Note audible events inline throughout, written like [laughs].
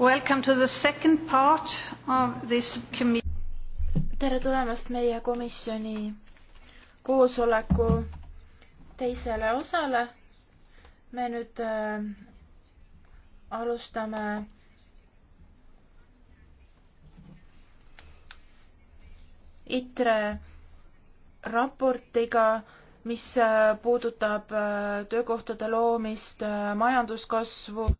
Welcome to the second part of this committee. tere tulemast meie komisjoni koosoleku teisele osale. me nüüd äh, alustame ITRE raportiga, mis äh, puudutab äh, töökohtade loomist, äh, majanduskasvu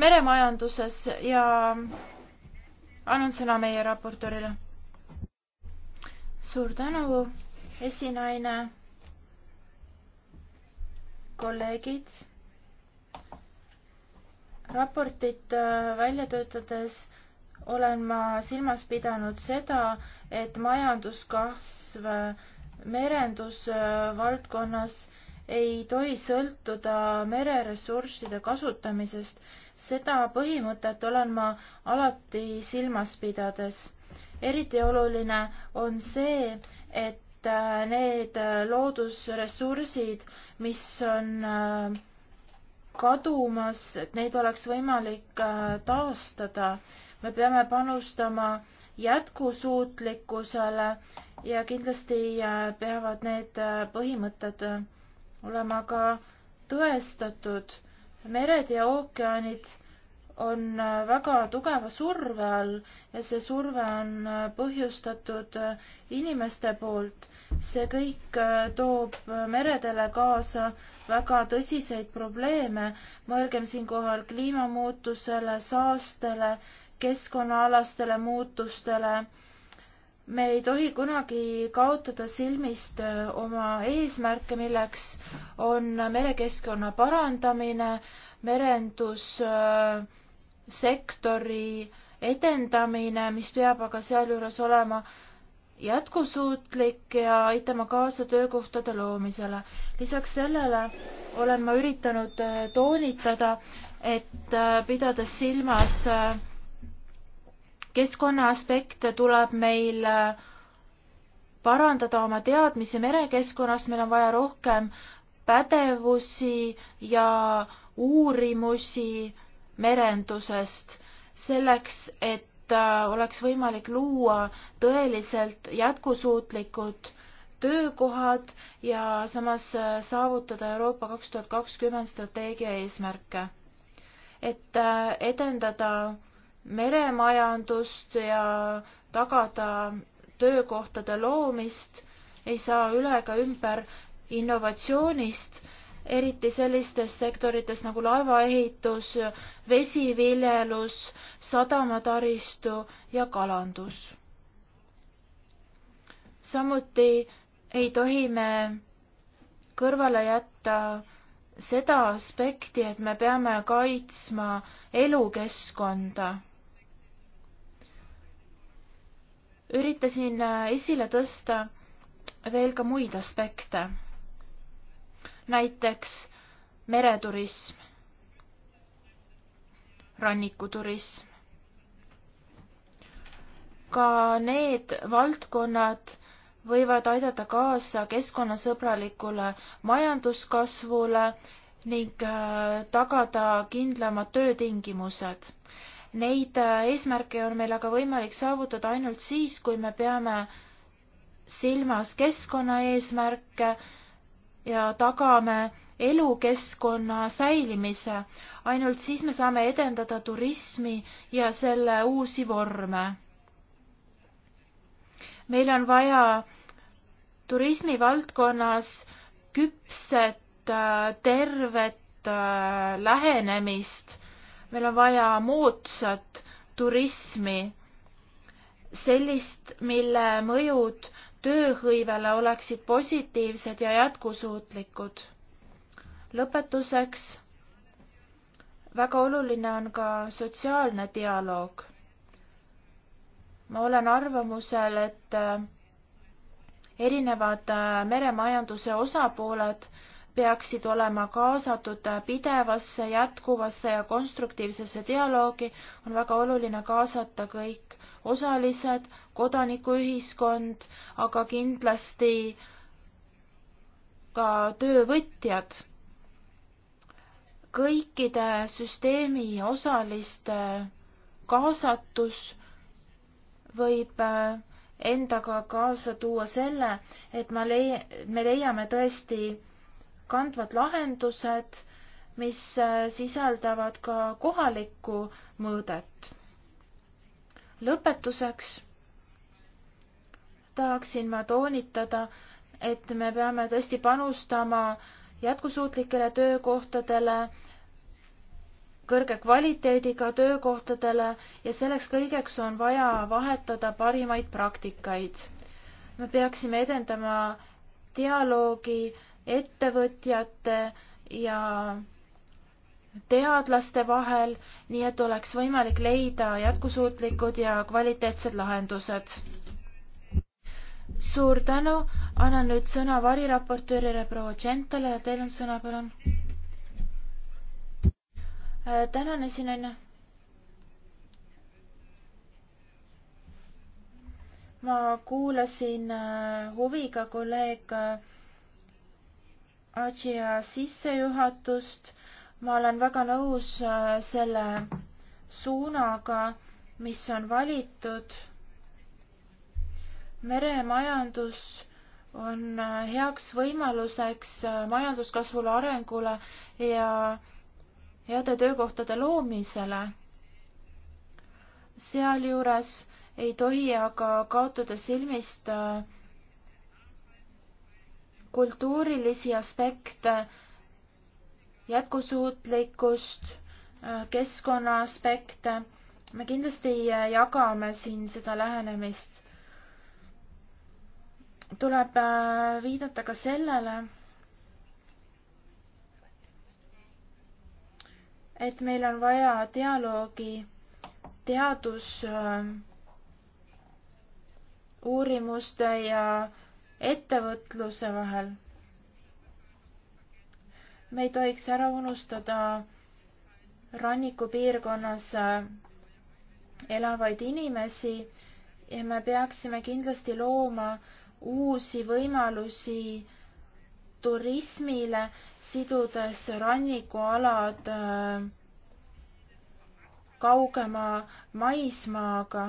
meremajanduses ja annan sõna meie raportöörile. suur tänu, esinaine, kolleegid. raportit äh, välja töötades olen ma silmas pidanud seda, et majanduskasv äh, merendusvaldkonnas äh, ei tohi sõltuda mereressursside kasutamisest seda põhimõtet olen ma alati silmas pidades. eriti oluline on see, et äh, need äh, loodusressursid, mis on äh, kadumas, et neid oleks võimalik taastada. me peame panustama jätkusuutlikkusele ja kindlasti peavad need põhimõtted olema ka tõestatud mered ja ookeanid on äh, väga tugeva surve all ja see surve on äh, põhjustatud äh, inimeste poolt. see kõik toob meredele kaasa väga tõsiseid probleeme. mõelgem siinkohal kliimamuutusele, saastele, keskkonnaalastele muutustele me ei tohi kunagi kaotada silmist äh, oma eesmärke, milleks on merekeskkonna parandamine, merendussektori äh, edendamine, mis peab aga sealjuures olema jätkusuutlik ja aitama kaasa töökohtade loomisele. lisaks sellele olen ma üritanud äh, toonitada, et pidades silmas äh, keskkonna aspekt tuleb meil äh, parandada oma teadmisi merekeskkonnast, meil on vaja rohkem pädevusi ja uurimusi merendusest selleks, et äh, oleks võimalik luua tõeliselt jätkusuutlikud töökohad ja samas äh, saavutada Euroopa kaks tuhat kakskümmend strateegia eesmärke. et edendada meremajandust ja tagada töökohtade loomist, ei saa üle ega ümber innovatsioonist, eriti sellistes sektorites nagu laevaehitus, vesiviljelus, sadamataristu ja kalandus. samuti ei tohi me kõrvale jätta seda aspekti, et me peame kaitsma elukeskkonda üritasin äh, esile tõsta veel ka muid aspekte, näiteks mereturism, rannikuturism, ka need valdkonnad võivad aidata kaasa keskkonnasõbralikule majanduskasvule ning äh, tagada kindlamad töötingimused Neid äh, eesmärke on meil aga võimalik saavutada ainult siis, kui me peame silmas keskkonnaeesmärke ja tagame elukeskkonna säilimise. ainult siis me saame edendada turismi ja selle uusi vorme. meil on vaja turismivaldkonnas küpset äh, tervet äh, lähenemist meil on vaja moodsat turismi, sellist, mille mõjud tööhõivele oleksid positiivsed ja jätkusuutlikud. lõpetuseks, väga oluline on ka sotsiaalne dialoog. ma olen arvamusel, et äh, erinevad äh, meremajanduse osapooled peaksid olema kaasatud pidevasse, jätkuvasse ja konstruktiivsesse dialoogi, on väga oluline kaasata kõik osalised, kodanikuühiskond, aga kindlasti ka töövõtjad. kõikide süsteemi osaliste kaasatus võib äh, endaga kaasa tuua selle, et ma leia-, me leiame tõesti kandvad lahendused, mis äh, sisaldavad ka kohalikku mõõdet. lõpetuseks tahaksin ma toonitada, et me peame tõesti panustama jätkusuutlikele töökohtadele, kõrge kvaliteediga töökohtadele ja selleks kõigeks on vaja vahetada parimaid praktikaid. me peaksime edendama dialoogi ettevõtjate ja teadlaste vahel, nii et oleks võimalik leida jätkusuutlikud ja kvaliteetsed lahendused. suur tänu, annan nüüd sõna variraportöörile proua Gentale ja teil on sõna, palun. Äh, tänan, esinaine. ma kuulasin äh, huviga kolleeg äh, Adžia sissejuhatust. ma olen väga nõus äh, selle suunaga, mis on valitud. meremajandus on äh, heaks võimaluseks äh, majanduskasvule, arengule ja heade töökohtade loomisele. sealjuures ei tohi aga kaotada silmist äh, kultuurilisi aspekte, jätkusuutlikkust, keskkonna aspekte. me kindlasti jagame siin seda lähenemist. tuleb äh, viidata ka sellele, et meil on vaja dialoogi teadus äh, uurimuste ja äh, ettevõtluse vahel. me ei tohiks ära unustada rannikupiirkonnas äh, elavaid inimesi ja me peaksime kindlasti looma uusi võimalusi turismile, sidudes rannikualad äh, kaugema maismaaga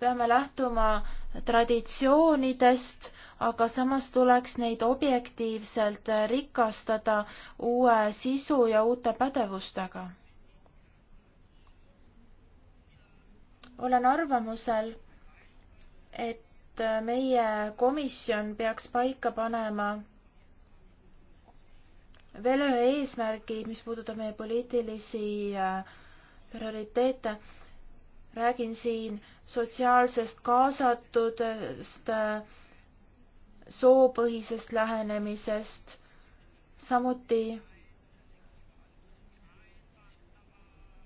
peame lähtuma traditsioonidest, aga samas tuleks neid objektiivselt rikastada uue sisu ja uute pädevustega. olen arvamusel, et meie komisjon peaks paika panema veel ühe eesmärgi, mis puudutab meie poliitilisi äh, prioriteete. räägin siin sotsiaalsest kaasatudest, soopõhisest lähenemisest, samuti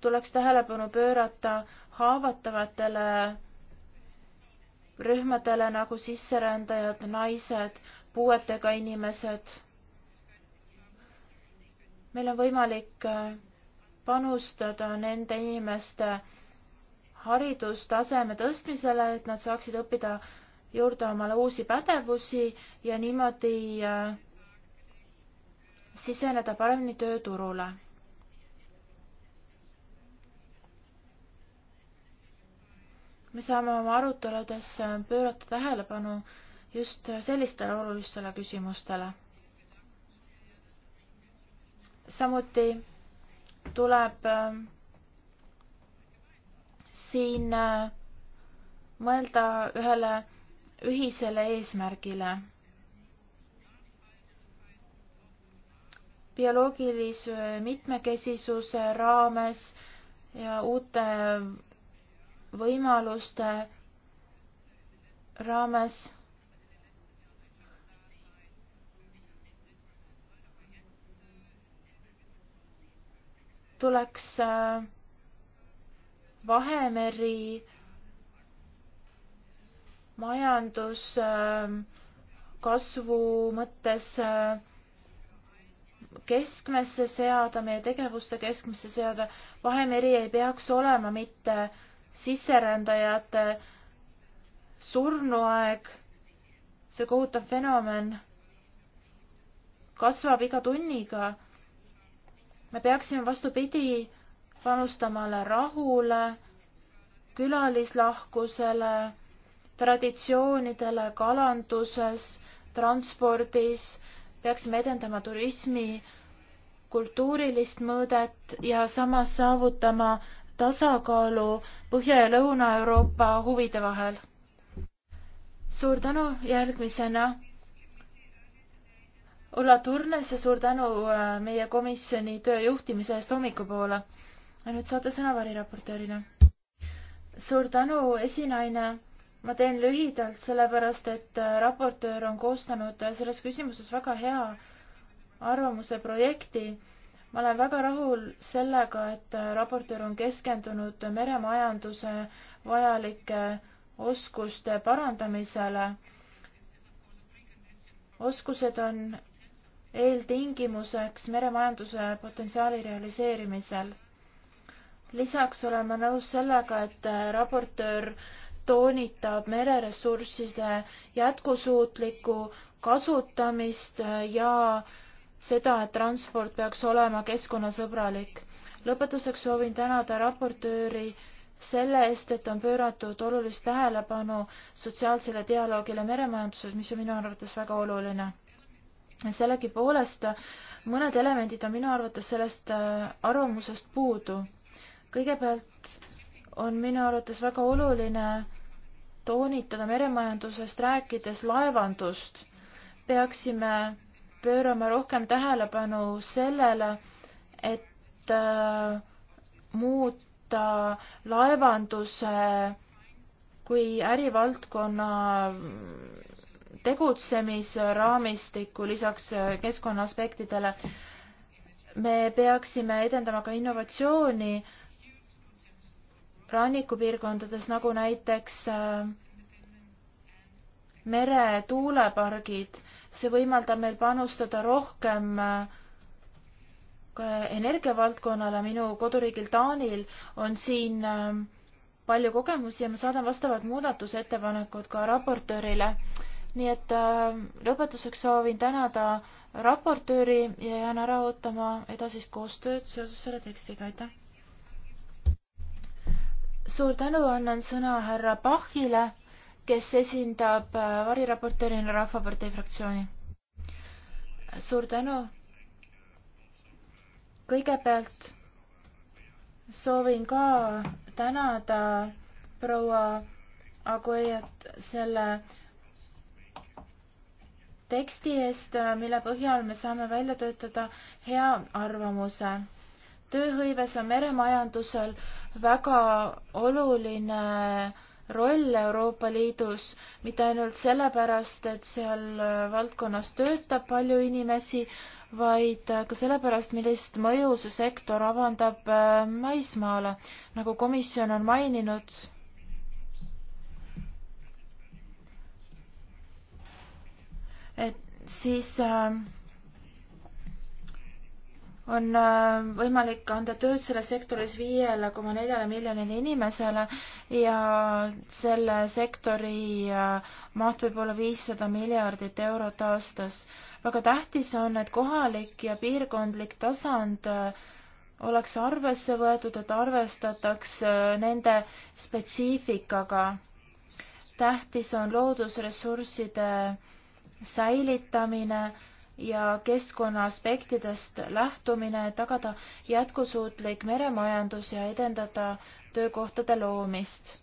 tuleks tähelepanu pöörata haavatavatele rühmadele nagu sisserändajad, naised, puuetega inimesed. meil on võimalik panustada nende inimeste haridustaseme tõstmisele, et nad saaksid õppida juurde omale uusi pädevusi ja niimoodi äh, siseneda paremini tööturule. me saame oma aruteludes äh, pöörata tähelepanu just sellistele olulistele küsimustele. samuti tuleb äh, siin äh, mõelda ühele ühisele eesmärgile. bioloogilise mitmekesisuse raames ja uute võimaluste raames tuleks äh, Vahemeri majanduskasvu ähm, mõttes äh, keskmesse seada, meie tegevuste keskmesse seada. Vahemeri ei peaks olema mitte sisserändajate surnuaeg. see kohutav fenomen kasvab iga tunniga. me peaksime vastupidi panustamale rahule, külalislahkusele, traditsioonidele kalanduses, transpordis, peaksime edendama turismi kultuurilist mõõdet ja samas saavutama tasakaalu Põhja- ja Lõuna-Euroopa huvide vahel. suur tänu järgmisena. Ulla Turnes ja suur tänu äh, meie komisjoni töö juhtimise eest hommikupoole nüüd saate sõna variraportöörile. suur tänu, esinaine. ma teen lühidalt, sellepärast et äh, raportöör on koostanud äh, selles küsimuses väga hea arvamuse projekti. ma olen väga rahul sellega, et äh, raportöör on keskendunud meremajanduse vajalike oskuste parandamisele. oskused on eeltingimuseks meremajanduse potentsiaali realiseerimisel lisaks olen ma nõus sellega, et äh, raportöör toonitab mereressursside jätkusuutlikku kasutamist äh, ja seda, et transport peaks olema keskkonnasõbralik. lõpetuseks soovin tänada raportööri selle eest, et on pööratud olulist tähelepanu sotsiaalsele dialoogile meremajanduses, mis on minu arvates väga oluline. sellegipoolest mõned elemendid on minu arvates sellest äh, arvamusest puudu kõigepealt on minu arvates väga oluline toonitada meremajandusest rääkides laevandust. peaksime pöörama rohkem tähelepanu sellele, et äh, muuta laevanduse kui ärivaldkonna tegutsemisraamistikku lisaks äh, keskkonnaaspektidele. me peaksime edendama ka innovatsiooni äh, rannikupiirkondades, nagu näiteks äh, meretuulepargid, see võimaldab meil panustada rohkem äh, energiavaldkonnale, minu koduriigil Taanil on siin äh, palju kogemusi ja ma saadan vastavad muudatusettepanekud ka raportöörile. nii et lõpetuseks soovin tänada raportööri ja jään ära ootama edasist koostööd seoses selle tekstiga, aitäh! suur tänu, annan sõna härra Pahile, kes esindab äh, variraportöörina Rahvapartei fraktsiooni. suur tänu. kõigepealt soovin ka tänada proua Aguiat selle teksti eest, mille põhjal me saame välja töötada hea arvamuse. tööhõives on meremajandusel äh, väga oluline roll Euroopa Liidus, mitte ainult sellepärast, et seal valdkonnas töötab palju inimesi, vaid ka sellepärast, millist mõju see sektor avaldab äh, maismaale. nagu komisjon on maininud, et siis äh, on äh, võimalik anda tööd selles sektoris viiele koma neljale miljonile inimesele ja selle sektori äh, maht võib olla viissada miljardit eurot aastas. väga tähtis on, et kohalik ja piirkondlik tasand äh, oleks arvesse võetud, et arvestataks nende spetsiifikaga. tähtis on loodusressursside säilitamine ja keskkonna aspektidest lähtumine, et tagada jätkusuutlik meremajandus ja edendada töökohtade loomist.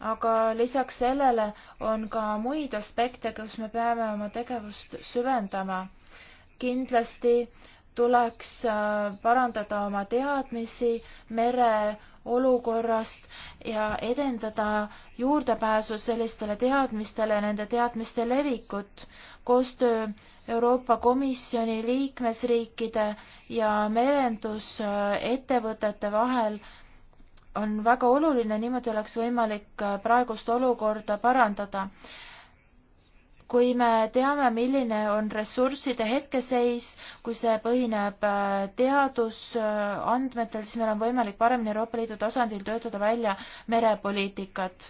aga lisaks sellele on ka muid aspekte, kus me peame oma tegevust süvendama. kindlasti tuleks äh, parandada oma teadmisi mere olukorrast ja edendada juurdepääsu sellistele teadmistele ja nende teadmiste levikut. koostöö Euroopa Komisjoni liikmesriikide ja merendusettevõtete vahel on väga oluline, niimoodi oleks võimalik äh, praegust olukorda parandada kui me teame, milline on ressursside hetkeseis, kui see põhineb äh, teadusandmetel, siis meil on võimalik paremini Euroopa Liidu tasandil töötada välja merepoliitikat.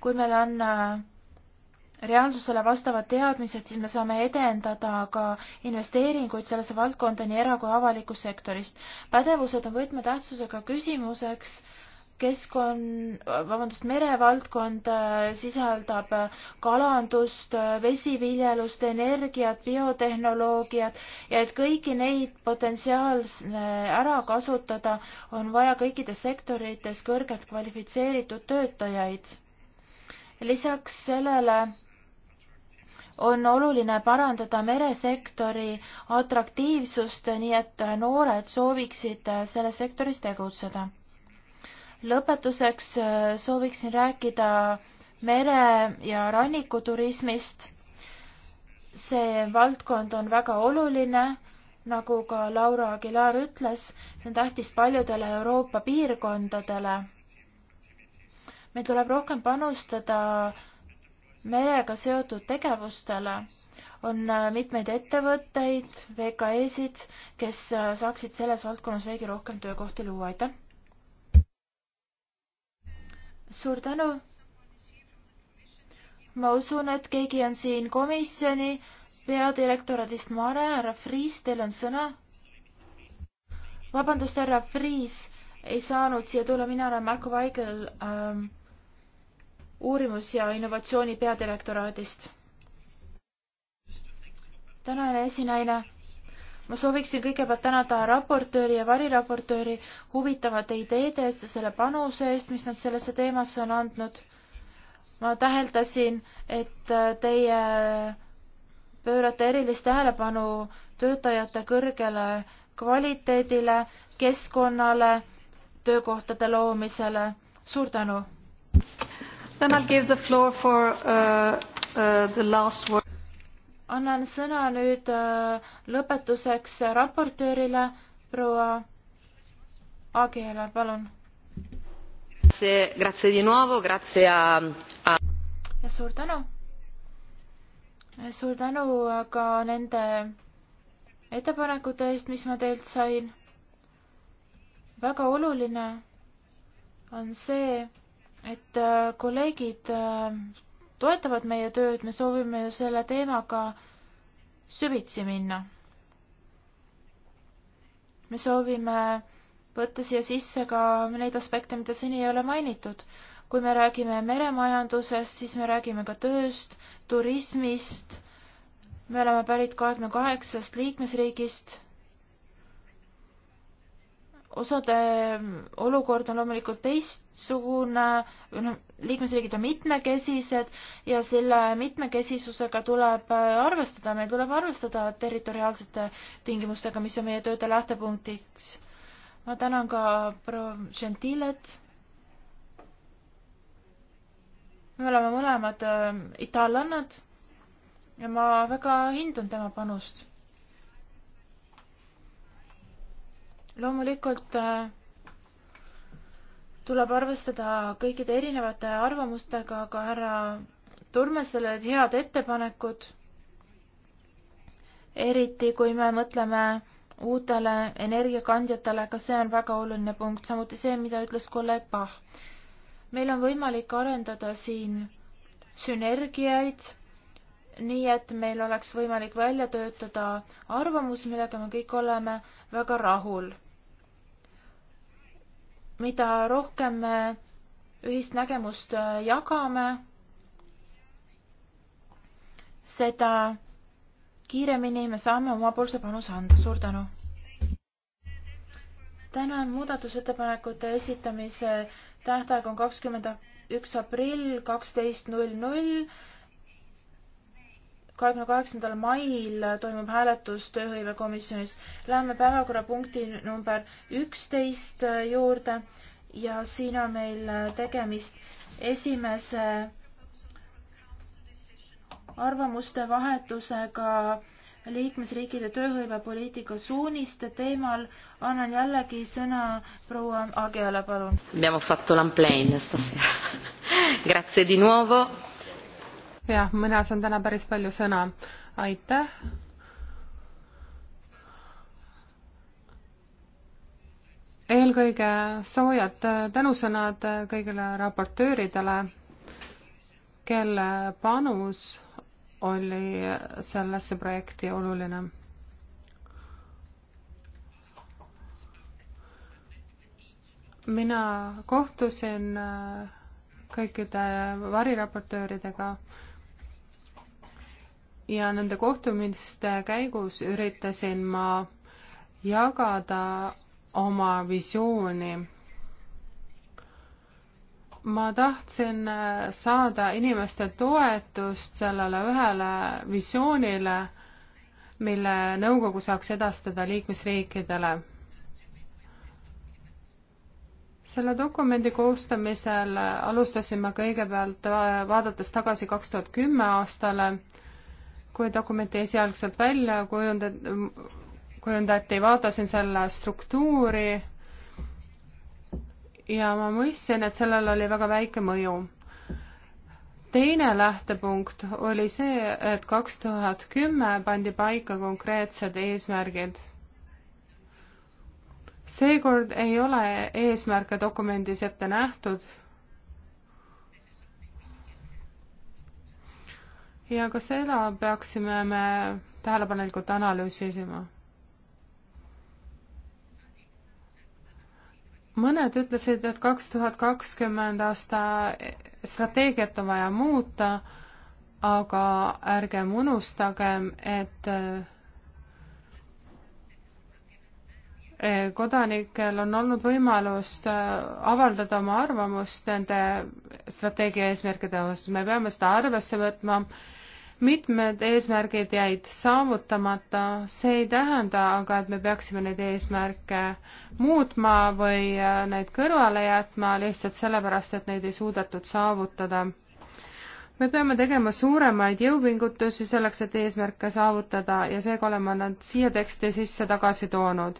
kui meil on äh, reaalsusele vastavad teadmised, siis me saame edendada ka investeeringuid sellesse valdkonda nii era- kui avalikust sektorist. pädevused on võtmetähtsusega küsimuseks keskkond, vabandust, merevaldkond äh, sisaldab äh, kalandust, äh, vesiviljelust, energiat, biotehnoloogiat ja et kõiki neid potentsiaalse ära kasutada, on vaja kõikides sektorites kõrgelt kvalifitseeritud töötajaid. lisaks sellele on oluline parandada meresektori atraktiivsust, nii et noored sooviksid selles sektoris tegutseda lõpetuseks äh, sooviksin rääkida mere- ja rannikuturismist. see valdkond on väga oluline, nagu ka Laura Aguilar ütles, see on tähtis paljudele Euroopa piirkondadele. meil tuleb rohkem panustada merega seotud tegevustele. on äh, mitmeid ettevõtteid, VKE-sid, kes äh, saaksid selles valdkonnas veelgi rohkem töökohti luua, aitäh! suur tänu. ma usun, et keegi on siin komisjoni peadirektoradist Mare, härra Friis, teil on sõna. vabandust, härra Friis ei saanud siia tulla, mina olen Marko Vaigel ähm, uurimus- ja innovatsiooni peadirektoraadist. tänane esinaine ma sooviksin kõigepealt tänada raportööri ja variraportööri huvitavate ideede eest ja selle panuse eest, mis nad sellesse teemasse on andnud. ma täheldasin, et teie pöörate erilist tähelepanu töötajate kõrgele kvaliteedile, keskkonnale, töökohtade loomisele. suur tänu! Then I'll give the floor for uh, uh, the last word annan sõna nüüd äh, lõpetuseks raportöörile proua Agiele, palun. ja suur tänu. suur tänu ka nende ettepanekute eest, mis ma teilt sain. väga oluline on see, et äh, kolleegid äh, toetavad meie tööd, me soovime ju selle teemaga süvitsi minna. me soovime võtta siia sisse ka neid aspekte, mida seni ei ole mainitud. kui me räägime meremajandusest, siis me räägime ka tööst, turismist, me oleme pärit kahekümne kaheksast liikmesriigist osade olukord on loomulikult teistsugune, liikmesriigid on mitmekesised ja selle mitmekesisusega tuleb arvestada, meil tuleb arvestada territoriaalsete tingimustega, mis on meie tööde lähtepunktiks. ma tänan ka proua Gentilet. me oleme mõlemad äh, itaallannad ja ma väga hindan tema panust loomulikult äh, tuleb arvestada kõikide erinevate arvamustega, aga härra Turmesele head ettepanekud, eriti kui me mõtleme uutele energiakandjatele, ka see on väga oluline punkt, samuti see, mida ütles kolleeg Pah. meil on võimalik arendada siin sünergiaid, nii et meil oleks võimalik välja töötada arvamus, millega me kõik oleme väga rahul mida rohkem me ühist nägemust äh, jagame, seda kiiremini me saame omapoolse panuse anda. suur tänu! tänan muudatusettepanekute esitamise tähtaeg on kakskümmend üks aprill kaksteist null null kahekümne kaheksandal mail toimub hääletus tööhõivekomisjonis. Läheme päevakorrapunkti number üksteist juurde ja siin on meil tegemist esimese arvamuste vahetusega liikmesriikide tööhõivepoliitika suuniste teemal. annan jällegi sõna proua Agiale, palun. [laughs] Grazie di nuovo jah, mina saan täna päris palju sõna. aitäh. eelkõige soojad tänusõnad kõigile raportööridele, kelle panus oli sellesse projekti oluline mina kohtusin kõikide variraportööridega ja nende kohtumiste käigus üritasin ma jagada oma visiooni. ma tahtsin äh, saada inimeste toetust sellele ühele visioonile, mille nõukogu saaks edastada liikmesriikidele. selle dokumendi koostamisel alustasime kõigepealt äh, vaadates tagasi kaks tuhat kümme aastale kui dokumenti esialgselt välja kujundati, kujundati, vaatasin selle struktuuri ja ma mõistsin, et sellel oli väga väike mõju. teine lähtepunkt oli see, et kaks tuhat kümme pandi paika konkreetsed eesmärgid. seekord ei ole eesmärke dokumendis ette nähtud ja ka seda peaksime me tähelepanelikult analüüsisima. mõned ütlesid, et kaks tuhat kakskümmend aasta strateegiat on vaja muuta, aga ärgem unustagem, et e, kodanikel on olnud võimalus e, avaldada oma arvamust nende strateegia eesmärkide osas, me peame seda arvesse võtma mitmed eesmärgid jäid saavutamata, see ei tähenda aga, et me peaksime neid eesmärke muutma või äh, neid kõrvale jätma lihtsalt sellepärast, et neid ei suudetud saavutada. me peame tegema suuremaid jõupingutusi selleks, et eesmärke saavutada ja seega oleme nad siia teksti sisse tagasi toonud.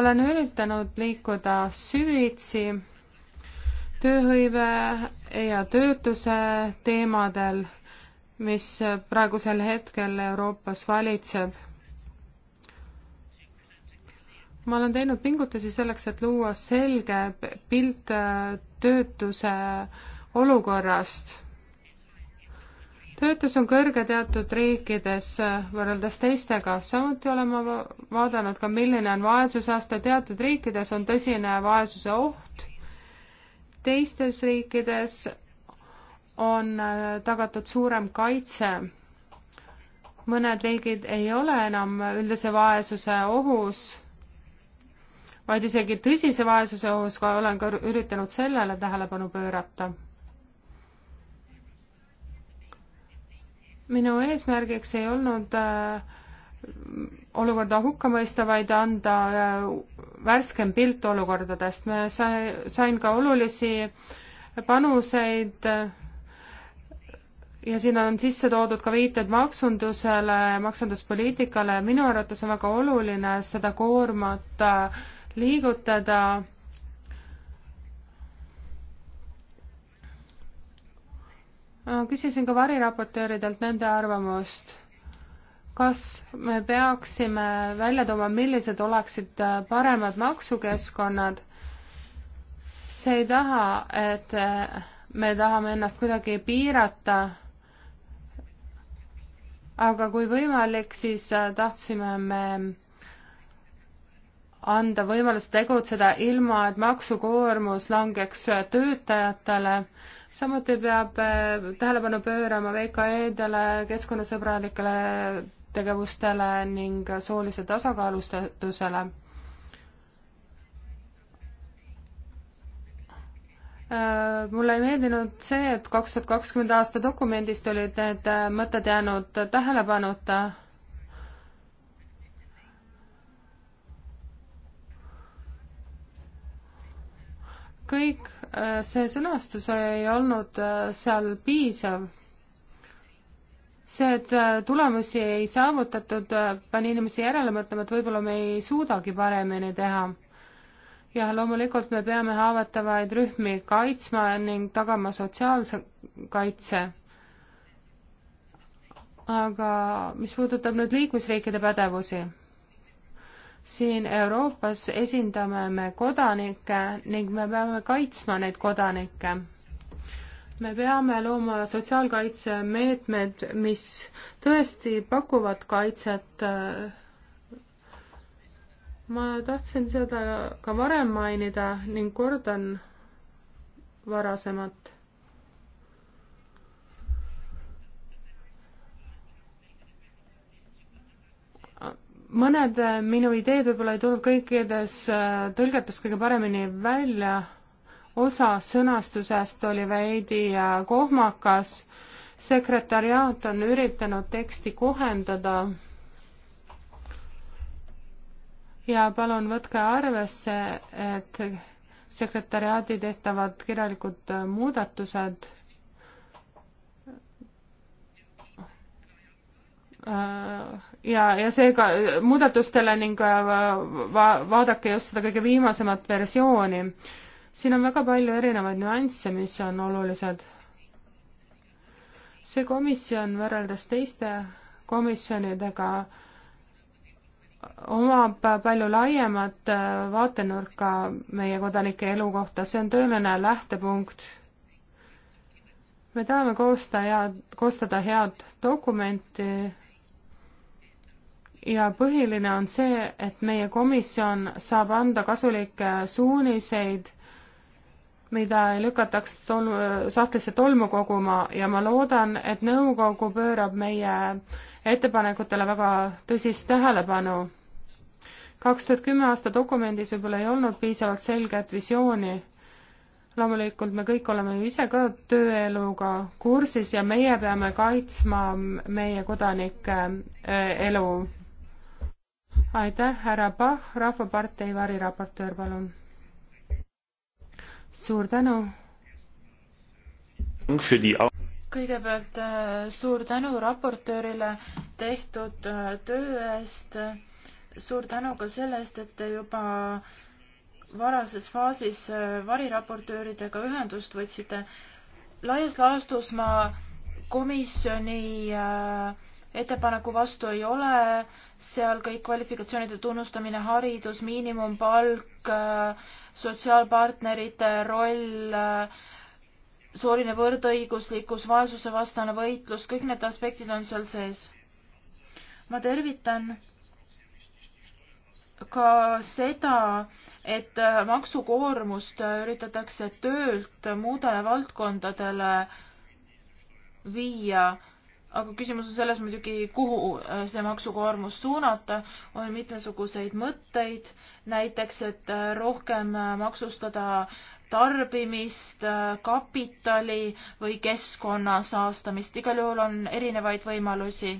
olen üritanud liikuda süvitsi tööhõive ja töötuse teemadel mis praegusel hetkel Euroopas valitseb. ma olen teinud pingutusi selleks, et luua selge pilt töötuse olukorrast. töötus on kõrge teatud riikides võrreldes teistega, samuti olen ma vaadanud ka, milline on vaesusaste teatud riikides, on tõsine vaesuse oht. teistes riikides on äh, tagatud suurem kaitse. mõned riigid ei ole enam üldise vaesuse ohus, vaid isegi tõsise vaesuse ohus, ka olen ka üritanud sellele tähelepanu pöörata minu eesmärgiks ei olnud äh, olukorda hukka mõista, vaid anda äh, värskem pilt olukordadest. me sai, sain ka olulisi panuseid ja siin on sisse toodud ka viited maksundusele, maksunduspoliitikale, minu arvates on väga oluline seda koormat äh, liigutada äh, küsisin ka variraportööridelt nende arvamust. kas me peaksime välja tooma, millised oleksid äh, paremad maksukeskkonnad? see ei taha, et me tahame ennast kuidagi piirata aga kui võimalik, siis äh, tahtsime me anda võimaluse tegutseda ilma, et maksukoormus langeks äh, töötajatele. samuti peab äh, tähelepanu pöörama VKE-dele, keskkonnasõbralikele tegevustele ning soolise tasakaalustatusele Äh, mulle ei meeldinud see, et kaks tuhat kakskümmend aasta dokumendist olid need äh, mõtted jäänud tähelepanuta. kõik äh, see sõnastus ei olnud seal piisav. see, et tulemusi ei saavutatud, pani inimesi järele mõtlema, et võib-olla me ei suudagi paremini teha ja loomulikult me peame haavatavaid rühmi kaitsma ning tagama sotsiaalse kaitse. aga mis puudutab nüüd liikmesriikide pädevusi, siin Euroopas esindame me kodanikke ning me peame kaitsma neid kodanikke. me peame looma sotsiaalkaitsemeetmed, mis tõesti pakuvad kaitset äh, ma tahtsin seda ka varem mainida ning kordan varasemat. mõned minu ideed võib-olla ei tulnud kõikides äh, tõlgetes kõige paremini välja, osa sõnastusest oli veidi äh, kohmakas, sekretariaat on üritanud teksti kohendada ja palun võtke arvesse, et sekretäriaadi tehtavad kirjalikud äh, muudatused äh, ja, ja seega äh, muudatustele ning va-, vaadake just seda kõige viimasemat versiooni. siin on väga palju erinevaid nüansse, mis on olulised. see komisjon võrreldes teiste komisjonidega äh, omab palju laiemat äh, vaatenurka meie kodanike elu kohta, see on tõeline lähtepunkt. me tahame koosta head, koostada head dokumenti ja põhiline on see, et meie komisjon saab anda kasulikke suuniseid, mida ei lükataks tol-, sahtlisse tolmu koguma ja ma loodan, et nõukogu pöörab meie äh, ettepanekutele väga tõsist tähelepanu. kaks tuhat kümme aasta dokumendis võib-olla ei olnud piisavalt selget visiooni. loomulikult me kõik oleme ju ise ka tööeluga kursis ja meie peame kaitsma meie kodanike äh, elu. aitäh, härra Pahh, Rahvapartei variraportöör, palun. suur tänu. Für die kõigepealt äh, suur tänu raportöörile tehtud äh, töö eest. suur tänu ka selle eest, et te juba varases faasis äh, variraportööridega ühendust võtsite. laias laastus ma komisjoni ettepaneku vastu ei ole, seal kõik kvalifikatsioonide tunnustamine, haridus, miinimumpalk, sotsiaalpartnerite roll sooline võrdõiguslikkus, vaesusevastane võitlus, kõik need aspektid on seal sees. ma tervitan ka seda, et äh, maksukoormust äh, üritatakse töölt muudele valdkondadele viia, aga küsimus on selles muidugi, kuhu äh, see maksukoormus suunata, on mitmesuguseid mõtteid, näiteks et rohkem maksustada äh, tarbimist, kapitali või keskkonna saastamist, igal juhul on erinevaid võimalusi.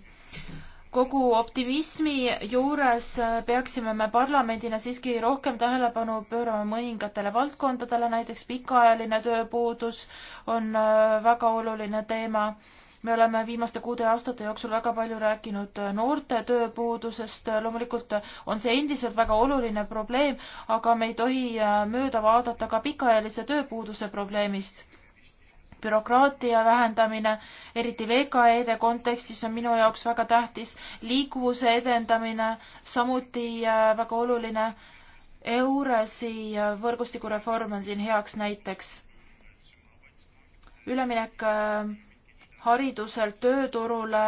kogu optimismi juures peaksime me parlamendina siiski rohkem tähelepanu pöörama mõningatele valdkondadele, näiteks pikaajaline tööpuudus on väga oluline teema me oleme viimaste kuude ja aastate jooksul väga palju rääkinud äh, noorte tööpuudusest, loomulikult äh, on see endiselt väga oluline probleem, aga me ei tohi äh, mööda vaadata ka pikaajalise tööpuuduse probleemist. bürokraatia vähendamine, eriti VKE-de kontekstis on minu jaoks väga tähtis, liikuvuse edendamine samuti väga oluline. EURES-i võrgustikureform on siin heaks näiteks. üleminek äh, hariduselt tööturule,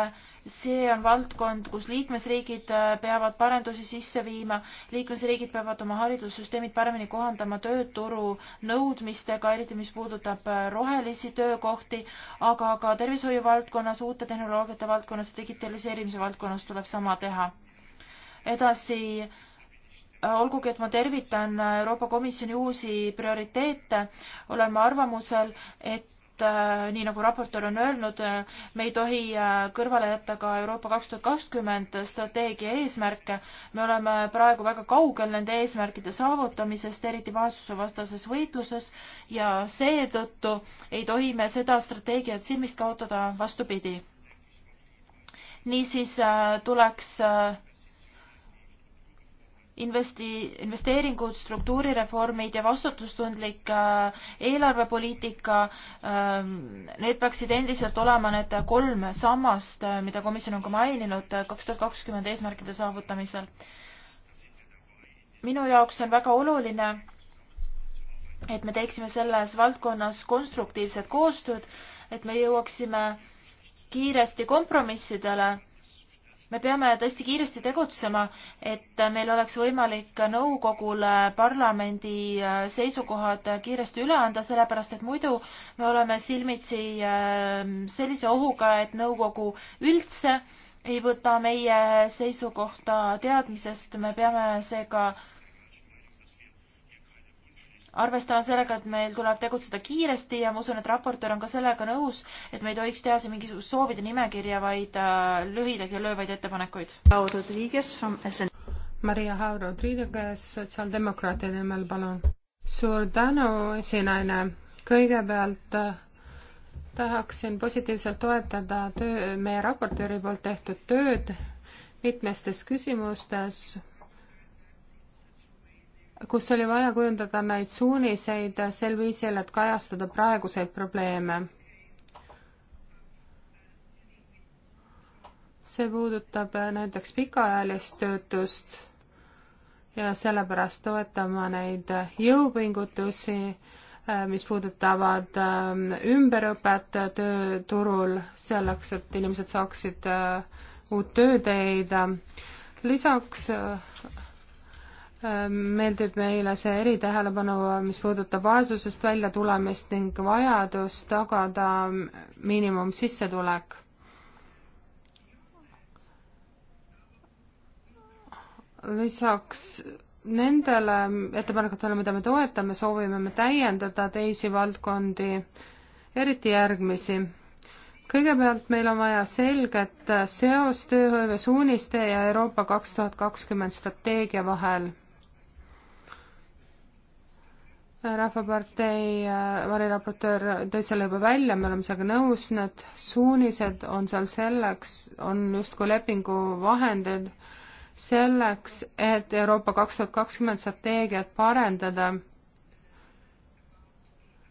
see on valdkond, kus liikmesriigid äh, peavad parendusi sisse viima, liikmesriigid peavad oma haridussüsteemid paremini kohandama tööturu nõudmistega, eriti mis puudutab äh, rohelisi töökohti, aga ka tervishoiu valdkonnas, uute tehnoloogiate valdkonnas, digitaliseerimise valdkonnas tuleb sama teha. edasi, äh, olgugi, et ma tervitan Euroopa Komisjoni uusi prioriteete, olen ma arvamusel, et Äh, nii nagu raportöör on öelnud, äh, me ei tohi äh, kõrvale jätta ka Euroopa kaks tuhat kakskümmend strateegia eesmärke. me oleme praegu väga kaugel nende eesmärkide saavutamisest, eriti vaesusevastases võitluses ja seetõttu ei tohi me seda strateegiat silmist kaotada, vastupidi. niisiis tuleks investi-, investeeringud, struktuurireformid ja vastutustundlik äh, eelarvepoliitika, ähm, need peaksid endiselt olema need kolm sammast, äh, mida komisjon on ka maininud äh, kaks tuhat kakskümmend eesmärkide saavutamisel. minu jaoks on väga oluline, et me teeksime selles valdkonnas konstruktiivset koostööd, et me jõuaksime kiiresti kompromissidele me peame tõesti kiiresti tegutsema, et meil oleks võimalik nõukogule parlamendi äh, seisukohad kiiresti üle anda, sellepärast et muidu me oleme silmitsi ähm, sellise ohuga, et nõukogu üldse ei võta meie seisukohta teadmisest, me peame seega ka arvestama sellega, et meil tuleb tegutseda kiiresti ja ma usun, et raportöör on ka sellega nõus, et me ei tohiks teha siin mingisugust soovide nimekirja, vaid äh, lühidaid ja löövaid ettepanekuid. Maria Haur-Rodriguez sotsiaaldemokraatide nimel, palun. suur tänu, esinaine. kõigepealt äh, tahaksin positiivselt toetada töö, meie raportööri poolt tehtud tööd mitmestes küsimustes kus oli vaja kujundada neid suuniseid sel viisil, et kajastada praeguseid probleeme. see puudutab näiteks pikaajalist töötust ja sellepärast toetama neid jõupingutusi, mis puudutavad ähm, ümberõpet tööturul, selleks et inimesed saaksid äh, uut tööd leida lisaks äh, meeldib meile see eritähelepanu, mis puudutab vaesusest väljatulemist ning vajadust tagada miinimumsissetulek. lisaks nendele ettepanekutele, mida me toetame, soovime me täiendada teisi valdkondi, eriti järgmisi kõigepealt meil on vaja selget seost tööhõive suuniste ja Euroopa kaks tuhat kakskümmend strateegia vahel rahvapartei äh, variraportöör tõi selle juba välja, me oleme sellega nõus, need suunised on seal selleks, on justkui lepingu vahendid selleks, et Euroopa kaks tuhat kakskümmend strateegiat parendada.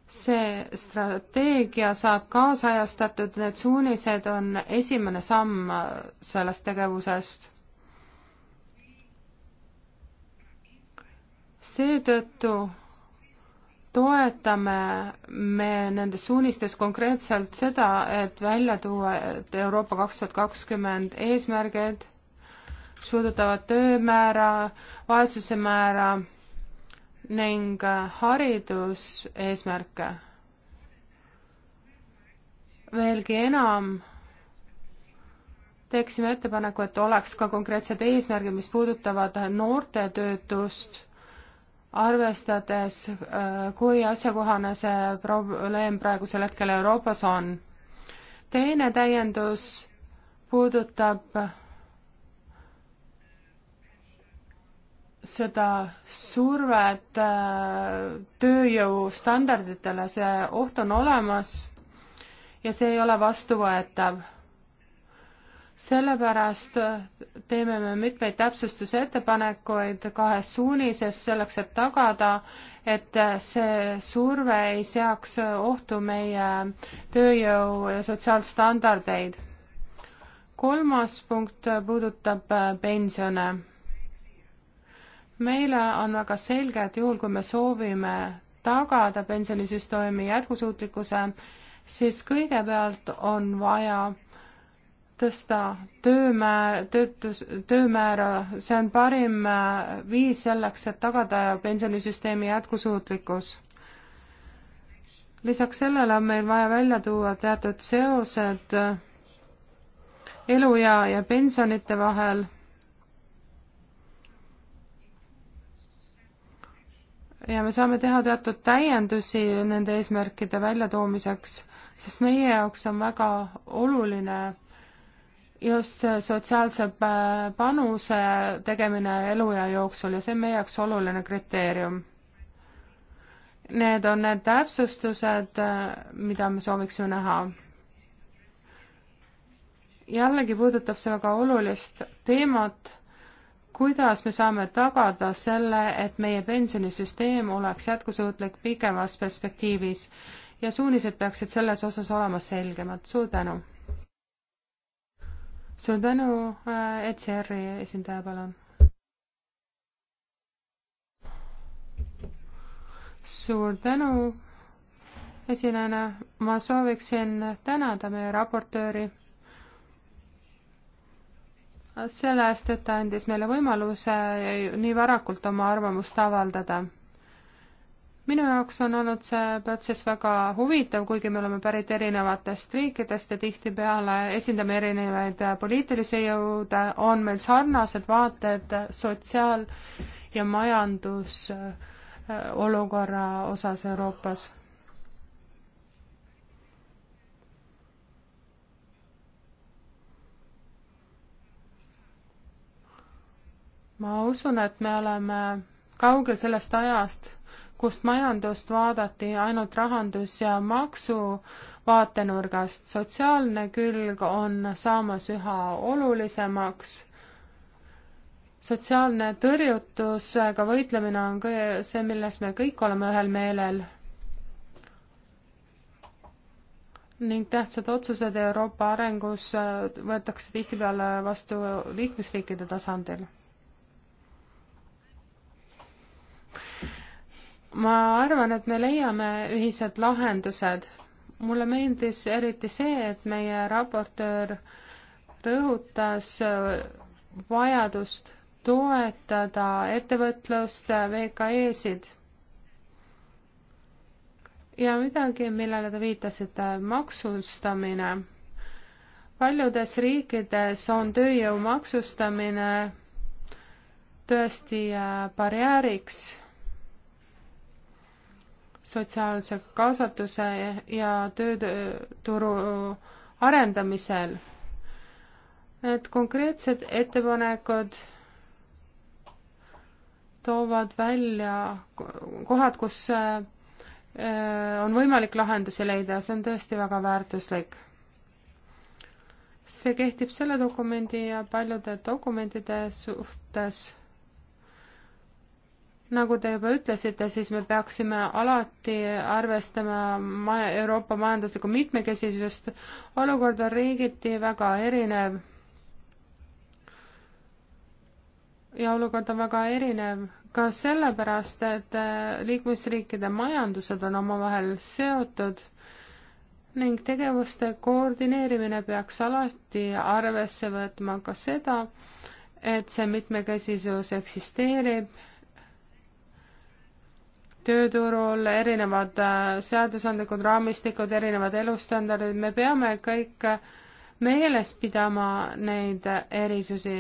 see strateegia saab kaasajastatud, need suunised on esimene samm sellest tegevusest. seetõttu toetame me nendes suunistes konkreetselt seda, et välja tuua et Euroopa kaks tuhat kakskümmend eesmärgid, mis puudutavad töömäära, vaesuse määra ning äh, hariduseesmärke. veelgi enam, teeksime ettepaneku, et oleks ka konkreetsed eesmärgid, mis puudutavad noorte töötust arvestades, äh, kui asjakohane see probleem praegusel hetkel Euroopas on. teine täiendus puudutab seda survet äh, tööjõustandarditele, see oht on olemas ja see ei ole vastuvõetav sellepärast teeme me mitmeid täpsustuse ettepanekuid kahes suunises selleks, et tagada, et see surve ei seaks ohtu meie tööjõu ja sotsiaalstandardeid. kolmas punkt puudutab pensione. meile on väga selge, et juhul, kui me soovime tagada pensionisüsteemi jätkusuutlikkuse, siis kõigepealt on vaja tõsta töömäär, töötus, töömäära, see on parim äh, viis selleks, et tagada pensionisüsteemi jätkusuutlikkus. lisaks sellele on meil vaja välja tuua teatud seosed äh, eluea ja pensionite vahel ja me saame teha teatud täiendusi nende eesmärkide väljatoomiseks, sest meie jaoks on väga oluline just sotsiaalse äh, panuse tegemine eluea jooksul ja see on meie jaoks oluline kriteerium. Need on need täpsustused, äh, mida me sooviksime näha. jällegi puudutab see väga olulist teemat, kuidas me saame tagada selle, et meie pensionisüsteem oleks jätkusuutlik pikemas perspektiivis ja suunised peaksid selles osas olema selgemad. suur tänu! suur tänu, äh, ECR-i esindaja, palun. suur tänu, esinejana. ma sooviksin tänada meie raportööri selle eest, et ta andis meile võimaluse nii varakult oma arvamust avaldada minu jaoks on olnud see protsess väga huvitav, kuigi me oleme pärit erinevatest riikidest ja tihtipeale esindame erinevaid poliitilisi jõude, on meil sarnased vaated sotsiaal- ja majandusolukorra osas Euroopas ma usun, et me oleme kaugel sellest ajast, kust majandust vaadati ainult rahandus- ja maksuvaatenurgast. sotsiaalne külg on saamas üha olulisemaks. sotsiaalne tõrjutusega võitlemine on see, milles me kõik oleme ühel meelel. ning tähtsad otsused Euroopa arengus võetakse tihtipeale vastu liikmesriikide tasandil ma arvan, et me leiame ühised lahendused. mulle meeldis eriti see, et meie raportöör rõhutas vajadust toetada ettevõtlust VKE-sid. ja midagi, millele te viitasite, maksustamine. paljudes riikides on tööjõu maksustamine tõesti barjääriks sotsiaalse kaasatuse ja tööturu arendamisel. Need konkreetsed ettepanekud toovad välja kohad, kus äh, on võimalik lahendusi leida, see on tõesti väga väärtuslik. see kehtib selle dokumendi ja paljude dokumentide suhtes nagu te juba ütlesite, siis me peaksime alati arvestama maja, Euroopa majanduslikku mitmekesisust. olukord on riigiti väga erinev. ja olukord on väga erinev ka sellepärast, et äh, liikmesriikide majandused on omavahel seotud ning tegevuste koordineerimine peaks alati arvesse võtma ka seda, et see mitmekesisus eksisteerib tööturul, erinevad äh, seadusandlikud raamistikud, erinevad elustandardid, me peame kõik meeles pidama neid erisusi.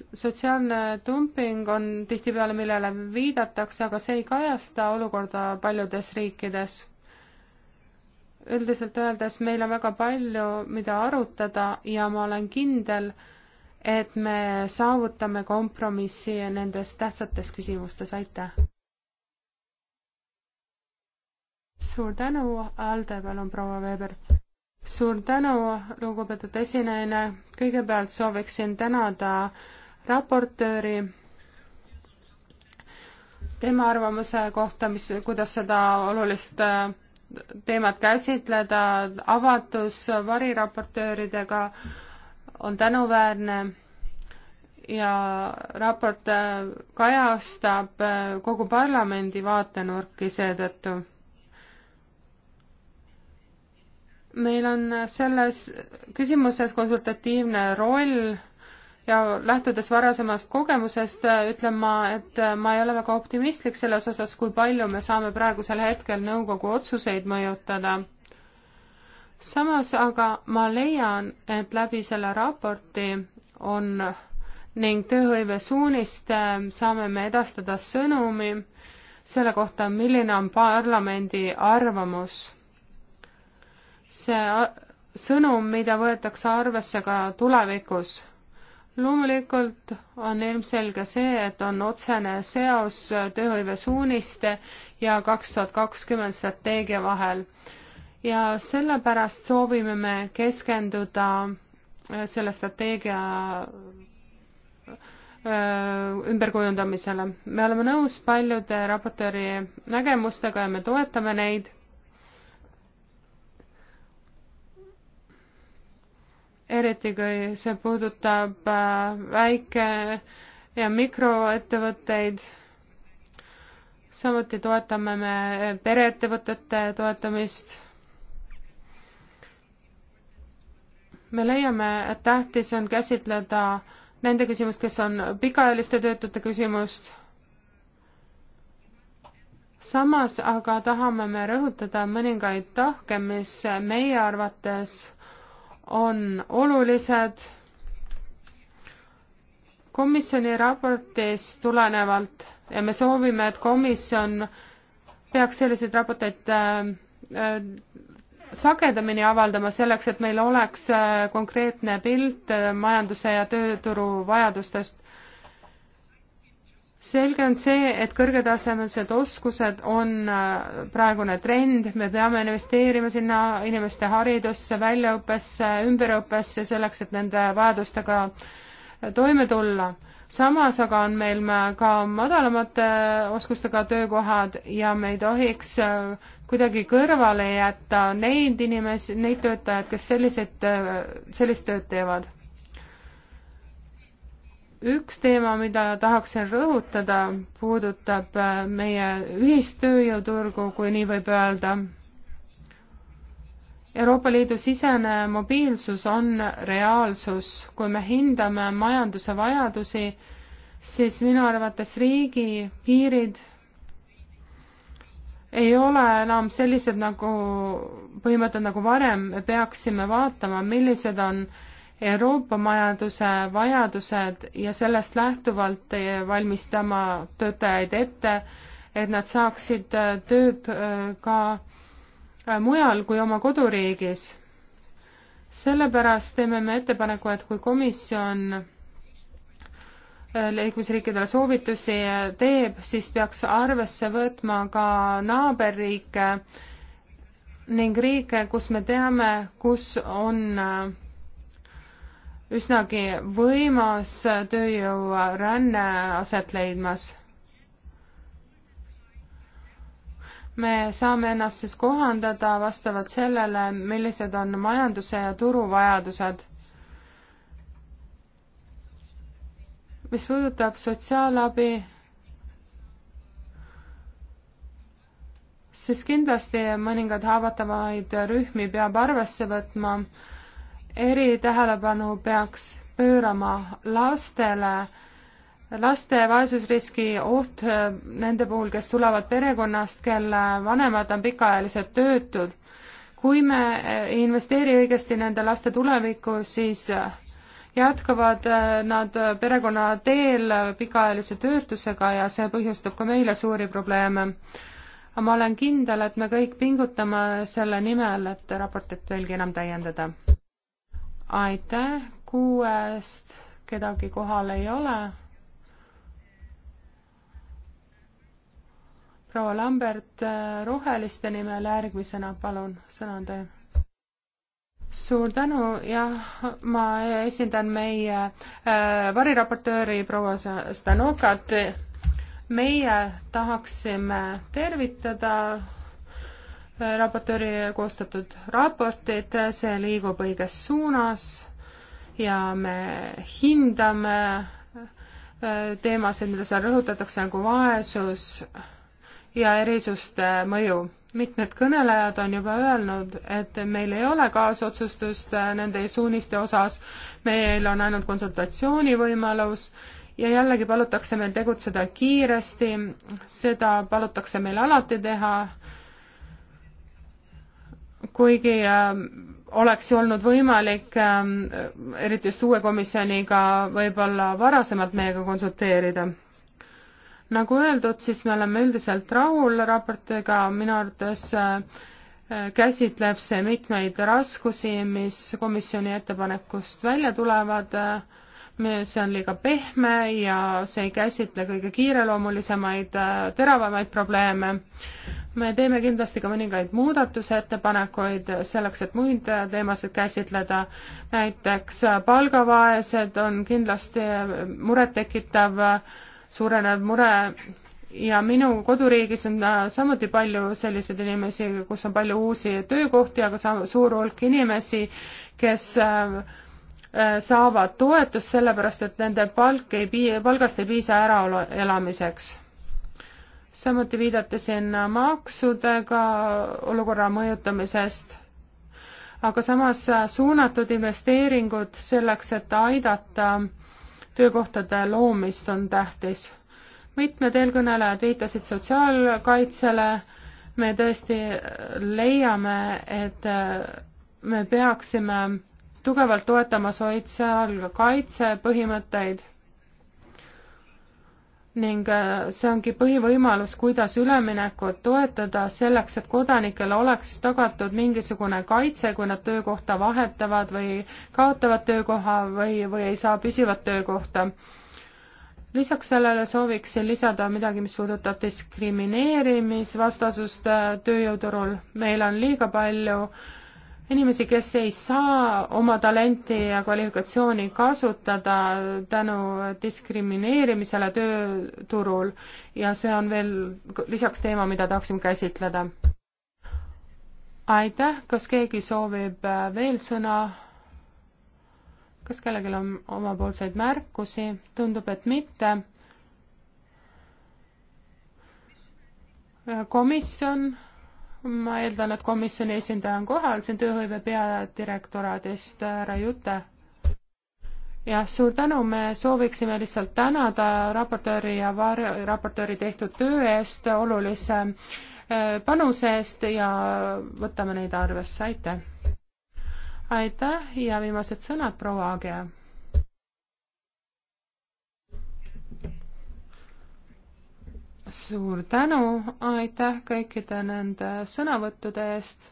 sotsiaalne dumping on tihtipeale, millele viidatakse, aga see ei kajasta olukorda paljudes riikides. üldiselt öeldes meil on väga palju, mida arutada ja ma olen kindel, et me saavutame kompromissi nendes tähtsates küsimustes, aitäh! suur tänu, Alde, palun, proua Veber! suur tänu, lugupeetud esineja, kõigepealt sooviksin tänada raportööri tema arvamuse kohta, mis, kuidas seda olulist äh, teemat käsitleda, avatus variraportööridega äh, on tänuväärne ja raport äh, kajastab äh, kogu parlamendi vaatenurki seetõttu. meil on selles küsimuses konsultatiivne roll ja lähtudes varasemast kogemusest äh, ütlen ma, et ma ei ole väga optimistlik selles osas, kui palju me saame praegusel hetkel nõukogu otsuseid mõjutada samas aga ma leian, et läbi selle raporti on ning tööhõive suuniste saame me edastada sõnumi selle kohta, milline on parlamendi arvamus. see sõnum, mida võetakse arvesse ka tulevikus. loomulikult on ilmselge see, et on otsene seos tööhõive suuniste ja kaks tuhat kakskümmend strateegia vahel ja sellepärast soovime me keskenduda äh, selle strateegia äh, ümberkujundamisele. me oleme nõus paljude raportööri nägemustega ja me toetame neid. eriti kui see puudutab äh, väike- ja mikroettevõtteid. samuti toetame me pereettevõtete toetamist me leiame, et tähtis on käsitleda nende küsimust, kes on pikaajaliste töötute küsimust. samas aga tahame me rõhutada mõningaid tahke, mis meie arvates on olulised komisjoni raportist tulenevalt ja me soovime, et komisjon peaks selliseid raporteid äh, äh, sagedamini avaldama selleks, et meil oleks äh, konkreetne pilt äh, majanduse ja tööturu vajadustest. selge on see, et kõrgetasemelised oskused on äh, praegune trend, me peame investeerima sinna inimeste haridusse, väljaõppesse, ümberõppesse selleks, et nende vajadustega toime tulla samas aga on meil ka madalamate oskustega töökohad ja me ei tohiks kuidagi kõrvale jätta neid inimesi, neid töötajaid, kes selliseid, sellist tööd teevad. üks teema, mida tahaksin rõhutada, puudutab äh, meie ühistööjõuturgu, kui nii võib öelda. Euroopa Liidu sisene mobiilsus on reaalsus, kui me hindame majanduse vajadusi, siis minu arvates riigi piirid ei ole enam sellised nagu põhimõtted nagu varem, me peaksime vaatama, millised on Euroopa majanduse vajadused ja sellest lähtuvalt valmistama töötajaid ette, et nad saaksid äh, tööd äh, ka äh, mujal kui oma koduriigis. sellepärast teeme me ettepaneku, et kui komisjon Äh, liikmesriikidele soovitusi teeb, siis peaks arvesse võtma ka naaberriike ning riike, kus me teame, kus on äh, üsnagi võimas tööjõuränne aset leidmas. me saame ennast siis kohandada vastavalt sellele, millised on majanduse ja turu vajadused mis puudutab sotsiaalabi, siis kindlasti mõningaid haavatavaid rühmi peab arvesse võtma. eritähelepanu peaks pöörama lastele, laste vaesusriski oht nende puhul, kes tulevad perekonnast, kelle vanemad on pikaajaliselt töötud. kui me ei investeeri õigesti nende laste tulevikku, siis jätkavad äh, nad äh, perekonna teel äh, pikaajalise töötusega ja see põhjustab ka meile suuri probleeme. aga ma olen kindel, et me kõik pingutame selle nimel, et raportit veelgi enam täiendada. aitäh, kuuest kedagi kohal ei ole. proua Lambert roheliste nimel järgmisena, palun, sõna on teil suur tänu, jah, ma esindan meie äh, variraportööri proua Stanokat. meie tahaksime tervitada äh, raportööri koostatud raportit, see liigub õiges suunas ja me hindame äh, teemasid, mida seal rõhutatakse, nagu vaesus ja erisuste mõju mitmed kõnelejad on juba öelnud, et meil ei ole kaasotsustust äh, nende suuniste osas, meil on ainult konsultatsiooni võimalus ja jällegi palutakse meil tegutseda kiiresti, seda palutakse meil alati teha, kuigi äh, oleks ju olnud võimalik äh, eriti just uue komisjoniga võib-olla varasemalt meiega konsulteerida nagu öeldud, siis me oleme üldiselt rahul raportiga, minu arvates äh, käsitleb see mitmeid raskusi, mis komisjoni ettepanekust välja tulevad, see on liiga pehme ja see ei käsitle kõige kiireloomulisemaid, äh, teravamaid probleeme. me teeme kindlasti ka mõningaid muudatusettepanekuid selleks, et muid äh, teemasid käsitleda, näiteks palgavaesed on kindlasti murettekitav suurenev mure ja minu koduriigis on äh, samuti palju selliseid inimesi, kus on palju uusi töökohti, aga suur hulk inimesi, kes äh, äh, saavad toetust sellepärast, et nende palk ei pii-, palgast ei piisa äraelamiseks. samuti viidati siin maksudega olukorra mõjutamisest, aga samas suunatud investeeringud selleks, et aidata äh, töökohtade loomist on tähtis. mitmed eelkõnelejad viitasid sotsiaalkaitsele, me tõesti leiame, et äh, me peaksime tugevalt toetama sotsiaalkaitse põhimõtteid ning äh, see ongi põhivõimalus, kuidas üleminekut toetada selleks, et kodanikele oleks tagatud mingisugune kaitse, kui nad töökohta vahetavad või kaotavad töökoha või, või ei saa püsivat töökohta. lisaks sellele sooviksin lisada midagi, mis puudutab diskrimineerimisvastasust äh, tööjõuturul. meil on liiga palju äh, inimesi, kes ei saa oma talenti ja kvalifikatsiooni kasutada tänu diskrimineerimisele tööturul ja see on veel lisaks teema, mida tahaksime käsitleda. aitäh, kas keegi soovib äh, veel sõna? kas kellelgi on omapoolseid märkusi? tundub, et mitte. Äh, komisjon ma eeldan, et komisjoni esindaja on kohal siin tööhõive peadirektoraadist, härra Jute. jah, suur tänu, me sooviksime lihtsalt tänada raportööri ja raportööri tehtud töö eest, olulise äh, panuse eest ja võtame neid arvesse, aitäh! aitäh ja viimased sõnad, proua Aage! suur tänu, aitäh kõikide nende sõnavõttude eest.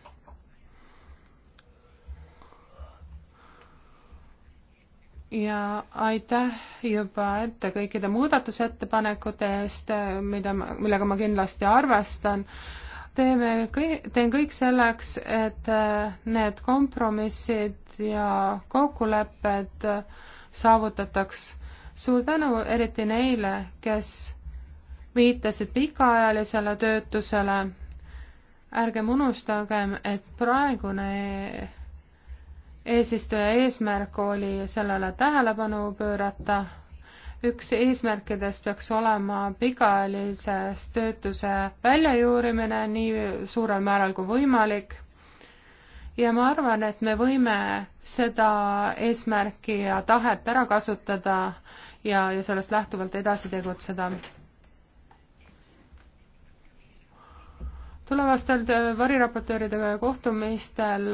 ja aitäh juba ette kõikide muudatusettepanekute eest, mida ma, millega ma kindlasti arvestan teeme kõik, teen kõik selleks, et äh, need kompromissid ja kokkulepped äh, saavutataks. suur tänu eriti neile, kes viitasid pikaajalisele töötusele. ärgem unustagem, et praegune eesistuja eesmärk oli sellele tähelepanu pöörata. üks eesmärkidest peaks olema pikaajalise töötuse väljajuurimine nii suurel määral kui võimalik. ja ma arvan, et me võime seda eesmärki ja tahet ära kasutada ja, ja sellest lähtuvalt edasi tegutseda. tulevastel äh, variraportööridega kohtumistel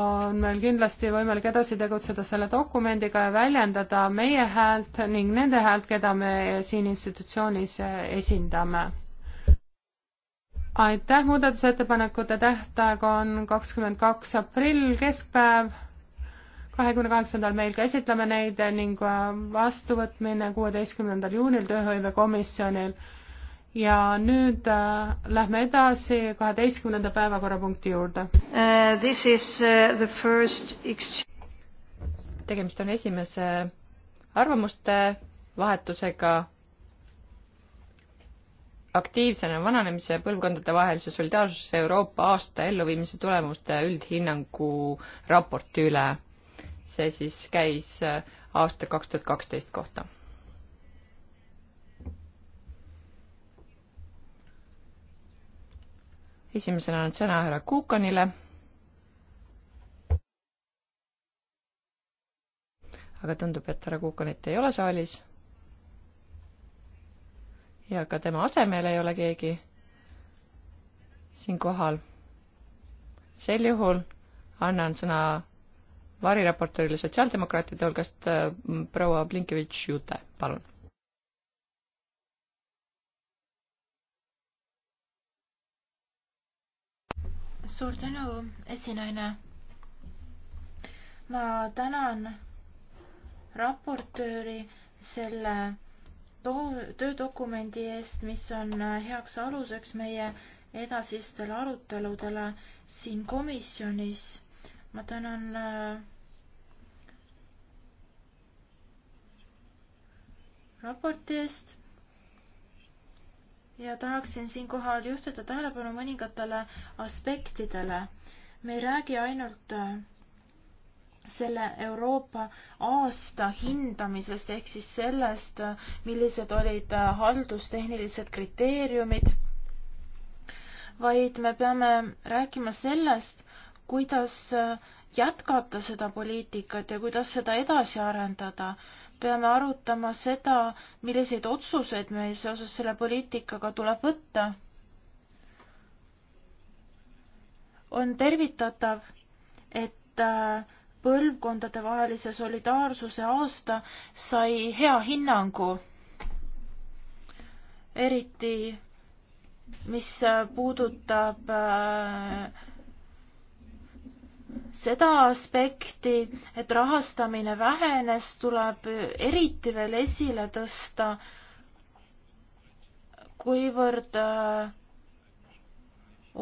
on meil kindlasti võimalik edasi tegutseda selle dokumendiga ja väljendada meie häält ning nende häält, keda me siin institutsioonis esindame. aitäh, muudatusettepanekute tähtaeg on kakskümmend kaks aprill, keskpäev, kahekümne kaheksandal meil ka esitleme neid ning äh, vastuvõtmine kuueteistkümnendal juunil tööhõivekomisjonil ja nüüd äh, lähme edasi kaheteistkümnenda päevakorrapunkti juurde uh,. This is uh, the first exchange. tegemist on esimese arvamuste vahetusega aktiivsena vananemise põlvkondade vahelise solidaarsuse Euroopa aasta elluviimise tulemuste üldhinnangu raporti üle. see siis käis äh, aasta kaks tuhat kaksteist kohta esimesena on sõna härra Kuukanile. aga tundub, et härra Kuukanit ei ole saalis. ja ka tema asemel ei ole keegi siin kohal. sel juhul annan sõna variraportöörile sotsiaaldemokraatide hulgast äh, proua Blinkevitš-Jute, palun suur tänu, esinaine. ma tänan raportööri selle töödokumendi eest, mis on heaks aluseks meie edasistele aruteludele siin komisjonis. ma tänan äh, raporti eest ja tahaksin siinkohal juhtida tähelepanu mõningatele aspektidele. me ei räägi ainult äh, selle Euroopa aasta hindamisest ehk siis sellest, millised olid äh, haldustehnilised kriteeriumid, vaid me peame rääkima sellest, kuidas äh, jätkata seda poliitikat ja kuidas seda edasi arendada peame arutama seda, milliseid otsuseid meil seoses selle poliitikaga tuleb võtta. on tervitatav, et äh, põlvkondadevahelise solidaarsuse aasta sai hea hinnangu, eriti mis äh, puudutab äh, seda aspekti, et rahastamine vähenes, tuleb eriti veel esile tõsta, kuivõrd äh,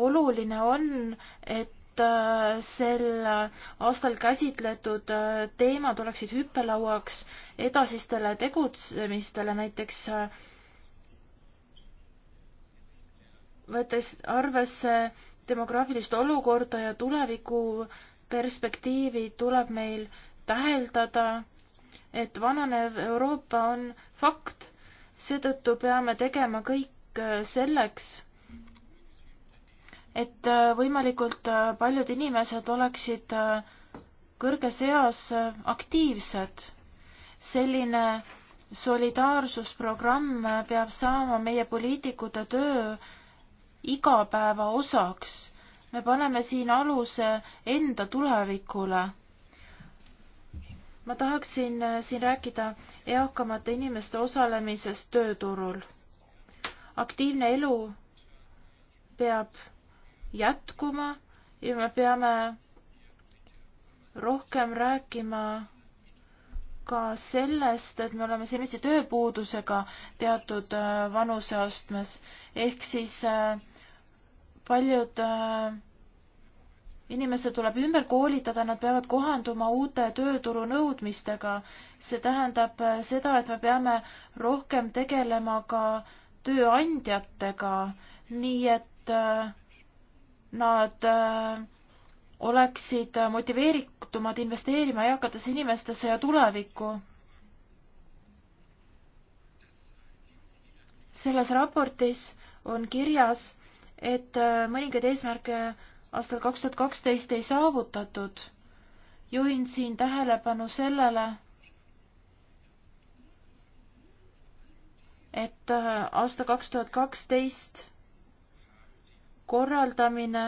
oluline on, et äh, sel aastal käsitletud äh, teemad oleksid hüppelauaks edasistele tegutsemistele, näiteks võttes arvesse demograafilist olukorda ja tuleviku perspektiivi tuleb meil täheldada, et vananev Euroopa on fakt, seetõttu peame tegema kõik äh, selleks, et äh, võimalikult äh, paljud inimesed oleksid kõrges eas aktiivsed. selline solidaarsusprogramm peab saama meie poliitikute töö igapäeva osaks me paneme siin aluse enda tulevikule. ma tahaksin äh, siin rääkida eakamate inimeste osalemisest tööturul. aktiivne elu peab jätkuma ja me peame rohkem rääkima ka sellest, et me oleme silmitsi tööpuudusega teatud äh, vanuseastmes, ehk siis äh, paljud äh, inimesed tuleb ümber koolitada, nad peavad kohanduma uute tööturu nõudmistega. see tähendab äh, seda, et me peame rohkem tegelema ka tööandjatega, nii et äh, nad äh, oleksid motiveeritumad investeerima eakatesse inimestesse ja tulevikku. selles raportis on kirjas, et äh, mõningaid eesmärke aastal kaks tuhat kaksteist ei saavutatud. juhin siin tähelepanu sellele, et äh, aasta kaks tuhat kaksteist korraldamine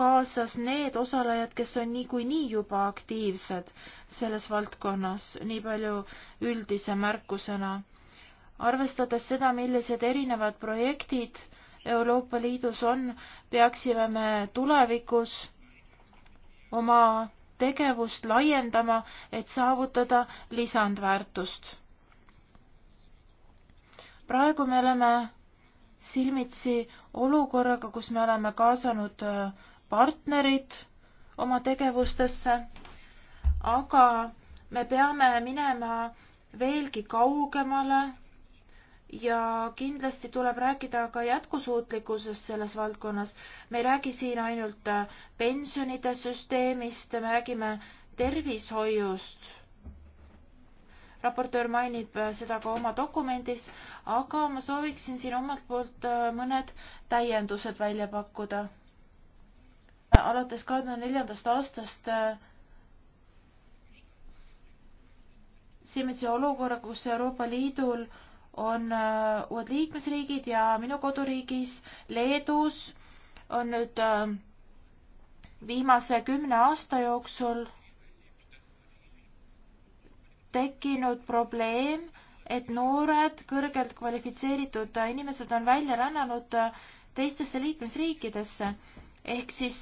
kaasas need osalejad, kes on niikuinii juba aktiivsed selles valdkonnas, nii palju üldise märkusena. arvestades seda, millised erinevad projektid Euroopa Liidus on, peaksime me tulevikus oma tegevust laiendama, et saavutada lisandväärtust. praegu me oleme silmitsi olukorraga, kus me oleme kaasanud äh, partnerid oma tegevustesse, aga me peame minema veelgi kaugemale ja kindlasti tuleb rääkida ka jätkusuutlikkusest selles valdkonnas. me ei räägi siin ainult äh, pensionide süsteemist, me räägime tervishoiust. raportöör mainib äh, seda ka oma dokumendis, aga ma sooviksin siin omalt poolt äh, mõned täiendused välja pakkuda. alates kahe tuhande neljandast aastast silmitsi olukorra, kus Euroopa Liidul on äh, uued liikmesriigid ja minu koduriigis Leedus on nüüd äh, viimase kümne aasta jooksul tekkinud probleem, et noored kõrgelt kvalifitseeritud inimesed on välja rännanud äh, teistesse liikmesriikidesse ehk siis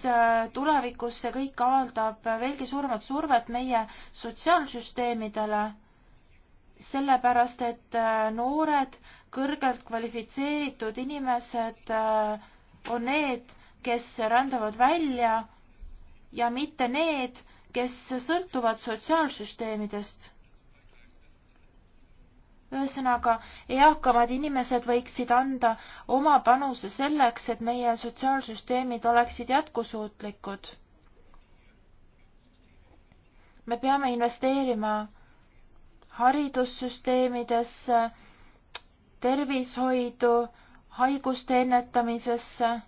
tulevikus see kõik avaldab veelgi suuremat survet meie sotsiaalsüsteemidele sellepärast, et äh, noored, kõrgelt kvalifitseeritud inimesed äh, on need, kes rändavad välja ja mitte need, kes sõltuvad sotsiaalsüsteemidest. ühesõnaga, eakamad inimesed võiksid anda oma panuse selleks, et meie sotsiaalsüsteemid oleksid jätkusuutlikud. me peame investeerima haridussüsteemidesse, tervishoidu, haiguste ennetamisesse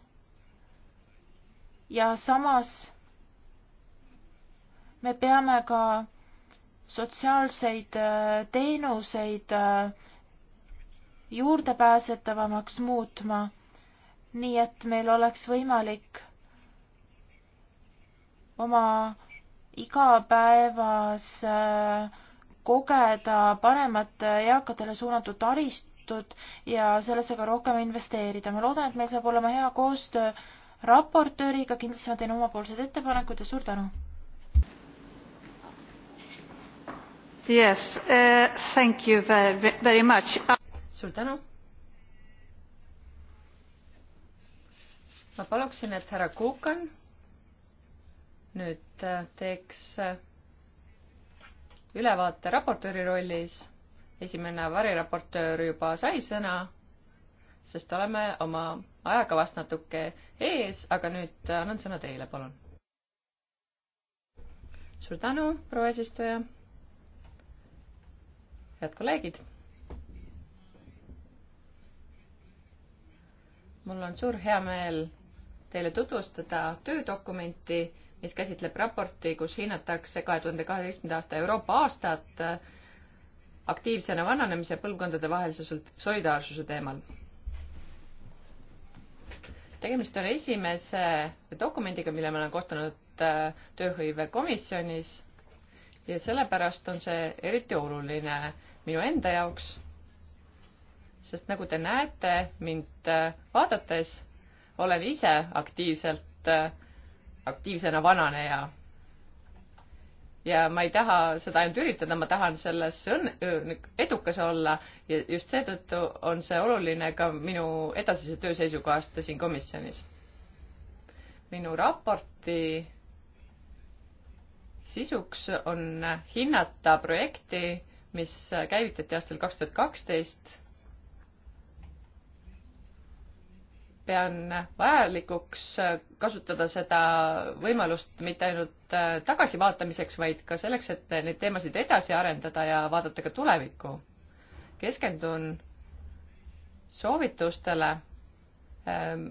ja samas me peame ka sotsiaalseid äh, teenuseid äh, juurdepääsetavamaks muutma, nii et meil oleks võimalik oma igapäevas äh, kogeda paremat eakatele suunatud taristut ja sellesse ka rohkem investeerida. ma loodan, et meil saab olema hea koostöö raportööriga, kindlasti ma teen omapoolsed ettepanekud ja suur tänu. Yes uh,, thank you very, very much uh.... suur tänu. ma paluksin, et härra Kukan nüüd äh, teeks äh, ülevaate raportööri rollis. esimene variraportöör juba sai sõna, sest oleme oma ajakavast natuke ees, aga nüüd annan sõna teile, palun. suur tänu, proua eesistuja. head kolleegid mul on suur hea meel teile tutvustada töödokumenti, mis käsitleb raporti, kus hinnatakse kahe tuhande kaheteistkümnenda aasta Euroopa aastat äh, aktiivsena vananemise põlvkondade vahelise solidaarsuse teemal. tegemist on esimese dokumendiga, mille ma olen koostanud äh, tööhõivekomisjonis ja sellepärast on see eriti oluline minu enda jaoks, sest nagu te näete mind äh, vaadates, olen ise aktiivselt äh, aktiivsena vananeja. ja ma ei taha seda ainult üritada, ma tahan selles õnne, edukas olla ja just seetõttu on see oluline ka minu edasise töö seisukohast siin komisjonis. minu raporti sisuks on hinnata projekti, mis käivitati aastal kaks tuhat kaksteist pean vajalikuks kasutada seda võimalust mitte ainult äh, tagasivaatamiseks, vaid ka selleks, et neid teemasid edasi arendada ja vaadata ka tulevikku. keskendun soovitustele, ähm,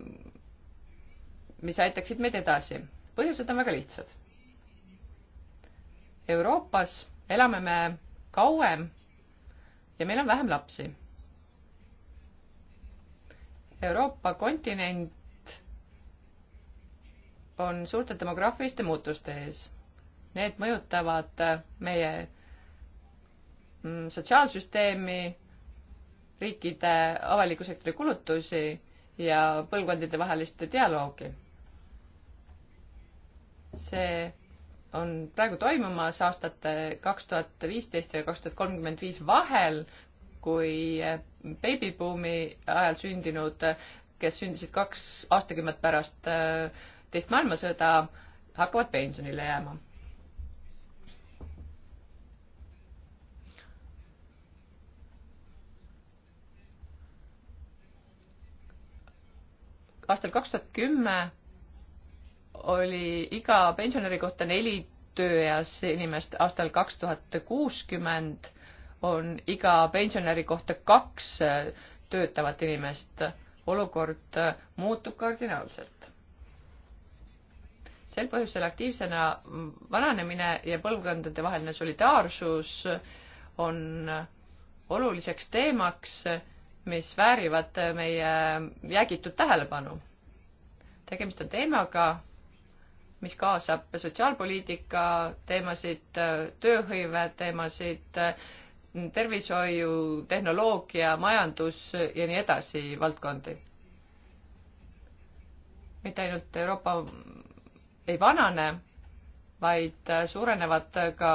mis aitaksid meid edasi. põhjused on väga lihtsad. Euroopas elame me kauem ja meil on vähem lapsi Euroopa kontinent on suurte demograafiliste muutuste ees. Need mõjutavad meie mm, sotsiaalsüsteemi, riikide avaliku sektori kulutusi ja põlvkondade vahelist dialoogi. see on praegu toimumas aastate kaks tuhat viisteist ja kaks tuhat kolmkümmend viis vahel, kui eh, beebibuumi ajal sündinud, kes sündisid kaks aastakümmet pärast eh, teist maailmasõda, hakkavad pensionile jääma aastal kaks tuhat kümme oli iga pensionäri kohta neli tööeas inimest, aastal kaks tuhat kuuskümmend on iga pensionäri kohta kaks äh, töötavat inimest. olukord äh, muutub kardinaalselt. sel põhjusel aktiivsena vananemine ja põlvkondade vaheline solidaarsus on äh, oluliseks teemaks, mis väärivad meie jäägitud tähelepanu. tegemist on teemaga, mis kaasab sotsiaalpoliitika teemasid, tööhõive teemasid, tervishoiu, tehnoloogia, majandus ja nii edasi valdkondi. mitte ainult Euroopa ei vanane, vaid suurenevad ka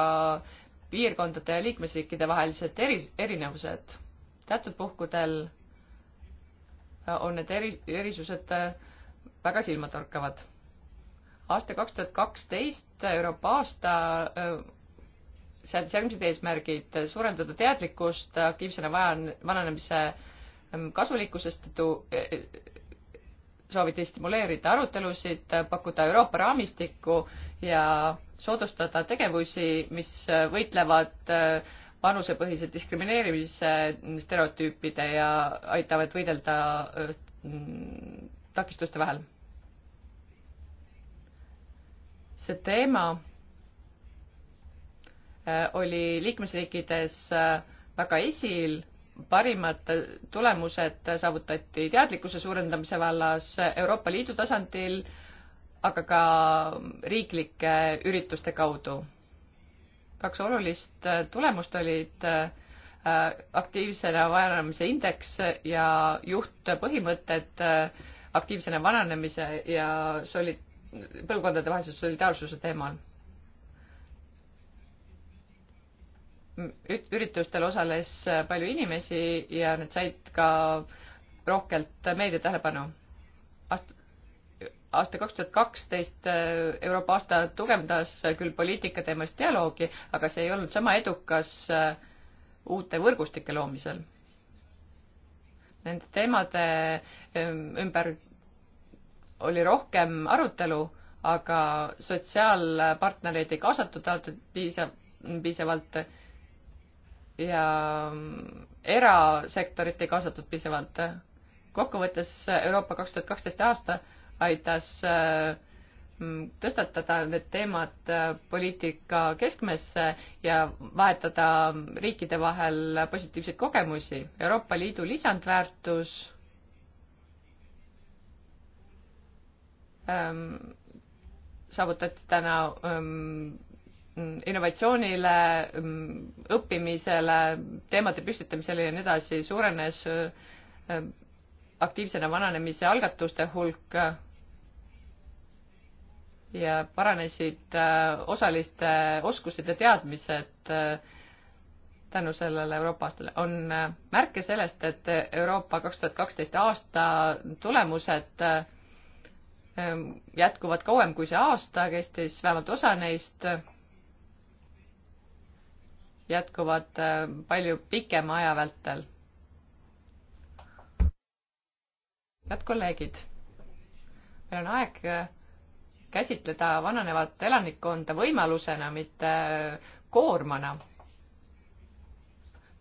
piirkondade ja liikmesriikide vahelised eri, erinevused. teatud puhkudel on need eri, erisused väga silmatorkavad. aasta kaks tuhat kaksteist Euroopa aasta seadis järgmised eesmärgid, suurendada teadlikkust aktiivsena vajan-, vananemise ehm, kasulikkusest, e-, e-, sooviti stimuleerida arutelusid, pakkuda Euroopa raamistikku ja soodustada tegevusi, mis võitlevad e-, vanusepõhise diskrimineerimise mm, stereotüüpide ja aitavad võidelda mm, takistuste vahel. see teema Äh, oli liikmesriikides äh, väga esil, parimad tulemused saavutati teadlikkuse suurendamise vallas äh, Euroopa Liidu tasandil, aga ka riiklike ürituste kaudu. kaks olulist tulemust olid aktiivsena vananemise indeks ja juhtpõhimõtted aktiivsena vananemise ja soli-, põlvkondade vahelise solidaarsuse teemal üritustel osales palju inimesi ja need said ka rohkelt meedia tähelepanu. aasta kaks tuhat kaksteist äh, Euroopa aasta tugevdas küll poliitika teemas dialoogi, aga see ei olnud sama edukas äh, uute võrgustike loomisel. Nende teemade ähm, ümber oli rohkem arutelu, aga sotsiaalpartnereid ei kaasatud alati piisav, piisavalt ja mm, erasektorit ei kaasatud piisavalt. kokkuvõttes äh, Euroopa kaks tuhat kaksteist aasta aitas äh, mm, tõstatada need teemad äh, poliitika keskmesse ja vahetada riikide vahel positiivseid kogemusi. Euroopa Liidu lisandväärtus ähm, saavutati täna ähm, innovatsioonile, mm, õppimisele, teemade püstitamisele ja nii edasi suurenes äh, aktiivsena vananemise algatuste hulk ja paranesid äh, osaliste oskused ja teadmised äh, tänu sellele Euroopa aastale. on märke sellest, et Euroopa kaks tuhat kaksteist aasta tulemused jätkuvad kauem kui see aasta kestis, vähemalt osa neist jätkuvad äh, palju pikema aja vältel. head kolleegid, meil on aeg äh, käsitleda vananevat elanikkonda võimalusena, mitte äh, koormana.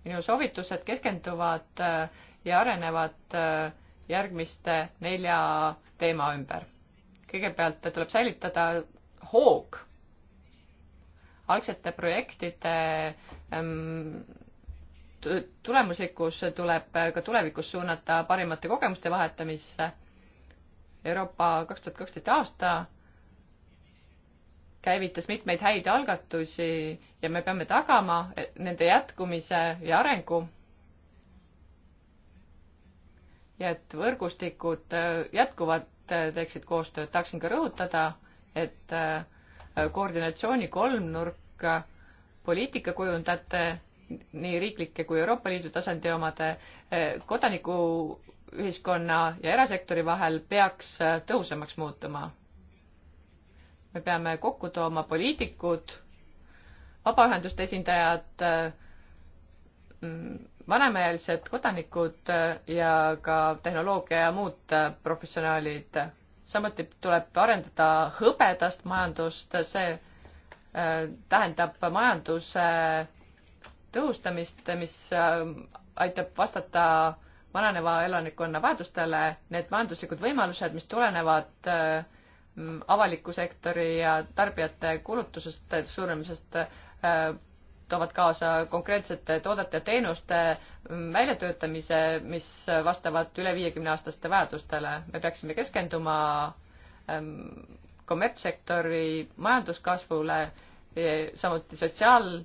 minu soovitused keskenduvad ja arenevad järgmiste nelja teema ümber. kõigepealt tuleb säilitada hoog algsete projektide ähm, tulemuslikkus tuleb ka tulevikus suunata parimate kogemuste vahetamisse. Euroopa kaks tuhat kaksteist aasta käivitas mitmeid häid algatusi ja me peame tagama nende jätkumise ja arengu. ja et võrgustikud jätkuvad, teeksid koostööd, tahaksin ka rõhutada, et äh, koordinatsiooni kolmnurka poliitikakujundajate, nii riiklike kui Euroopa Liidu tasandi omade, kodanikuühiskonna ja erasektori vahel peaks tõhusamaks muutuma. me peame kokku tooma poliitikud, vabaühenduste esindajad, mm, vanemaealised kodanikud ja ka tehnoloogia ja muud professionaalid samuti tuleb arendada hõbedast majandust, see äh, tähendab majanduse tõhustamist, mis äh, aitab vastata vananeva elanikkonna vajadustele, need majanduslikud võimalused, mis tulenevad äh, avaliku sektori ja tarbijate kulutusest suuremisest, toovad kaasa konkreetsete toodete ja teenuste väljatöötamise, mis vastavad üle viiekümne aastaste vajadustele. me peaksime keskenduma ähm, kommertssektori majanduskasvule, samuti sotsiaalsektori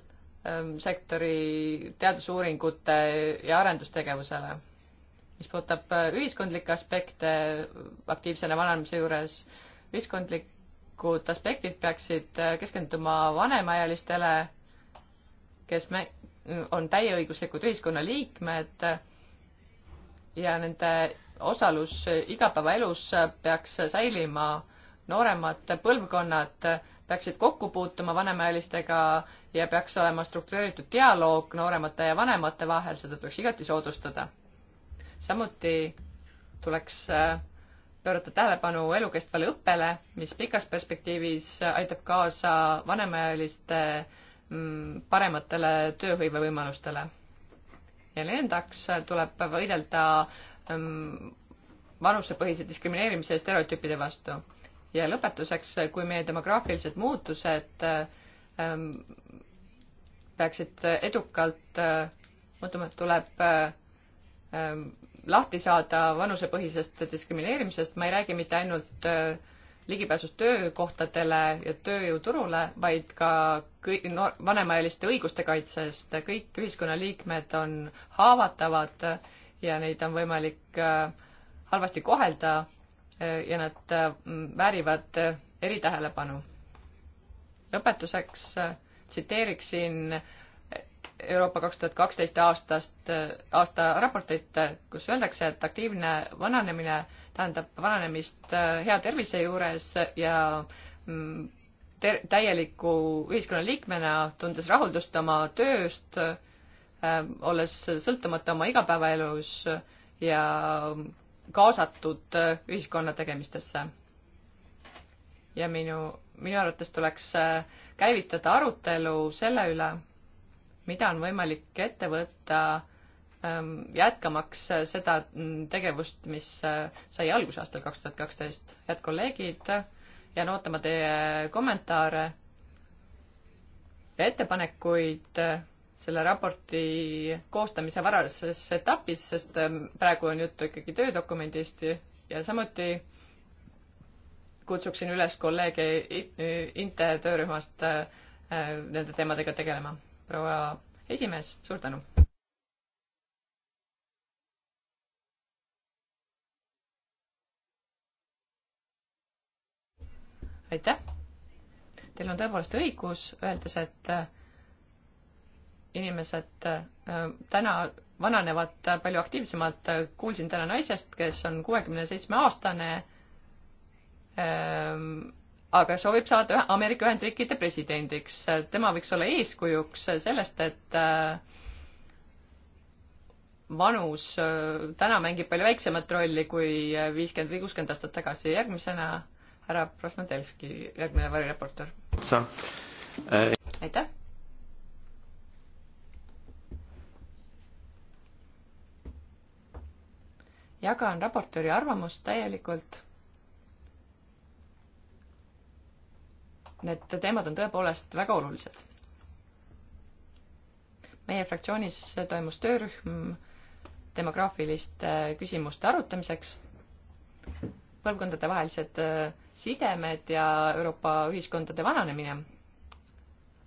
ähm, teadusuuringute ja arendustegevusele. mis puudutab äh, ühiskondlikke aspekte aktiivsena vananemise juures, ühiskondlikud aspektid peaksid äh, keskenduma vanemaealistele kes me, on täieõiguslikud ühiskonnaliikmed ja nende osalus igapäevaelus peaks säilima, nooremad põlvkonnad peaksid kokku puutuma vanemaealistega ja peaks olema struktureeritud dialoog nooremate ja vanemate vahel, seda tuleks igati soodustada. samuti tuleks äh, pöörata tähelepanu elukestvale õppele, mis pikas perspektiivis aitab kaasa vanemaealiste Mm, parematele tööhõivevõimalustele. ja neljandaks tuleb võidelda mm, vanusepõhise diskrimineerimise ja stereotüüpide vastu. ja lõpetuseks, kui meie demograafilised muutused mm, peaksid edukalt muutuma, tuleb lahti saada vanusepõhisest diskrimineerimisest, ma ei räägi mitte ainult äh, ligipääsust töökohtadele ja tööjõuturule, vaid ka kõik no, vanemaealiste õiguste kaitsest, kõik ühiskonnaliikmed on haavatavad ja neid on võimalik äh, halvasti kohelda äh, ja nad äh, väärivad eritähelepanu. lõpetuseks tsiteeriksin Euroopa kaks tuhat kaksteist aastast, aasta raportit, kus öeldakse, et aktiivne vananemine tähendab vananemist äh, hea tervise juures ja mm, ter-, täieliku ühiskonnaliikmena, tundes rahuldust oma tööst, äh, olles sõltumatu oma igapäevaelus ja kaasatud äh, ühiskonna tegemistesse. ja minu, minu arvates tuleks käivitada arutelu selle üle, mida on võimalik ette võtta Ähm, jätkamaks äh, seda mm, tegevust, mis äh, sai alguse aastal kaks tuhat kaksteist. head kolleegid, äh, jään ootama teie kommentaare ja ettepanekuid selle raporti koostamise varases etapis, sest ähm, praegu on juttu ikkagi töödokumendist ja samuti kutsuksin üles kolleege INTE töörühmast nende teemadega tegelema. proua esimees, suur tänu! aitäh! Teil on tõepoolest õigus, öeldes, et äh, inimesed äh, täna vananevad palju aktiivsemalt, kuulsin täna naisest, kes on kuuekümne seitsme aastane, ähm, aga soovib saada Ameerika Ühendriikide presidendiks. tema võiks olla eeskujuks sellest, et äh, vanus täna mängib palju väiksemat rolli kui viiskümmend või kuuskümmend aastat tagasi. järgmisena härra Krasnodelski, järgmine varireporter. Äh, aitäh. jagan raportööri arvamust täielikult. Need teemad on tõepoolest väga olulised. meie fraktsioonis toimus töörühm demograafiliste küsimuste arutamiseks. põlvkondadevahelised äh, sidemed ja Euroopa ühiskondade vananemine.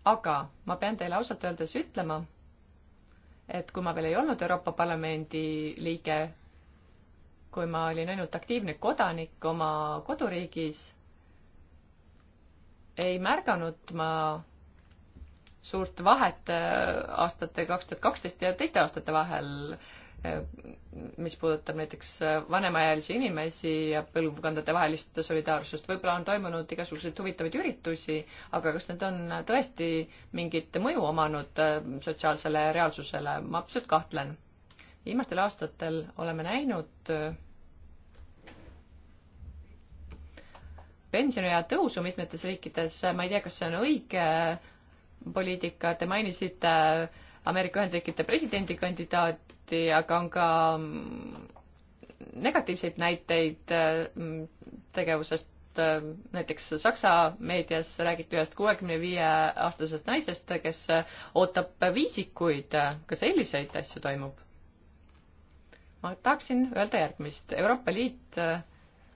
aga ma pean teile ausalt öeldes ütlema, et kui ma veel ei olnud Euroopa Parlamendi liige, kui ma olin ainult aktiivne kodanik oma koduriigis, ei märganud ma suurt vahet äh, aastate kaks tuhat kaksteist ja teiste aastate vahel mis puudutab näiteks vanemaealisi inimesi ja põlvkondade vahelist solidaarsust, võib-olla on toimunud igasuguseid huvitavaid üritusi, aga kas need on tõesti mingit mõju omanud sotsiaalsele reaalsusele, ma absoluutselt kahtlen. viimastel aastatel oleme näinud pensioniea tõusu mitmetes riikides, ma ei tea, kas see on õige poliitika, te mainisite Ameerika Ühendriikide presidendikandidaat, alati, aga on ka mm, negatiivseid näiteid mm, tegevusest, näiteks Saksa meedias räägiti ühest kuuekümne viie aastasest naisest, kes ootab viisikuid, ka selliseid asju toimub? ma tahaksin öelda järgmist, Euroopa Liit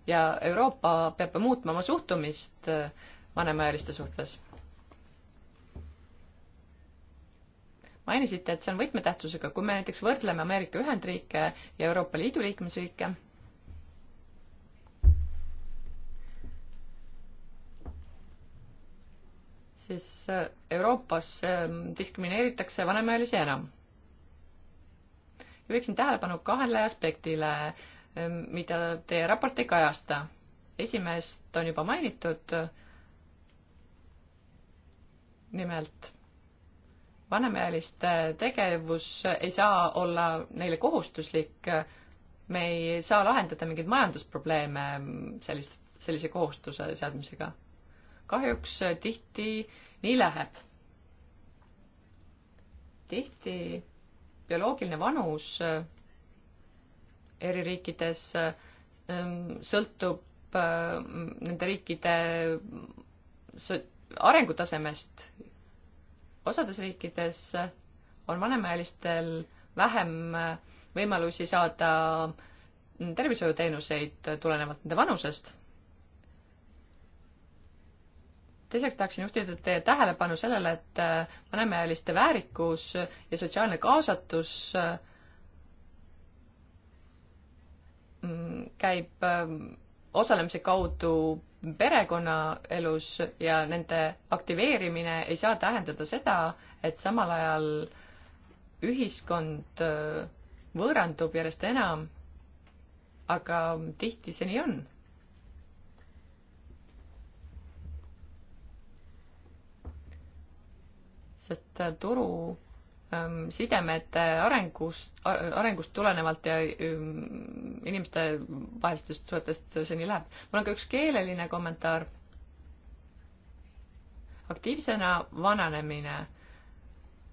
ja Euroopa peab muutma oma suhtumist vanemaealiste suhtes mainisite, et see on võtmetähtsusega, kui me näiteks võrdleme Ameerika Ühendriike ja Euroopa Liidu liikmesriike, siis äh, Euroopas ähm, diskrimineeritakse vanemaealisi enam. juhiksin tähelepanu kahele aspektile, ähm, mida teie raport ei kajasta. esimest on juba mainitud, nimelt vanemaealiste tegevus ei saa olla neile kohustuslik, me ei saa lahendada mingeid majandusprobleeme sellist, sellise kohustuse seadmisega. kahjuks tihti nii läheb. tihti bioloogiline vanus eri riikides ähm, sõltub ähm, nende riikide arengutasemest osades riikides on vanemaealistel vähem võimalusi saada tervishoiuteenuseid tulenevalt nende vanusest. teiseks tahaksin juhtida teie tähelepanu sellele, et vanemaealiste väärikus ja sotsiaalne kaasatus mm, käib mm, osalemise kaudu perekonnaelus ja nende aktiveerimine ei saa tähendada seda, et samal ajal ühiskond äh, võõrandub järjest enam, aga tihti see nii on. sest äh, turu Ähm, sidemed äh, arengust, arengust tulenevalt ja ähm, inimeste vahelistest suhetest see nii läheb. mul on ka üks keeleline kommentaar. aktiivsena vananemine.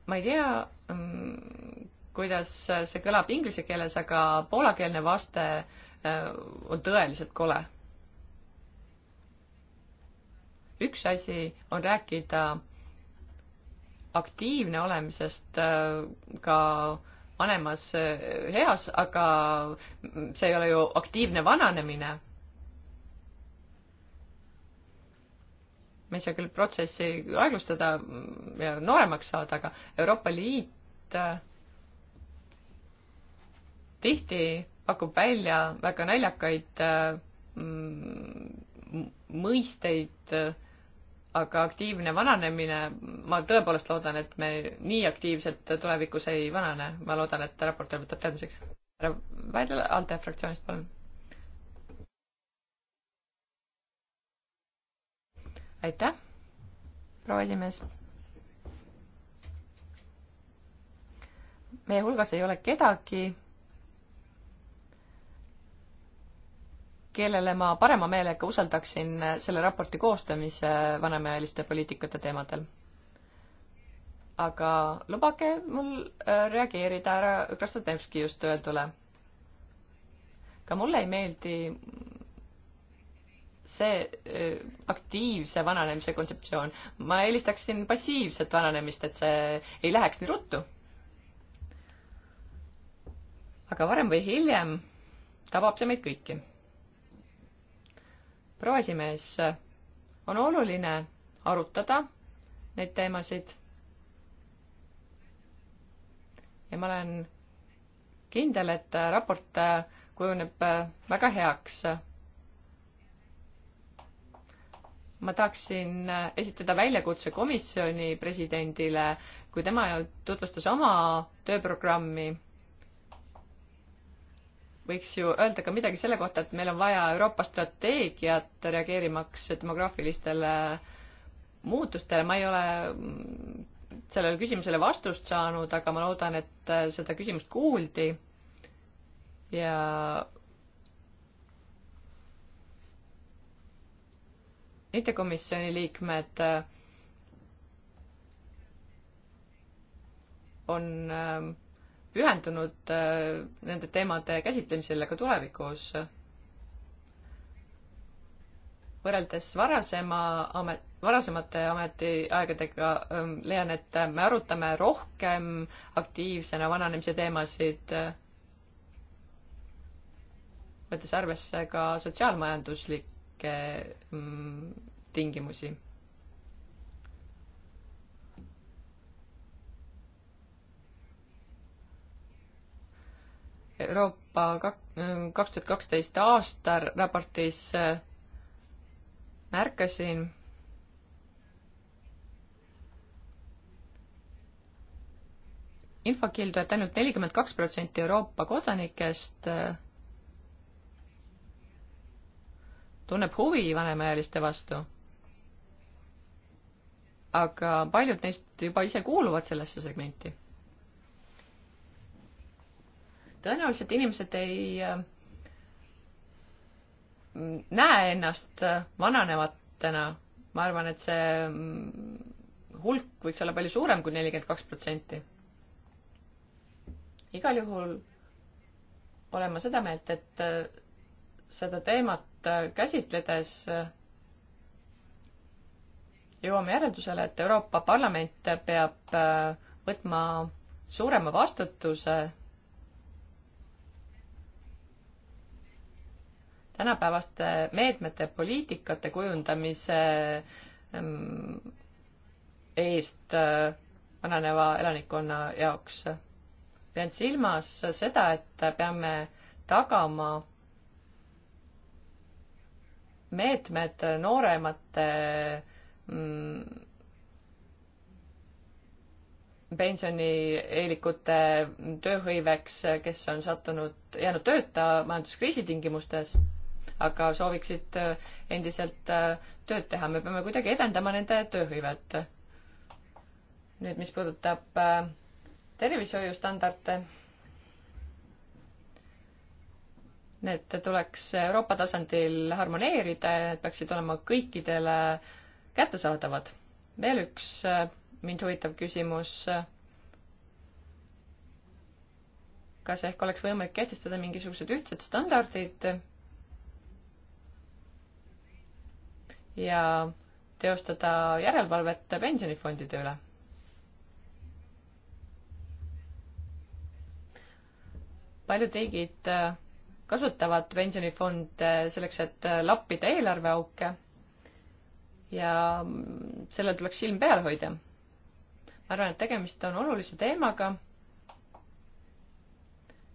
ma ei tea, ähm, kuidas see kõlab inglise keeles, aga poolakeelne vaste äh, on tõeliselt kole. üks asi on rääkida aktiivne olemisest äh, ka vanemas äh, eas, aga see ei ole ju aktiivne vananemine. me ei saa küll protsessi aeglustada ja nooremaks saada, aga Euroopa Liit äh, tihti pakub välja väga naljakaid mõisteid äh, aga aktiivne vananemine, ma tõepoolest loodan, et me nii aktiivselt tulevikus ei vanane, ma loodan, et raportöör võtab teadmiseks. härra Väidel ALDE fraktsioonist, palun. aitäh, proua esimees. meie hulgas ei ole kedagi kellele ma parema meelega usaldaksin selle raporti koostamise vanemaealiste poliitikate teemadel. aga lubage mul äh, reageerida härra Krasnodemski just öeldule. ka mulle ei meeldi see äh, aktiivse vananemise kontseptsioon. ma eelistaksin passiivset vananemist, et see ei läheks nii ruttu. aga varem või hiljem tabab see meid kõiki proua esimees, on oluline arutada neid teemasid. ja ma olen kindel, et raport kujuneb väga heaks. ma tahaksin esitada väljakutse komisjoni presidendile, kui tema tutvustas oma tööprogrammi võiks ju öelda ka midagi selle kohta, et meil on vaja Euroopa strateegiat reageerimaks demograafilistele muutustele, ma ei ole sellele küsimusele vastust saanud, aga ma loodan, et seda küsimust kuuldi ja IT-komisjoni liikmed on äh, pühendunud äh, nende teemade käsitlemisele ka tulevikus. võrreldes varasema amet, varasemate ametiaegadega ähm, leian, et me arutame rohkem aktiivsena vananemise teemasid, võttes arvesse ka sotsiaalmajanduslikke mm, tingimusi Euroopa kaks tuhat kaksteist aasta raportis äh, märkasin, info kildub, et ainult nelikümmend kaks protsenti Euroopa kodanikest äh, tunneb huvi vanemaealiste vastu. aga paljud neist juba ise kuuluvad sellesse segmenti tõenäoliselt inimesed ei äh, näe ennast äh, vananevatena. ma arvan, et see mm, hulk võiks olla palju suurem kui nelikümmend kaks protsenti. igal juhul olen ma seda meelt, et äh, seda teemat käsitledes jõuame järeldusele, et Euroopa Parlament peab võtma suurema vastutuse tänapäevaste meetmete, poliitikate kujundamise ähm, eest äh, vananeva elanikkonna jaoks. pean silmas seda, et peame tagama meetmed nooremate mm, pensionieelikute tööhõiveks, kes on sattunud, jäänud tööta majanduskriisi tingimustes aga sooviksid äh, endiselt äh, tööd teha. me peame kuidagi edendama nende tööhõivet. nüüd, mis puudutab äh, tervishoiustandarde, need tuleks Euroopa tasandil harmoneerida ja need peaksid olema kõikidele kättesaadavad. veel üks mind huvitav küsimus kas ehk oleks võimalik kehtestada mingisugused ühtsed standardid ja teostada järelevalvet pensionifondide üle. paljud riigid äh, kasutavad pensionifonde selleks, et äh, lappida eelarveauke ja mm, sellel tuleks silm peal hoida. ma arvan, et tegemist on olulise teemaga,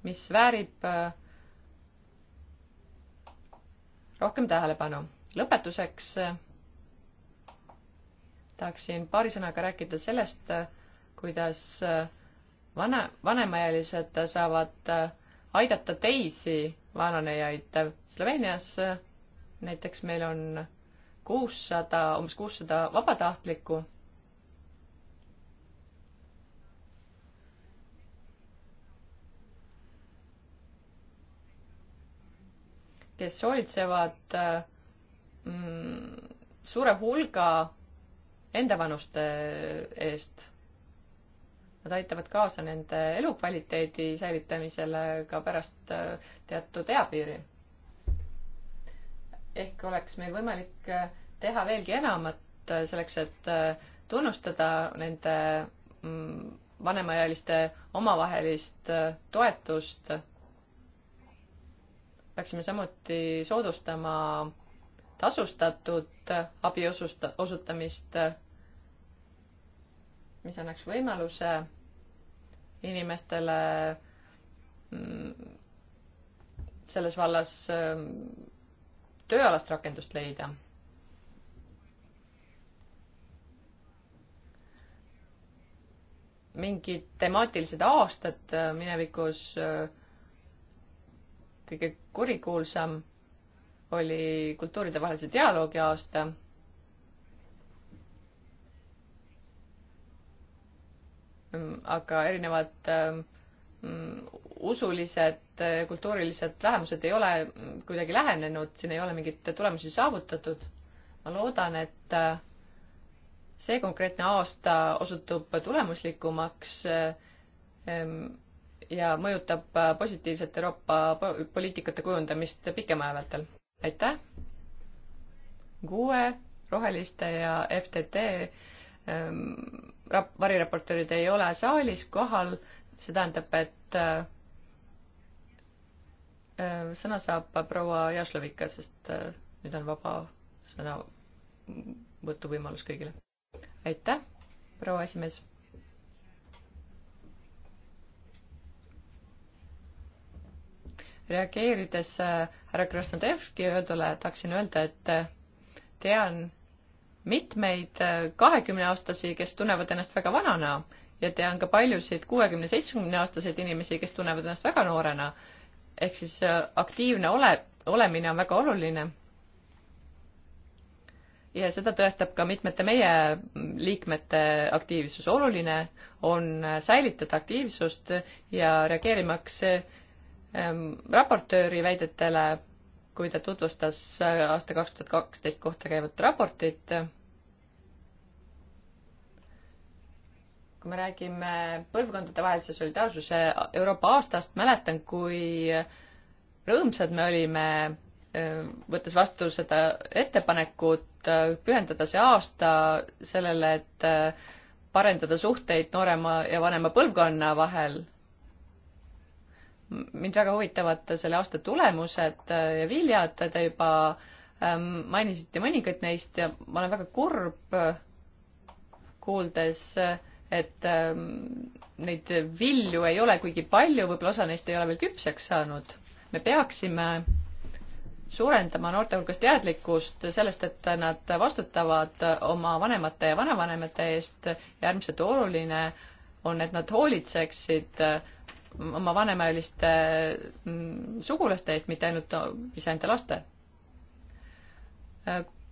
mis väärib äh, rohkem tähelepanu lõpetuseks eh, tahaksin paari sõnaga rääkida sellest, eh, kuidas eh, vana, vanemaealised saavad aidata teisi vananejaid. Sloveenias näiteks meil on kuussada, umbes kuussada vabatahtlikku. kes hoolitsevad äh, mm, suure hulga endavanuste eest. Nad aitavad kaasa nende elukvaliteedi säilitamisele ka pärast äh, teatud eapiiri. ehk oleks meil võimalik äh, teha veelgi enamat äh, selleks, et tunnustada nende mm, vanemaealiste omavahelist toetust. peaksime samuti soodustama tasustatud abi osusta-, osutamist, mis annaks võimaluse inimestele mm, selles vallas mm, tööalast rakendust leida. mingid temaatilised aastad minevikus mm, kõige kurikuulsam oli kultuuridevahelise dialoogi aasta. aga erinevad ähm, mm, usulised, äh, kultuurilised vähemused ei ole kuidagi lähenenud, siin ei ole mingeid tulemusi saavutatud. ma loodan, et äh, see konkreetne aasta osutub tulemuslikumaks äh, ähm, ja mõjutab positiivselt Euroopa poliitikate kujundamist pikema aja vältel aitäh! GUE, Roheliste ja FTT ähm, rap-, variraportöörid ei ole saalis kohal, see tähendab, et äh, äh, sõna saab proua Jašlovika, sest äh, nüüd on vaba sõnavõtuvõimalus kõigile. aitäh, proua esimees reageerides äh, härra Krasnodevski öeldule tahaksin öelda, et äh, tean mitmeid äh, kahekümneaastasi, kes tunnevad ennast väga vanana ja tean ka paljusid kuuekümne, seitsmekümneaastaseid inimesi, kes tunnevad ennast väga noorena. ehk siis aktiivne ole, olemine on väga oluline. ja seda tõestab ka mitmete meie liikmete aktiivsus. oluline on säilitada aktiivsust ja reageerimaks Ehm, raportööri väidetele, kui ta tutvustas äh, aasta kaks tuhat kaksteist kohta käivat raportit. kui me räägime põlvkondadevahelise solidaarsuse Euroopa aastast, mäletan, kui rõõmsad me olime, ehm, võttes vastu seda ettepanekut, äh, pühendada see aasta sellele, et äh, parendada suhteid noorema ja vanema põlvkonna vahel mind väga huvitavad selle aasta tulemused ja viljad, te juba ähm, mainisite mõningaid neist ja ma olen väga kurb, äh, kuuldes, äh, et ähm, neid vilju ei ole kuigi palju, võib-olla osa neist ei ole veel küpseks saanud. me peaksime suurendama noorte hulgas teadlikkust sellest, et nad vastutavad oma vanemate ja vanavanemate eest ja äärmiselt oluline on, et nad hoolitseksid äh, oma vanemaealiste mm, sugulaste eest, mitte ainult iseenda laste.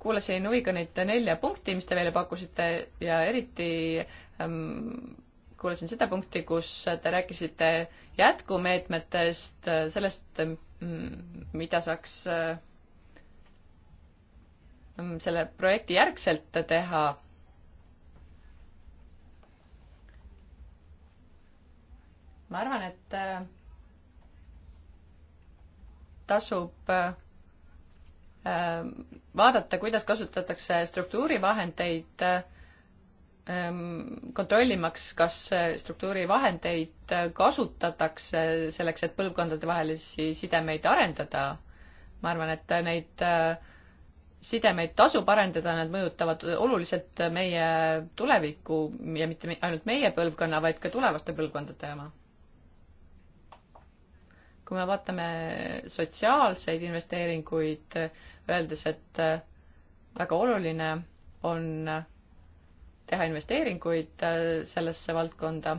kuulasin huviga neid nelja punkti, mis te meile pakkusite ja eriti mm, kuulasin seda punkti, kus te rääkisite jätkumeetmetest, sellest, mm, mida saaks selle projekti järgselt teha ma arvan, et äh, tasub äh, vaadata, kuidas kasutatakse struktuurivahendeid, äh, ähm, kontrollimaks, kas struktuurivahendeid kasutatakse selleks, et põlvkondadevahelisi sidemeid arendada. ma arvan, et neid sidemeid tasub arendada, nad mõjutavad oluliselt meie tulevikku ja mitte ainult meie põlvkonna, vaid ka tulevaste põlvkondade oma kui me vaatame sotsiaalseid investeeringuid, öeldes, et äh, väga oluline on äh, teha investeeringuid äh, sellesse valdkonda,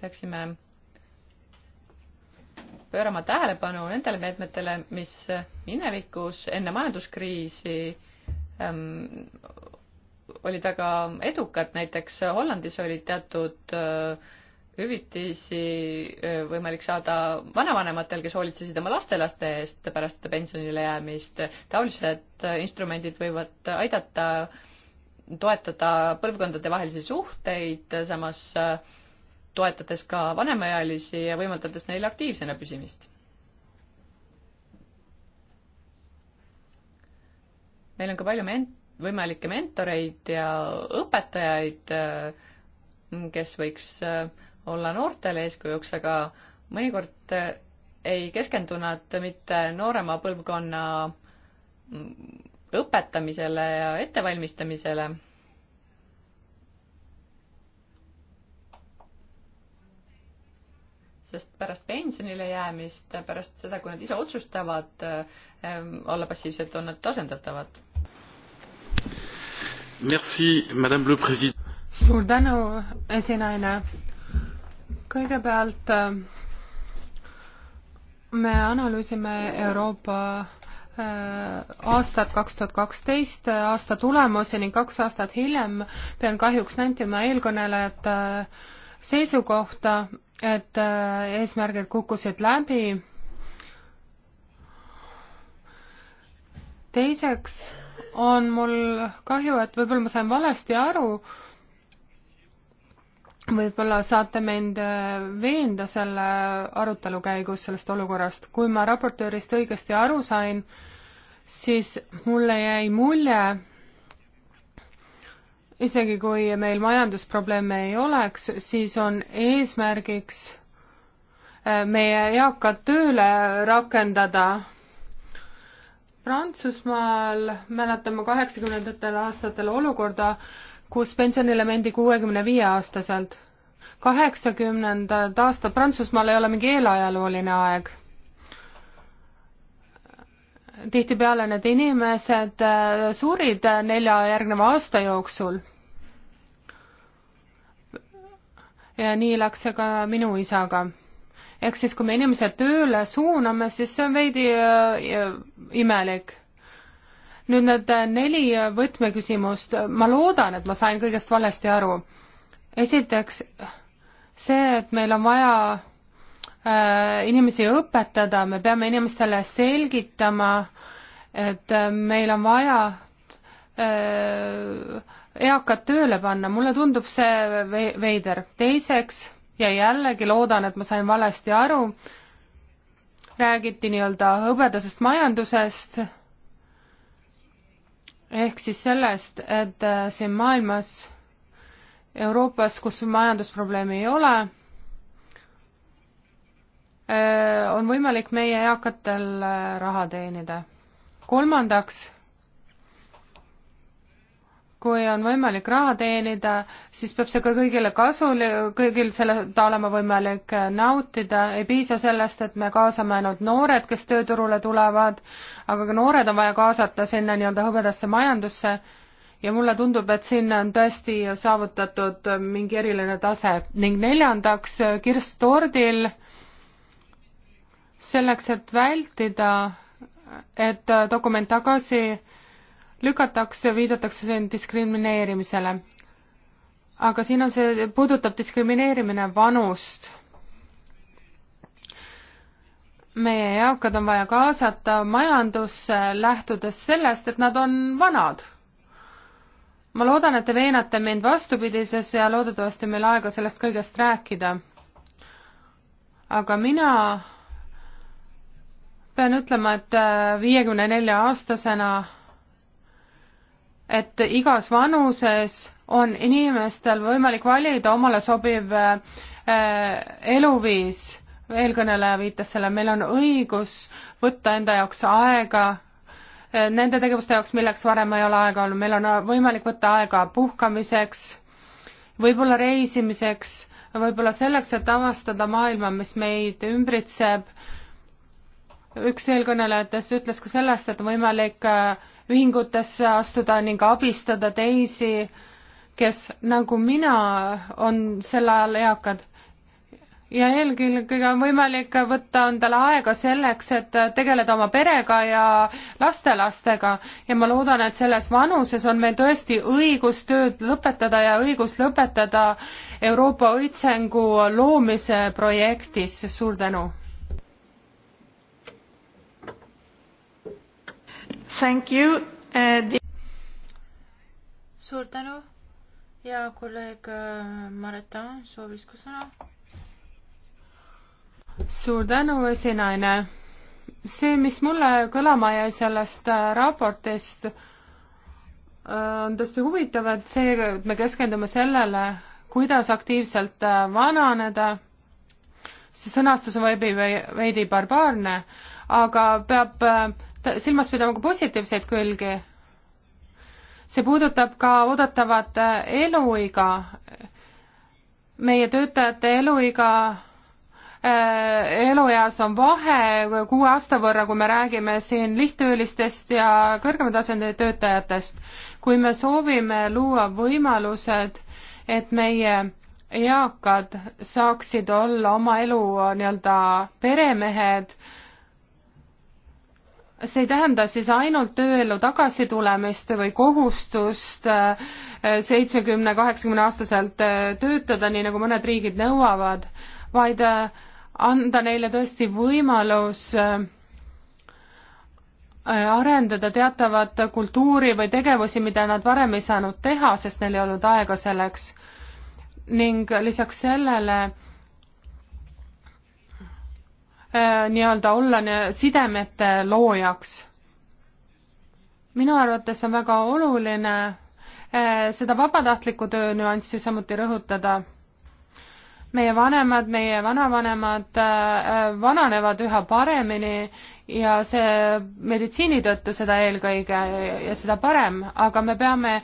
peaksime pöörama tähelepanu nendele meetmetele, mis minevikus enne majanduskriisi ähm, olid väga edukad, näiteks Hollandis olid teatud äh, hüvitisi äh, võimalik saada vanavanematel, kes hoolitsesid oma lastelaste eest pärast pensionile jäämist. taolised äh, instrumendid võivad aidata toetada põlvkondadevahelisi suhteid, samas toetades ka vanemaealisi ja võimaldades neil aktiivsena püsimist meil on ka palju ment-, võimalikke mentoreid ja õpetajaid, äh, kes võiks äh, olla noortele eeskujuks, aga mõnikord äh, ei keskendu nad mitte noorema põlvkonna mm, õpetamisele ja ettevalmistamisele. sest pärast pensionile jäämist, pärast seda, kui nad ise otsustavad olla passiivsed, on nad asendatavad suur tänu, esinaine. kõigepealt äh, me analüüsime Euroopa äh, aastat kaks tuhat kaksteist äh, aasta tulemusi ning kaks aastat hiljem pean kahjuks nentima eelkõnelejate seisukohta, et eesmärgid kukkusid läbi. teiseks on mul kahju, et võib-olla ma sain valesti aru, võib-olla saate mind äh, veenda selle arutelu käigus sellest olukorrast. kui ma raportöörist õigesti aru sain, siis mulle jäi mulje, isegi kui meil majandusprobleeme ei oleks, siis on eesmärgiks äh, meie eakad tööle rakendada Prantsusmaal mäletan ma kaheksakümnendatel aastatel olukorda, kus pensionile mendi kuuekümne viie aastaselt. kaheksakümnendad aastad Prantsusmaal ei ole mingi eelajalooline aeg. tihtipeale need inimesed äh, surid nelja järgneva aasta jooksul. ja nii läks see ka minu isaga ehk siis, kui me inimesed tööle suuname, siis see on veidi äh, äh, imelik. nüüd need äh, neli võtmeküsimust, ma loodan, et ma sain kõigest valesti aru. esiteks see, et meil on vaja inimesi õpetada, me peame inimestele selgitama, et meil on vaja eakad tööle panna, mulle tundub see veider. teiseks ja jällegi loodan, et ma sain valesti aru, räägiti nii-öelda hõbedasest majandusest, ehk siis sellest, et äh, siin maailmas, Euroopas, kus majandusprobleemi ei ole, äh, on võimalik meie eakatel äh, raha teenida. kolmandaks kui on võimalik raha teenida, siis peab see ka kõigile kasul, kõigil seda olema võimalik nautida, ei piisa sellest, et me kaasame ainult noored, kes tööturule tulevad, aga ka noored on vaja kaasata sinna nii-öelda hõbedasse majandusse ja mulle tundub, et sinna on tõesti saavutatud mingi eriline tase ning neljandaks, kirss tordil, selleks, et vältida, et dokument tagasi lükatakse, viidatakse siin diskrimineerimisele. aga siin on see, puudutab diskrimineerimine vanust. meie eakad on vaja kaasata majandusse, lähtudes sellest, et nad on vanad. ma loodan, et te veenate mind vastupidises ja loodetavasti meil aega sellest kõigest rääkida. aga mina pean ütlema, et viiekümne nelja aastasena et igas vanuses on inimestel võimalik valida omale sobiv äh, eluviis, eelkõneleja viitas selle, meil on õigus võtta enda jaoks aega äh, nende tegevuste jaoks, milleks varem ei ole aega olnud, meil on võimalik võtta aega puhkamiseks, võib-olla reisimiseks, võib-olla selleks, et avastada maailma, mis meid ümbritseb. üks eelkõnelejatest ütles ka sellest, et on võimalik äh, ühingutesse astuda ning abistada teisi, kes nagu mina, on sel ajal eakad. ja eelkõige on võimalik võtta endale aega selleks, et tegeleda oma perega ja lastelastega ja ma loodan, et selles vanuses on meil tõesti õigus tööd lõpetada ja õigus lõpetada Euroopa õitsengu loomise projektis, suur tänu! Thank you uh,. The... suur tänu ja kolleeg äh, Mareta soovis ka sõna. suur tänu, esinaine. see, mis mulle kõlama jäi sellest äh, raportist, äh, on tõesti huvitav, et see, et me keskendume sellele, kuidas aktiivselt vananeda, see sõnastus on veidi, veidi barbaarne, aga peab silmas pidama ka positiivseid külgi. see puudutab ka oodatavat äh, eluiga. meie töötajate eluiga äh, elueas on vahe kuue aasta võrra, kui me räägime siin lihttöölistest ja kõrgema tasandi töötajatest. kui me soovime luua võimalused, et meie eakad saaksid olla oma elu äh, nii-öelda peremehed, see ei tähenda siis ainult tööellu tagasitulemist või kohustust äh, seitsmekümne, kaheksakümne aastaselt äh, töötada, nii nagu mõned riigid nõuavad, vaid äh, anda neile tõesti võimalus arendada teatavat kultuuri või tegevusi, mida nad varem ei saanud teha, sest neil ei olnud aega selleks. ning lisaks sellele Äh, nii-öelda olla sidemete loojaks. minu arvates on väga oluline äh, seda vabatahtliku töö nüanssi samuti rõhutada. meie vanemad, meie vanavanemad äh, vananevad üha paremini ja see meditsiini tõttu seda eelkõige ja seda parem, aga me peame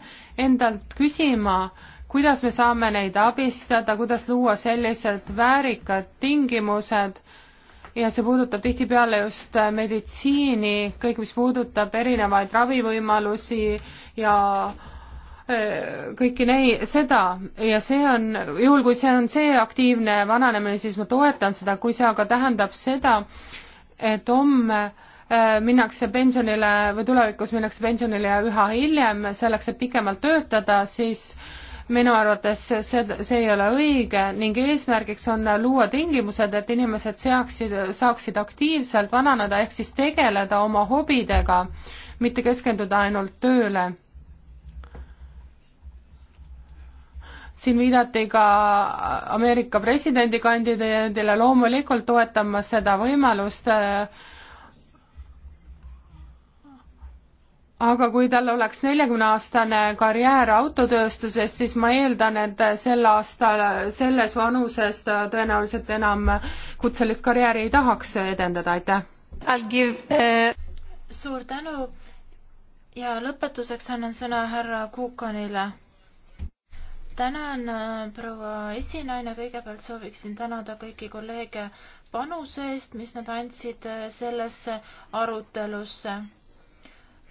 endalt küsima, kuidas me saame neid abistada, kuidas luua sellised väärikad tingimused ja see puudutab tihtipeale just äh, meditsiini, kõik, mis puudutab erinevaid ravivõimalusi ja äh, kõiki neid, seda ja see on, juhul kui see on see aktiivne vananemine, siis ma toetan seda, kui see aga tähendab seda, et homme äh, minnakse pensionile või tulevikus minnakse pensionile üha hiljem selleks, et pikemalt töötada, siis äh, minu arvates see, see ei ole õige ning eesmärgiks on luua tingimused, et inimesed seaksid, saaksid aktiivselt vananeda, ehk siis tegeleda oma hobidega, mitte keskenduda ainult tööle. siin viidati ka Ameerika presidendikandidaadile, loomulikult toetan ma seda võimalust äh, aga kui tal oleks neljakümneaastane karjäär autotööstuses, siis ma eeldan, et sel aastal, selles vanuses ta tõenäoliselt enam kutselist karjääri ei tahaks edendada, aitäh! Uh, suur tänu ja lõpetuseks annan sõna härra Kuukanile. tänan, uh, proua esinaine, kõigepealt sooviksin tänada kõiki kolleege panuse eest, mis nad andsid uh, sellesse arutelusse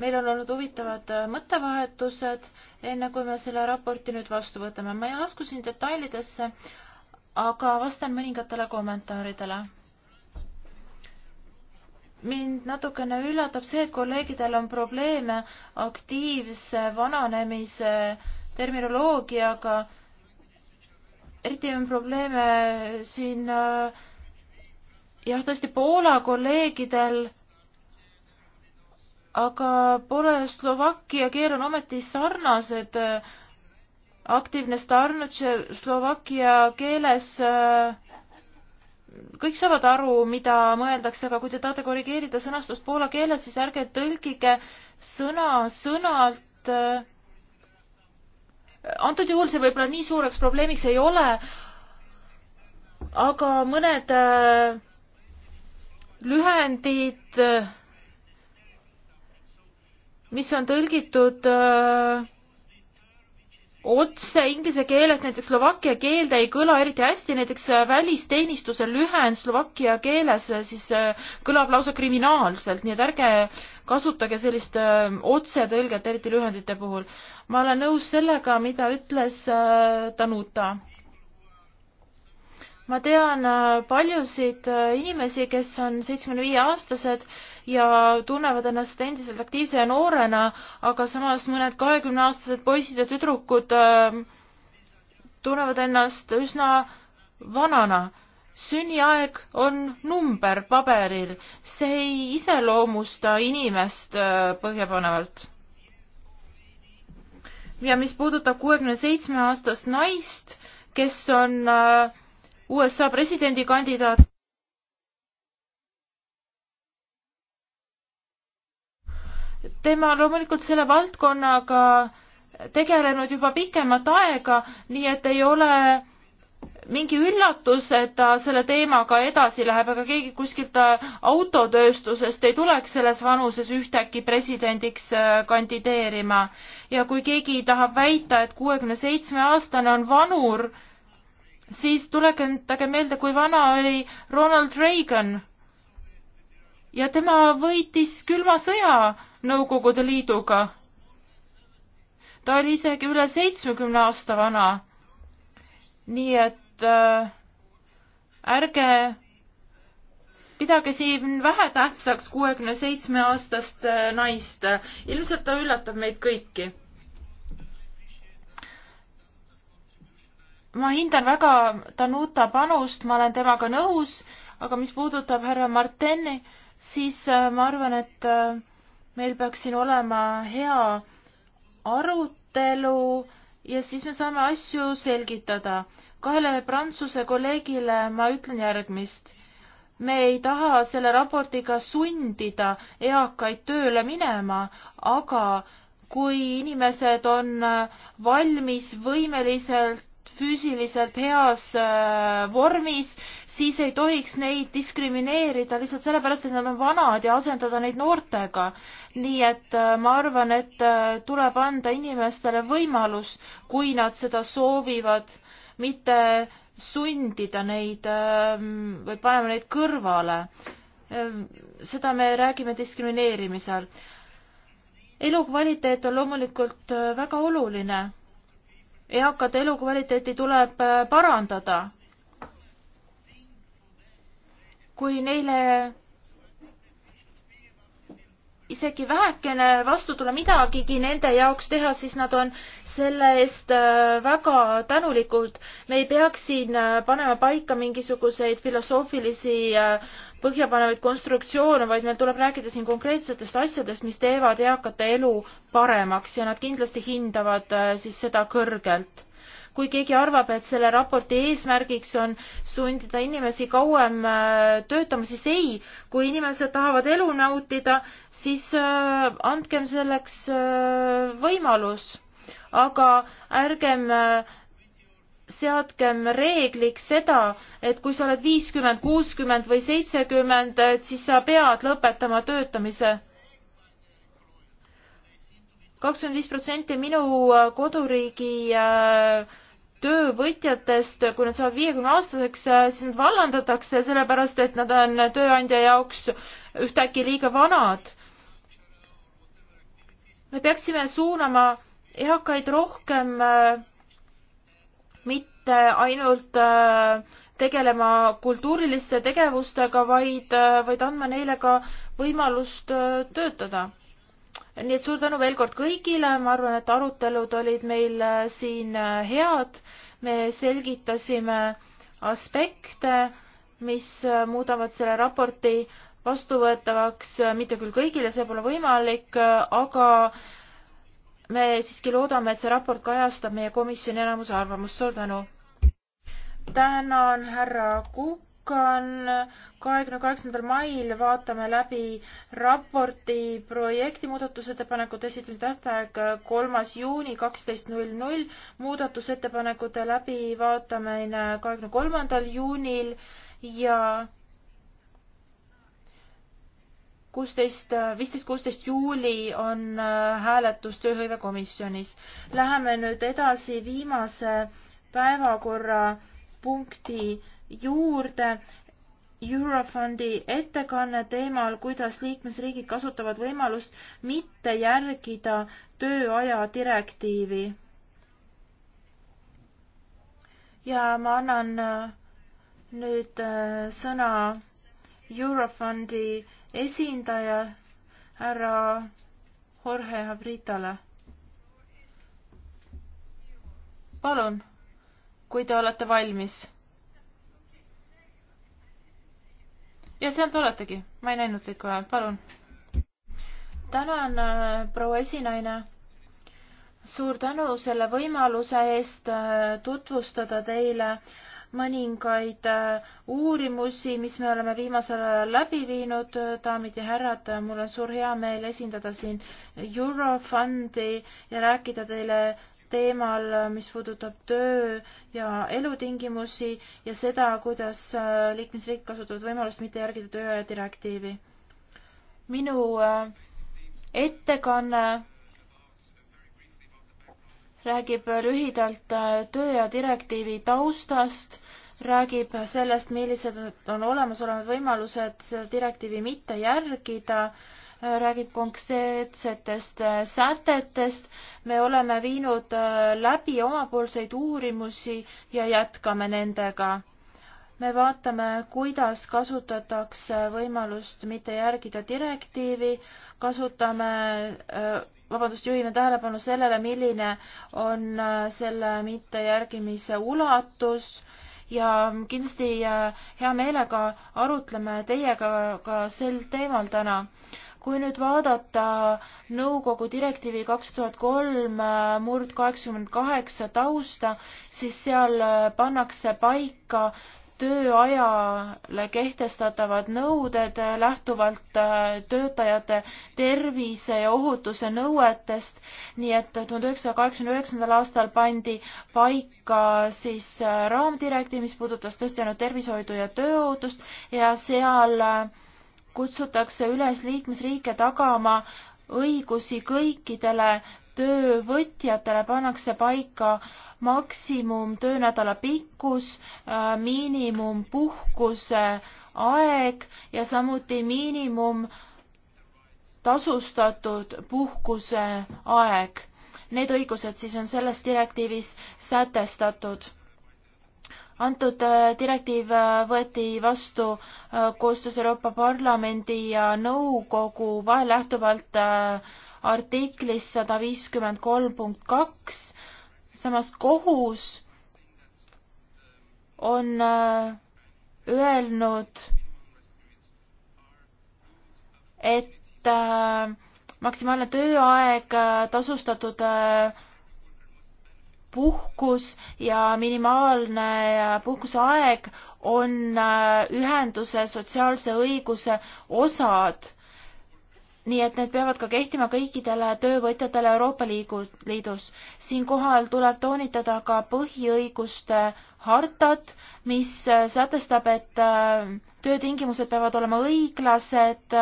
meil on olnud huvitavad äh, mõttevahetused, enne kui me selle raporti nüüd vastu võtame. ma ei lasku siin detailidesse, aga vastan mõningatele kommentaaridele. mind natukene üllatab see, et kolleegidel on probleeme aktiivse vananemise terminoloogiaga. eriti on probleeme siin äh, jah, tõesti Poola kolleegidel aga pole Slovakkia keer on ometi sarnased. Äh, aktiivne starnutše Slovakkia keeles. Äh, kõik saavad aru, mida mõeldakse, aga kui te tahate korrigeerida sõnastust poola keeles, siis ärge tõlkige sõna sõnalt. Äh, antud juhul see võib-olla nii suureks probleemiks ei ole, aga mõned lühendid mis on tõlgitud öö, äh, otse inglise keeles, näiteks slovakkia keelde ei kõla eriti hästi, näiteks äh, välisteenistuse lühend slovakkia keeles äh, siis öö, kõlab lausa kriminaalselt, nii et ärge kasutage sellist öö, otsetõlget, eriti lühendite puhul. ma olen nõus sellega, mida ütles öö, Danuta ma tean paljusid inimesi, kes on seitsmekümne viie aastased ja tunnevad ennast endiselt aktiivse ja noorena, aga samas mõned kahekümneaastased poisid ja tüdrukud äh, tunnevad ennast üsna vanana. sünniaeg on number paberil, see ei iseloomusta inimest äh, põhjapanevalt ja mis puudutab kuuekümne seitsme aastast naist, kes on äh, USA presidendikandidaat, tema loomulikult selle valdkonnaga tegelenud juba pikemat aega, nii et ei ole mingi üllatus, et ta selle teemaga edasi läheb, aga keegi kuskilt autotööstusest ei tuleks selles vanuses ühtäkki presidendiks äh, kandideerima. ja kui keegi tahab väita, et kuuekümne seitsme aastane on vanur, siis tuletage meelde, kui vana oli Ronald Reagan. ja tema võitis külma sõja Nõukogude Liiduga. ta oli isegi üle seitsmekümne aasta vana. nii et äh, ärge pidage siin vähetähtsaks kuuekümne seitsme aastast äh, naist. ilmselt ta üllatab meid kõiki. ma hindan väga Danuta panust, ma olen temaga nõus, aga mis puudutab härra Marteni, siis äh, ma arvan, et äh, meil peaks siin olema hea arutelu ja siis me saame asju selgitada. kahele prantsuse kolleegile ma ütlen järgmist. me ei taha selle raportiga sundida eakaid tööle minema, aga kui inimesed on valmis võimeliselt füüsiliselt heas äh, vormis, siis ei tohiks neid diskrimineerida lihtsalt sellepärast, et nad on vanad ja asendada neid noortega. nii et äh, ma arvan, et äh, tuleb anda inimestele võimalus, kui nad seda soovivad, mitte sundida neid ähm, või panema neid kõrvale. Ähm, seda me räägime diskrimineerimisel elukvaliteet on loomulikult väga oluline eakate elukvaliteeti tuleb äh, parandada. kui neile isegi vähekene vastu tule midagigi nende jaoks teha, siis nad on selle eest äh, väga tänulikud. me ei peaks siin äh, panema paika mingisuguseid filosoofilisi äh, põhjapanevaid konstruktsioone, vaid meil tuleb rääkida siin konkreetsetest asjadest, mis teevad eakate elu paremaks ja nad kindlasti hindavad äh, siis seda kõrgelt. kui keegi arvab, et selle raporti eesmärgiks on sundida inimesi kauem äh, töötama, siis ei. kui inimesed tahavad elu nautida, siis äh, andkem selleks võimalus aga ärgem seadkem reegliks seda, et kui sa oled viiskümmend, kuuskümmend või seitsekümmend, et siis sa pead lõpetama töötamise. kakskümmend viis protsenti minu äh, koduriigi äh, töövõtjatest, kui nad saavad viiekümne aastaseks, äh, siis nad vallandatakse sellepärast, et nad on tööandja jaoks ühtäkki liiga vanad. me peaksime suunama eakaid rohkem äh, mitte ainult äh, tegelema kultuuriliste tegevustega, vaid, äh, vaid andma neile ka võimalust äh, töötada. nii et suur tänu veel kord kõigile, ma arvan, et arutelud olid meil siin head, me selgitasime aspekte, mis muudavad selle raporti vastuvõetavaks, mitte küll kõigile, see pole võimalik, aga me siiski loodame, et see raport kajastab meie komisjoni enamuse arvamust, suur tänu! tänan, härra Kukan. kahekümne kaheksandal mail vaatame läbi raporti projekti muudatusettepanekute esitamise tähtaeg kolmas juuni kaksteist null null. muudatusettepanekute läbivaatamine kahekümne kolmandal juunil ja kuusteist, viisteist, kuusteist juuli on äh, hääletus tööhõivekomisjonis. Läheme nüüd edasi viimase päevakorra punkti juurde Eurofondi ettekanne teemal, kuidas liikmesriigid kasutavad võimalust mitte järgida tööaja direktiivi. ja ma annan äh, nüüd äh, sõna Eurofondi esindaja härra Jorge Abritale. palun kui te olete valmis. ja seal te oletegi, ma ei näinud teid kohe, palun. tänan, äh, proua esinaine. suur tänu selle võimaluse eest äh, tutvustada teile mõningaid äh, uurimusi, mis me oleme viimasel ajal läbi viinud, daamid ja härrad, mul on suur hea meel esindada siin Eurofondi ja rääkida teile teemal, mis puudutab töö ja elutingimusi ja seda, kuidas äh, liikmesriik kasutavad võimalust mitte järgida tööaja direktiivi. minu äh, ettekanne räägib lühidalt äh, tööaja direktiivi taustast, räägib sellest, millised on olemasolevad võimalused seda direktiivi mitte järgida räägib konkreetsetest äh, sätetest. me oleme viinud äh, läbi omapoolseid uurimusi ja jätkame nendega. me vaatame, kuidas kasutatakse võimalust mitte järgida direktiivi, kasutame äh, vabandust, juhime tähelepanu sellele, milline on selle mittejärgimise ulatus ja kindlasti hea meelega arutleme teiega ka sel teemal täna kui nüüd vaadata nõukogu direktiivi kaks tuhat kolm äh, murd kaheksakümmend kaheksa tausta, siis seal äh, pannakse paika tööajale kehtestatavad nõuded äh, lähtuvalt töötajate tervise ja ohutuse nõuetest, nii et tuhande üheksasaja kaheksakümne üheksandal aastal pandi paika siis raamdirektiiv, mis puudutas tõesti ainult tervishoidu ja tööohutust ja seal äh, kutsutakse üles liikmesriike tagama õigusi kõikidele töövõtjatele, pannakse paika maksimum töönädala pikkus, äh, miinimumpuhkuse aeg ja samuti miinimum tasustatud puhkuse aeg. Need õigused siis on selles direktiivis sätestatud antud äh, direktiiv äh, võeti vastu äh, koostöös Euroopa Parlamendi ja Nõukogu vahel lähtuvalt artiklist sada viiskümmend kolm punkt kaks. samas kohus on öelnud, et maksimaalne tööaeg tasustatud puhkus ja minimaalne puhkuseaeg on äh, ühenduse sotsiaalse õiguse osad. nii et need peavad ka kehtima kõikidele töövõtjatele Euroopa Liidus. siinkohal tuleb toonitada ka põhiõiguste hartat, mis äh, sätestab, et äh, töötingimused peavad olema õiglased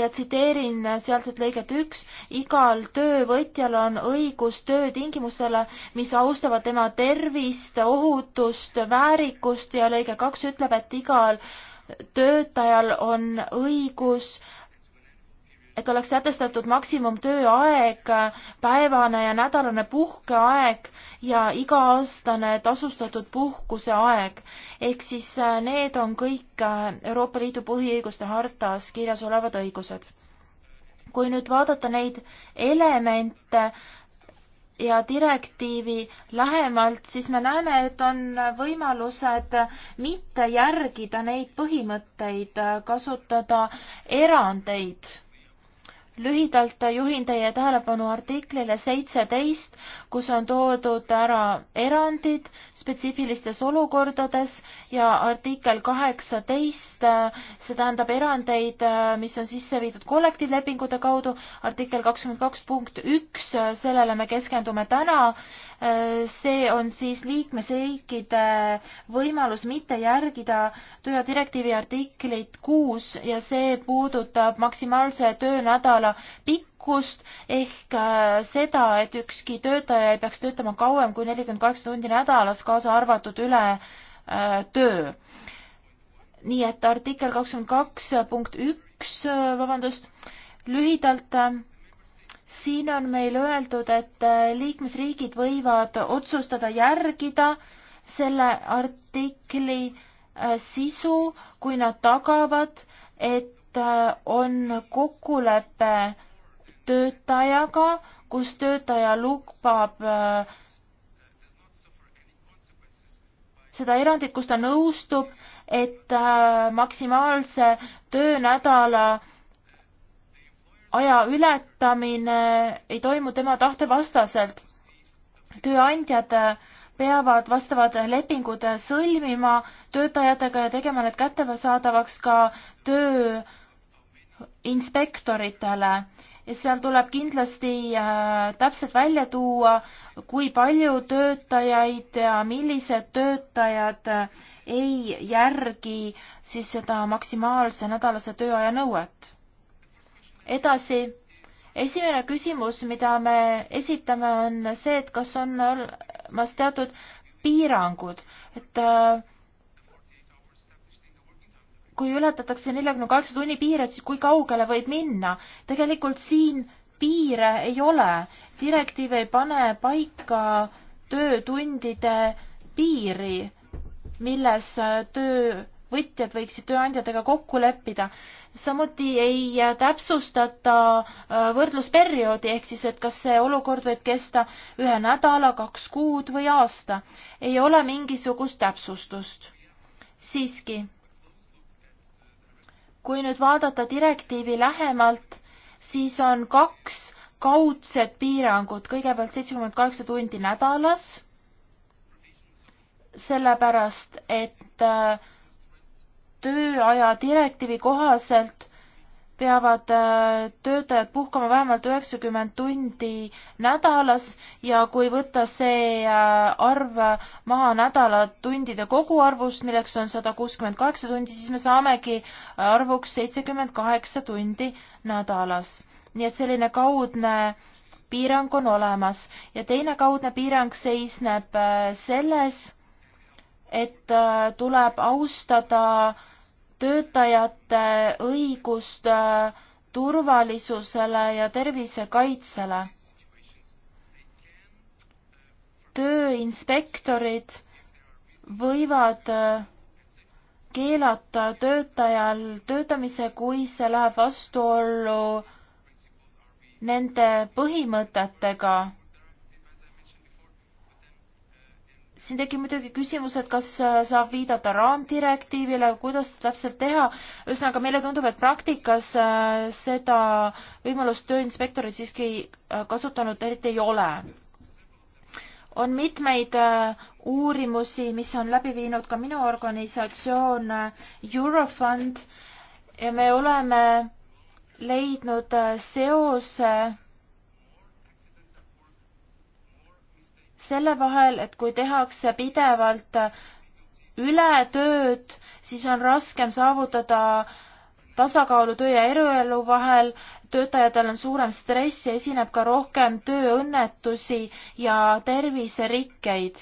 ja tsiteerin sealset lõiget üks, igal töövõtjal on õigus töötingimustele, mis austavad tema tervist, ohutust, väärikust ja lõige kaks ütleb, et igal töötajal on õigus et oleks sätestatud maksimumtööaeg, päevane ja nädalane puhkeaeg ja iga-aastane tasustatud puhkuse aeg. ehk siis äh, need on kõik äh, Euroopa Liidu põhiõiguste hartas kirjas olevad õigused. kui nüüd vaadata neid elemente ja direktiivi lähemalt, siis me näeme, et on võimalused mitte järgida neid põhimõtteid, äh, kasutada erandeid lühidalt juhin teie tähelepanu artiklile seitseteist, kus on toodud ära erandid spetsiifilistes olukordades ja artikkel kaheksateist, see tähendab erandeid, mis on sisse viidud kollektiivlepingute kaudu, artikkel kakskümmend kaks punkt üks, sellele me keskendume täna, Äh, see on siis liikmesriikide võimalus mitte järgida töödirektiivi artiklit kuus ja see puudutab maksimaalse töönädala pikkust ehk äh, seda, et ükski töötaja ei peaks töötama kauem kui nelikümmend kaheksa tundi nädalas, kaasa arvatud ületöö. Äh, nii et artikkel kakskümmend kaks punkt üks, vabandust, lühidalt siin on meil öeldud, et äh, liikmesriigid võivad otsustada järgida selle artikli äh, sisu, kui nad tagavad, et äh, on kokkulepe töötajaga, kus töötaja lubab seda erandit, kus ta nõustub, et maksimaalse töönädala äh, aja ületamine ei toimu tema tahte vastaselt. tööandjad peavad vastavad lepingud sõlmima töötajatega ja tegema need kättesaadavaks ka tööinspektoritele ja seal tuleb kindlasti äh, täpselt välja tuua, kui palju töötajaid ja millised töötajad äh, ei järgi siis seda maksimaalse nädalase tööaja nõuet edasi, esimene küsimus, mida me esitame, on see, et kas on olemas teatud piirangud, et äh, kui ületatakse neljakümne kaheksa tunni piir, et siis kui kaugele võib minna. tegelikult siin piire ei ole, direktiiv ei pane paika töötundide piiri, milles äh, töö võtjad võiksid tööandjatega kokku leppida. samuti ei täpsustata äh, võrdlusperioodi, ehk siis, et kas see olukord võib kesta ühe nädala, kaks kuud või aasta. ei ole mingisugust täpsustust. siiski, kui nüüd vaadata direktiivi lähemalt, siis on kaks kaudsed piirangud, kõigepealt seitsekümmend kaheksa tundi nädalas, sellepärast et äh, tööaja direktiivi kohaselt peavad äh, töötajad puhkama vähemalt üheksakümmend tundi nädalas ja kui võtta see äh, arv maha nädala tundide koguarvust, milleks on sada kuuskümmend kaheksa tundi, siis me saamegi äh, arvuks seitsekümmend kaheksa tundi nädalas. nii et selline kaudne piirang on olemas ja teine kaudne piirang seisneb selles, et tuleb austada äh, töötajate õigust äh, turvalisusele ja tervisekaitsele. tööinspektorid võivad äh, keelata töötajal töötamise, kui see läheb vastuollu nende põhimõtetega siin tekib muidugi küsimus, et kas äh, saab viidata raamdirektiivile, kuidas seda täpselt teha. ühesõnaga, meile tundub, et praktikas äh, seda võimalust tööinspektorid siiski äh, kasutanud eriti ei ole. on mitmeid uurimusi, mis on läbi viinud ka minu organisatsioon Eurofond ja me oleme leidnud seose selle vahel, et kui tehakse pidevalt ületööd, siis on raskem saavutada tasakaalu töö ja eraelu vahel, töötajatel on suurem stress ja esineb ka rohkem tööõnnetusi ja terviserikkeid.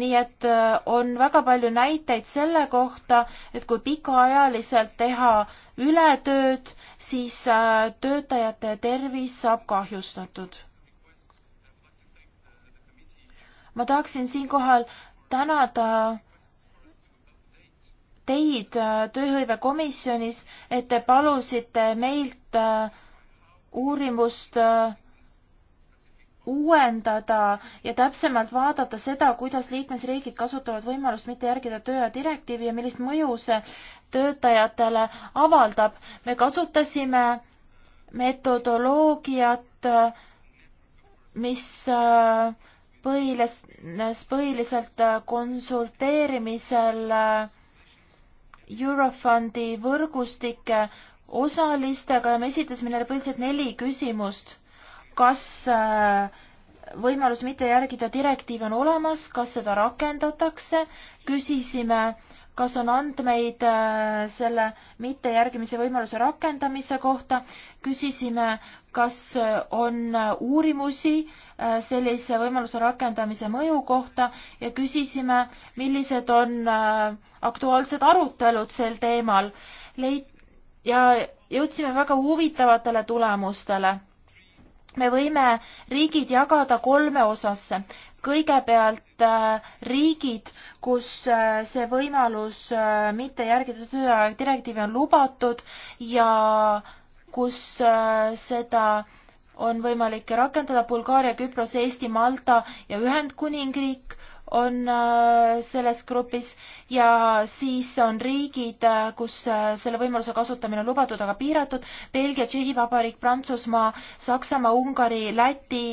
nii et äh, on väga palju näiteid selle kohta, et kui pikaajaliselt teha ületööd, siis äh, töötajate tervis saab kahjustatud ma tahaksin siinkohal tänada teid äh, tööhõivekomisjonis, et te palusite meilt äh, uurimust äh, uuendada ja täpsemalt vaadata seda, kuidas liikmesriigid kasutavad võimalust mitte järgida tööaja direktiivi ja millist mõju see töötajatele avaldab. me kasutasime metodoloogiat, mis äh, põhines põhiliselt äh, konsulteerimisel äh, Eurofondi võrgustike osalistega ja me esitasime neile põhiliselt neli küsimust. kas äh, võimalus mitte järgida direktiiv on olemas, kas seda rakendatakse, küsisime, kas on andmeid selle mittejärgimise võimaluse rakendamise kohta, küsisime, kas on uurimusi Äh, sellise võimaluse rakendamise mõju kohta ja küsisime, millised on äh, aktuaalsed arutelud sel teemal. Leid- ja jõudsime väga huvitavatele tulemustele. me võime riigid jagada kolme osasse. kõigepealt äh, riigid, kus see võimalus mitte järgida tööaja direktiivi on lubatud ja kus seda äh, on võimalik rakendada Bulgaaria, Küpros, Eesti, Malta ja Ühendkuningriik on äh, selles grupis ja siis on riigid, äh, kus äh, selle võimaluse kasutamine on lubatud, aga piiratud. Belgia, Tšehhi Vabariik, Prantsusmaa, Saksamaa, Ungari, Läti,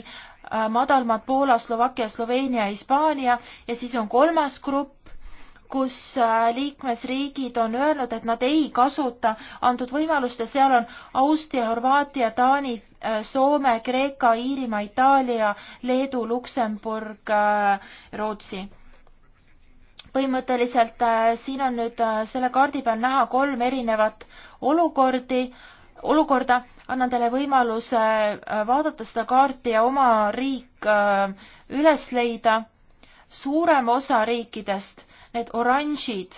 madalmaad Poola, Slovakkia, Sloveenia, Hispaania ja siis on kolmas grupp, kus äh, liikmesriigid on öelnud, et nad ei kasuta antud võimalust ja seal on Austria, Horvaatia, Taani, äh, Soome, Kreeka, Iirimaa, Itaalia, Leedu, Luksemburg, äh, Rootsi põhimõtteliselt siin on nüüd selle kaardi peal näha kolm erinevat olukordi, olukorda, annan teile võimaluse vaadata seda kaarti ja oma riik üles leida. suurem osa riikidest need oranžid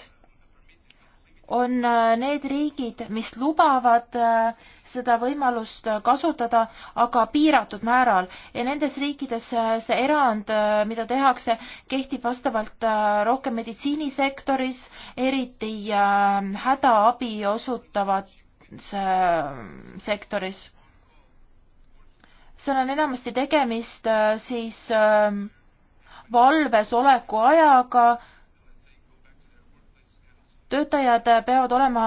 on äh, need riigid, mis lubavad äh, seda võimalust äh, kasutada, aga piiratud määral ja nendes riikides see erand, mida tehakse, kehtib vastavalt rohkem meditsiinisektoris, eriti hädaabi osutavat sektoris. seal on enamasti tegemist siis valves oleku ajaga töötajad peavad olema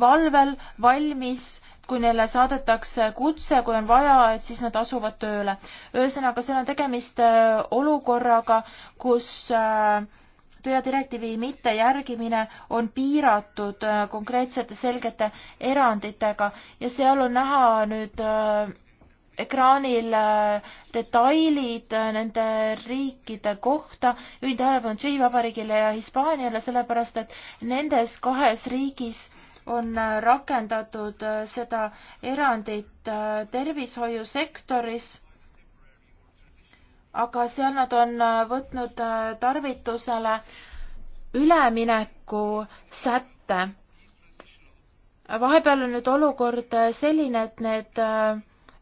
valvel, valmis, kui neile saadetakse kutse, kui on vaja, et siis nad asuvad tööle. ühesõnaga, seal on tegemist äh, olukorraga, kus äh, tööjadirektiivi mittejärgimine on piiratud äh, konkreetsete selgete eranditega ja seal on näha nüüd ekraanil äh, detailid äh, nende riikide kohta. juhin tähelepanu Tšehhi Vabariigile ja Hispaaniale, sellepärast et nendes kahes riigis on äh, rakendatud seda erandit tervishoiusektoris, aga seal nad on võtnud tarvitusele ülemineku sätte. vahepeal on nüüd olukord selline, et need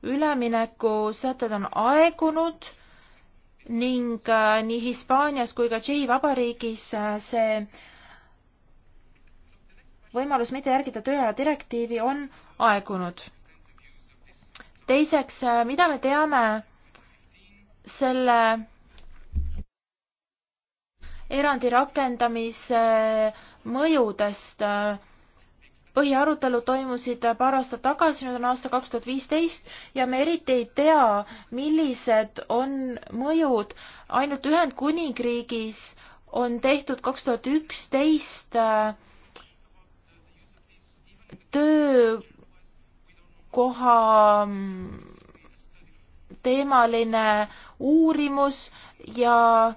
üleminekusätted on aegunud ning äh, nii Hispaanias kui ka Tšehhi Vabariigis äh, see võimalus mitte järgida tööaja direktiivi on aegunud. teiseks, äh, mida me teame selle erandi rakendamise mõjudest põhiarutelud toimusid paar aastat tagasi, nüüd on aasta kaks tuhat viisteist ja me eriti ei tea, millised on mõjud. ainult Ühendkuningriigis on tehtud kaks tuhat üksteist äh, töökoha mm, teemaline uurimus ja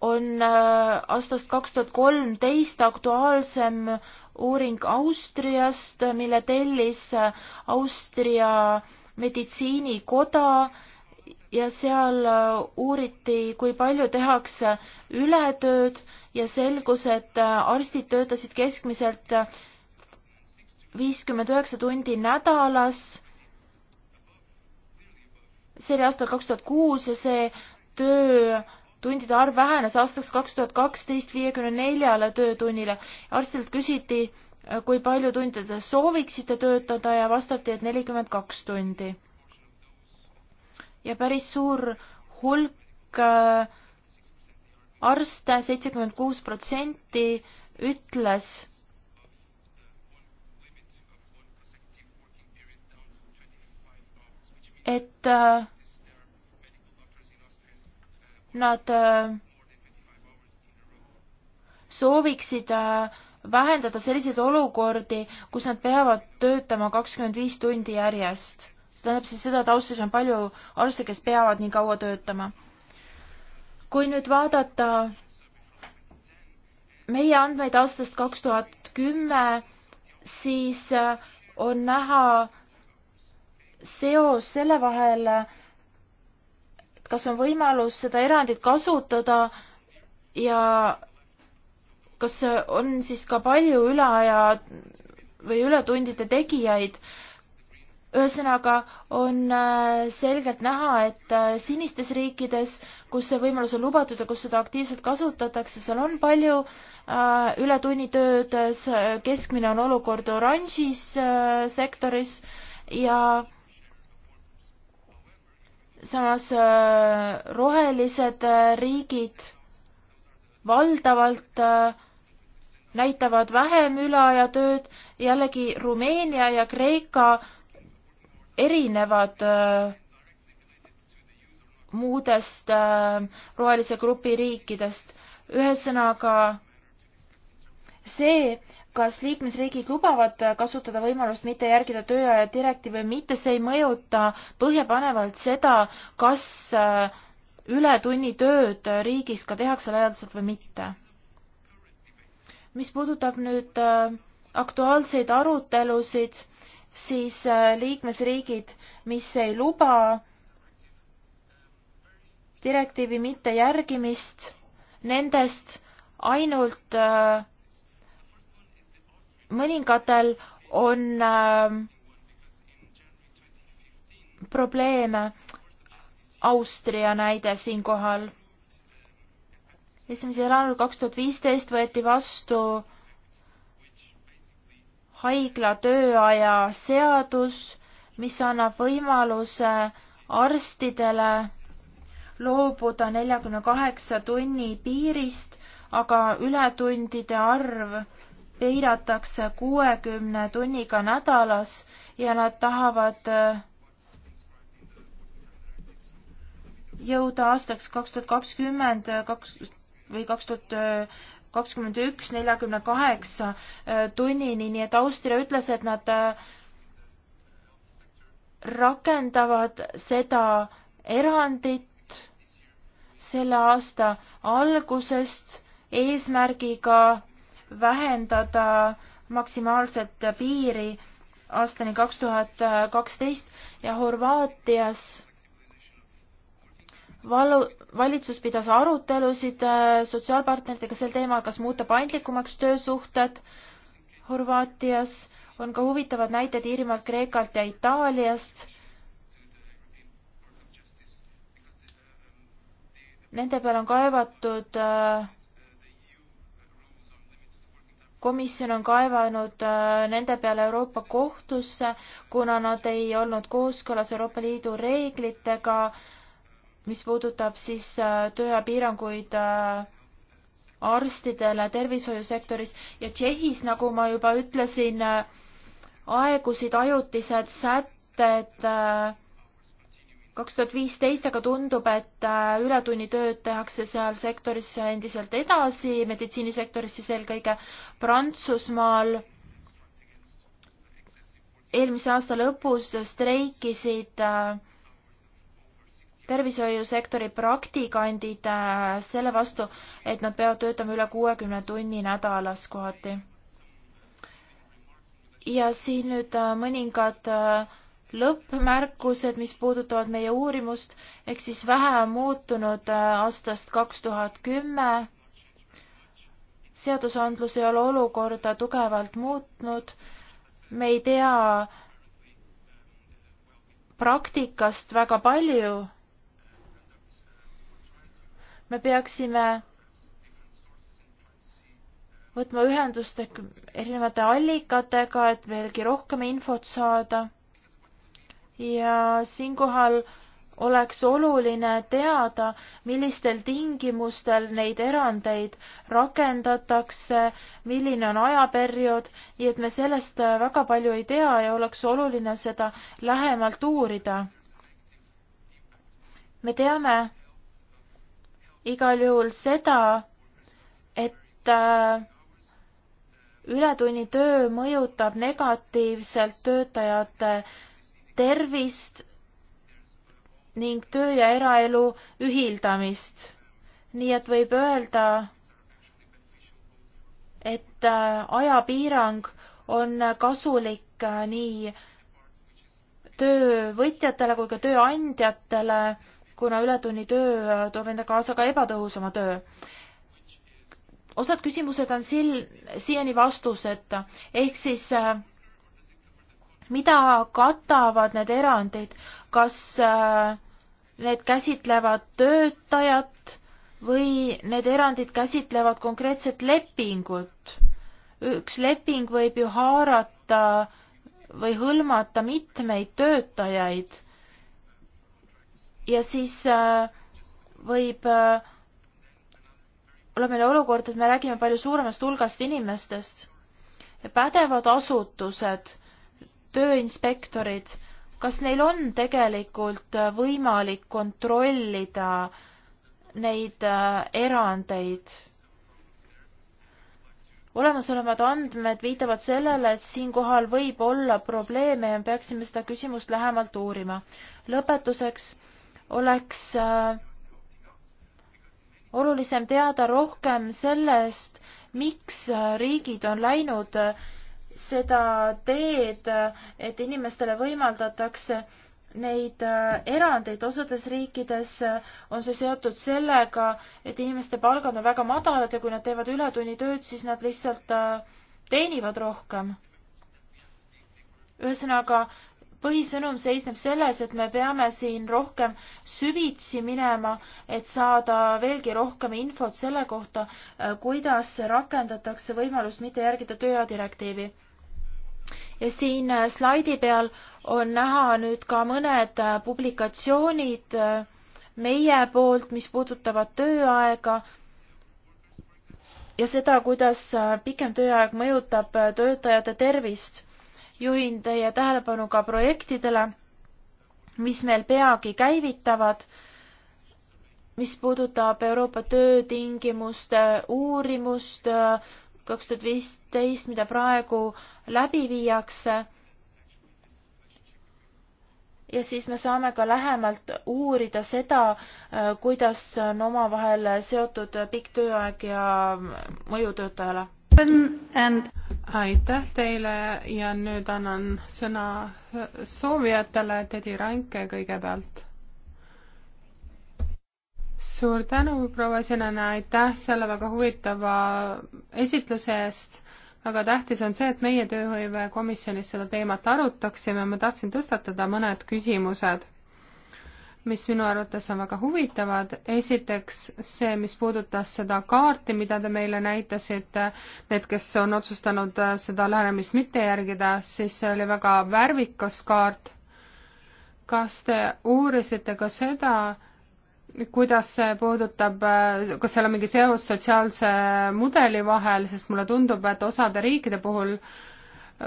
on äh, aastast kaks tuhat kolmteist aktuaalsem uuring Austriast, mille tellis Austria meditsiinikoda ja seal uuriti, kui palju tehakse ületööd ja selgus, et arstid töötasid keskmiselt viiskümmend üheksa tundi nädalas. see oli aastal kaks tuhat kuus ja see töö tundide arv vähenes aastaks kaks tuhat kaksteist viiekümne neljale töötunnile. arstilt küsiti, kui palju tunde te sooviksite töötada ja vastati, et nelikümmend kaks tundi. ja päris suur hulk äh, arste, seitsekümmend kuus protsenti, ütles, et äh, nad äh, sooviksid äh, vähendada selliseid olukordi, kus nad peavad töötama kakskümmend viis tundi järjest. see tähendab siis seda, et Austrias on palju arste, kes peavad nii kaua töötama. kui nüüd vaadata meie andmeid aastast kaks tuhat kümme, siis äh, on näha seos selle vahel, kas on võimalus seda erandit kasutada ja kas on siis ka palju üleaja või ületundide tegijaid? ühesõnaga on äh, selgelt näha, et äh, sinistes riikides, kus see võimalus on lubatud ja kus seda aktiivselt kasutatakse, seal on palju äh, ületunnitööd, keskmine on olukord oranžis sektoris ja samas äh, rohelised äh, riigid valdavalt äh, näitavad vähem üleajatööd, jällegi Rumeenia ja Kreeka erinevad muudest rohelise grupi riikidest. ühesõnaga see, kas liikmesriigid lubavad kasutada võimalust mitte järgida tööaja direktiivi või mitte, see ei mõjuta põhjapanevalt seda, kas äh, ületunnitööd riigis ka tehakse laialdaselt või mitte. mis puudutab nüüd äh, aktuaalseid arutelusid, siis äh, liikmesriigid, mis ei luba direktiivi mittejärgimist, nendest ainult mõningatel on äh, probleeme. Austria näide siinkohal. esimesel jaanuaril kaks tuhat viisteist võeti vastu haigla tööaja seadus, mis annab võimaluse arstidele loobuda neljakümne kaheksa tunni piirist, aga ületundide arv piiratakse kuuekümne tunniga nädalas ja nad tahavad äh, jõuda aastaks kaks tuhat kakskümmend äh, kaks või kaks tuhat kakskümmend üks neljakümne kaheksa äh, tunnini, nii et Austria ütles, et nad rakendavad seda erandit selle aasta algusest eesmärgiga vähendada maksimaalset piiri aastani kaks tuhat kaksteist ja Horvaatias valu, valitsus pidas arutelusid äh, sotsiaalpartneritega sel teemal, kas muuta paindlikumaks töösuhted Horvaatias, on ka huvitavad näited Iirimaalt, Kreekalt ja Itaaliast. Nende peale on kaevatud äh, komisjon on kaevanud äh, nende peale Euroopa kohtusse, kuna nad ei olnud kooskõlas Euroopa Liidu reeglitega, mis puudutab siis äh, tööapiiranguid äh, arstidele tervishoiusektoris ja Tšehhis, nagu ma juba ütlesin, aegusid ajutised sätted äh, kaks tuhat viisteist, aga tundub, et äh, ületunnitööd tehakse seal sektoris endiselt edasi, meditsiinisektoris siis eelkõige Prantsusmaal. eelmise aasta lõpus streikisid äh, tervishoiusektori praktikandid äh, selle vastu, et nad peavad töötama üle kuuekümne tunni nädalas kohati. ja siin nüüd mõningad äh, lõppmärkused, mis puudutavad meie uurimust, ehk siis vähe on muutunud äh, aastast kaks tuhat kümme. seadusandlus ei ole olukorda tugevalt muutnud. me ei tea praktikast väga palju. me peaksime võtma ühendust ehk erinevate allikatega, et veelgi rohkem infot saada ja siinkohal oleks oluline teada, millistel tingimustel neid erandeid rakendatakse, milline on ajaperiood, nii et me sellest väga palju ei tea ja oleks oluline seda lähemalt uurida. me teame igal juhul seda, et äh, ületunnitöö mõjutab negatiivselt töötajate tervist ning töö ja eraelu ühildamist. nii et võib öelda, et äh, ajapiirang on kasulik äh, nii töövõtjatele kui ka tööandjatele, kuna ületunnitöö äh, toob enda kaasa ka ebatõhusama töö. osad küsimused on sil-, siiani vastuseta, ehk siis äh, mida katavad need erandid, kas äh, need käsitlevad töötajat või need erandid käsitlevad konkreetset lepingut? üks leping võib ju haarata või hõlmata mitmeid töötajaid ja siis äh, võib äh, olla meil olukord, et me räägime palju suuremast hulgast inimestest. pädevad asutused tööinspektorid, kas neil on tegelikult äh, võimalik kontrollida neid äh, erandeid? olemasolevad andmed viitavad sellele, et siinkohal võib olla probleeme ja me peaksime seda küsimust lähemalt uurima. lõpetuseks oleks äh, olulisem teada rohkem sellest, miks riigid on läinud seda teed, et inimestele võimaldatakse neid äh, erandeid, osades riikides äh, on see seotud sellega, et inimeste palgad on väga madalad ja kui nad teevad ületunnitööd, siis nad lihtsalt äh, teenivad rohkem. ühesõnaga, põhisõnum seisneb selles, et me peame siin rohkem süvitsi minema, et saada veelgi rohkem infot selle kohta, äh, kuidas rakendatakse võimalust mitte järgida tööaja direktiivi. ja siin äh, slaidi peal on näha nüüd ka mõned äh, publikatsioonid meie poolt, mis puudutavad tööaega ja seda, kuidas pikem tööaeg mõjutab töötajate tervist juhin teie tähelepanu ka projektidele, mis meil peagi käivitavad, mis puudutab Euroopa töötingimuste uurimust äh, kaks tuhat viisteist, mida praegu läbi viiakse. ja siis me saame ka lähemalt uurida seda, äh, kuidas on omavahel seotud pikk tööaeg ja mõju töötajale aitäh teile ja nüüd annan sõna soovijatele, Tedi Ranke kõigepealt suur tänu, proua Sinane, aitäh selle väga huvitava esitluse eest. väga tähtis on see, et meie tööhõive komisjonis seda teemat arutaksime, ma tahtsin tõstatada mõned küsimused mis minu arvates on väga huvitavad. esiteks see, mis puudutas seda kaarti, mida te meile näitasite, need, kes on otsustanud äh, seda lähenemist mitte järgida, siis see oli väga värvikas kaart. kas te uurisite ka seda, kuidas see puudutab, äh, kas seal on mingi seos sotsiaalse mudeli vahel, sest mulle tundub, et osade riikide puhul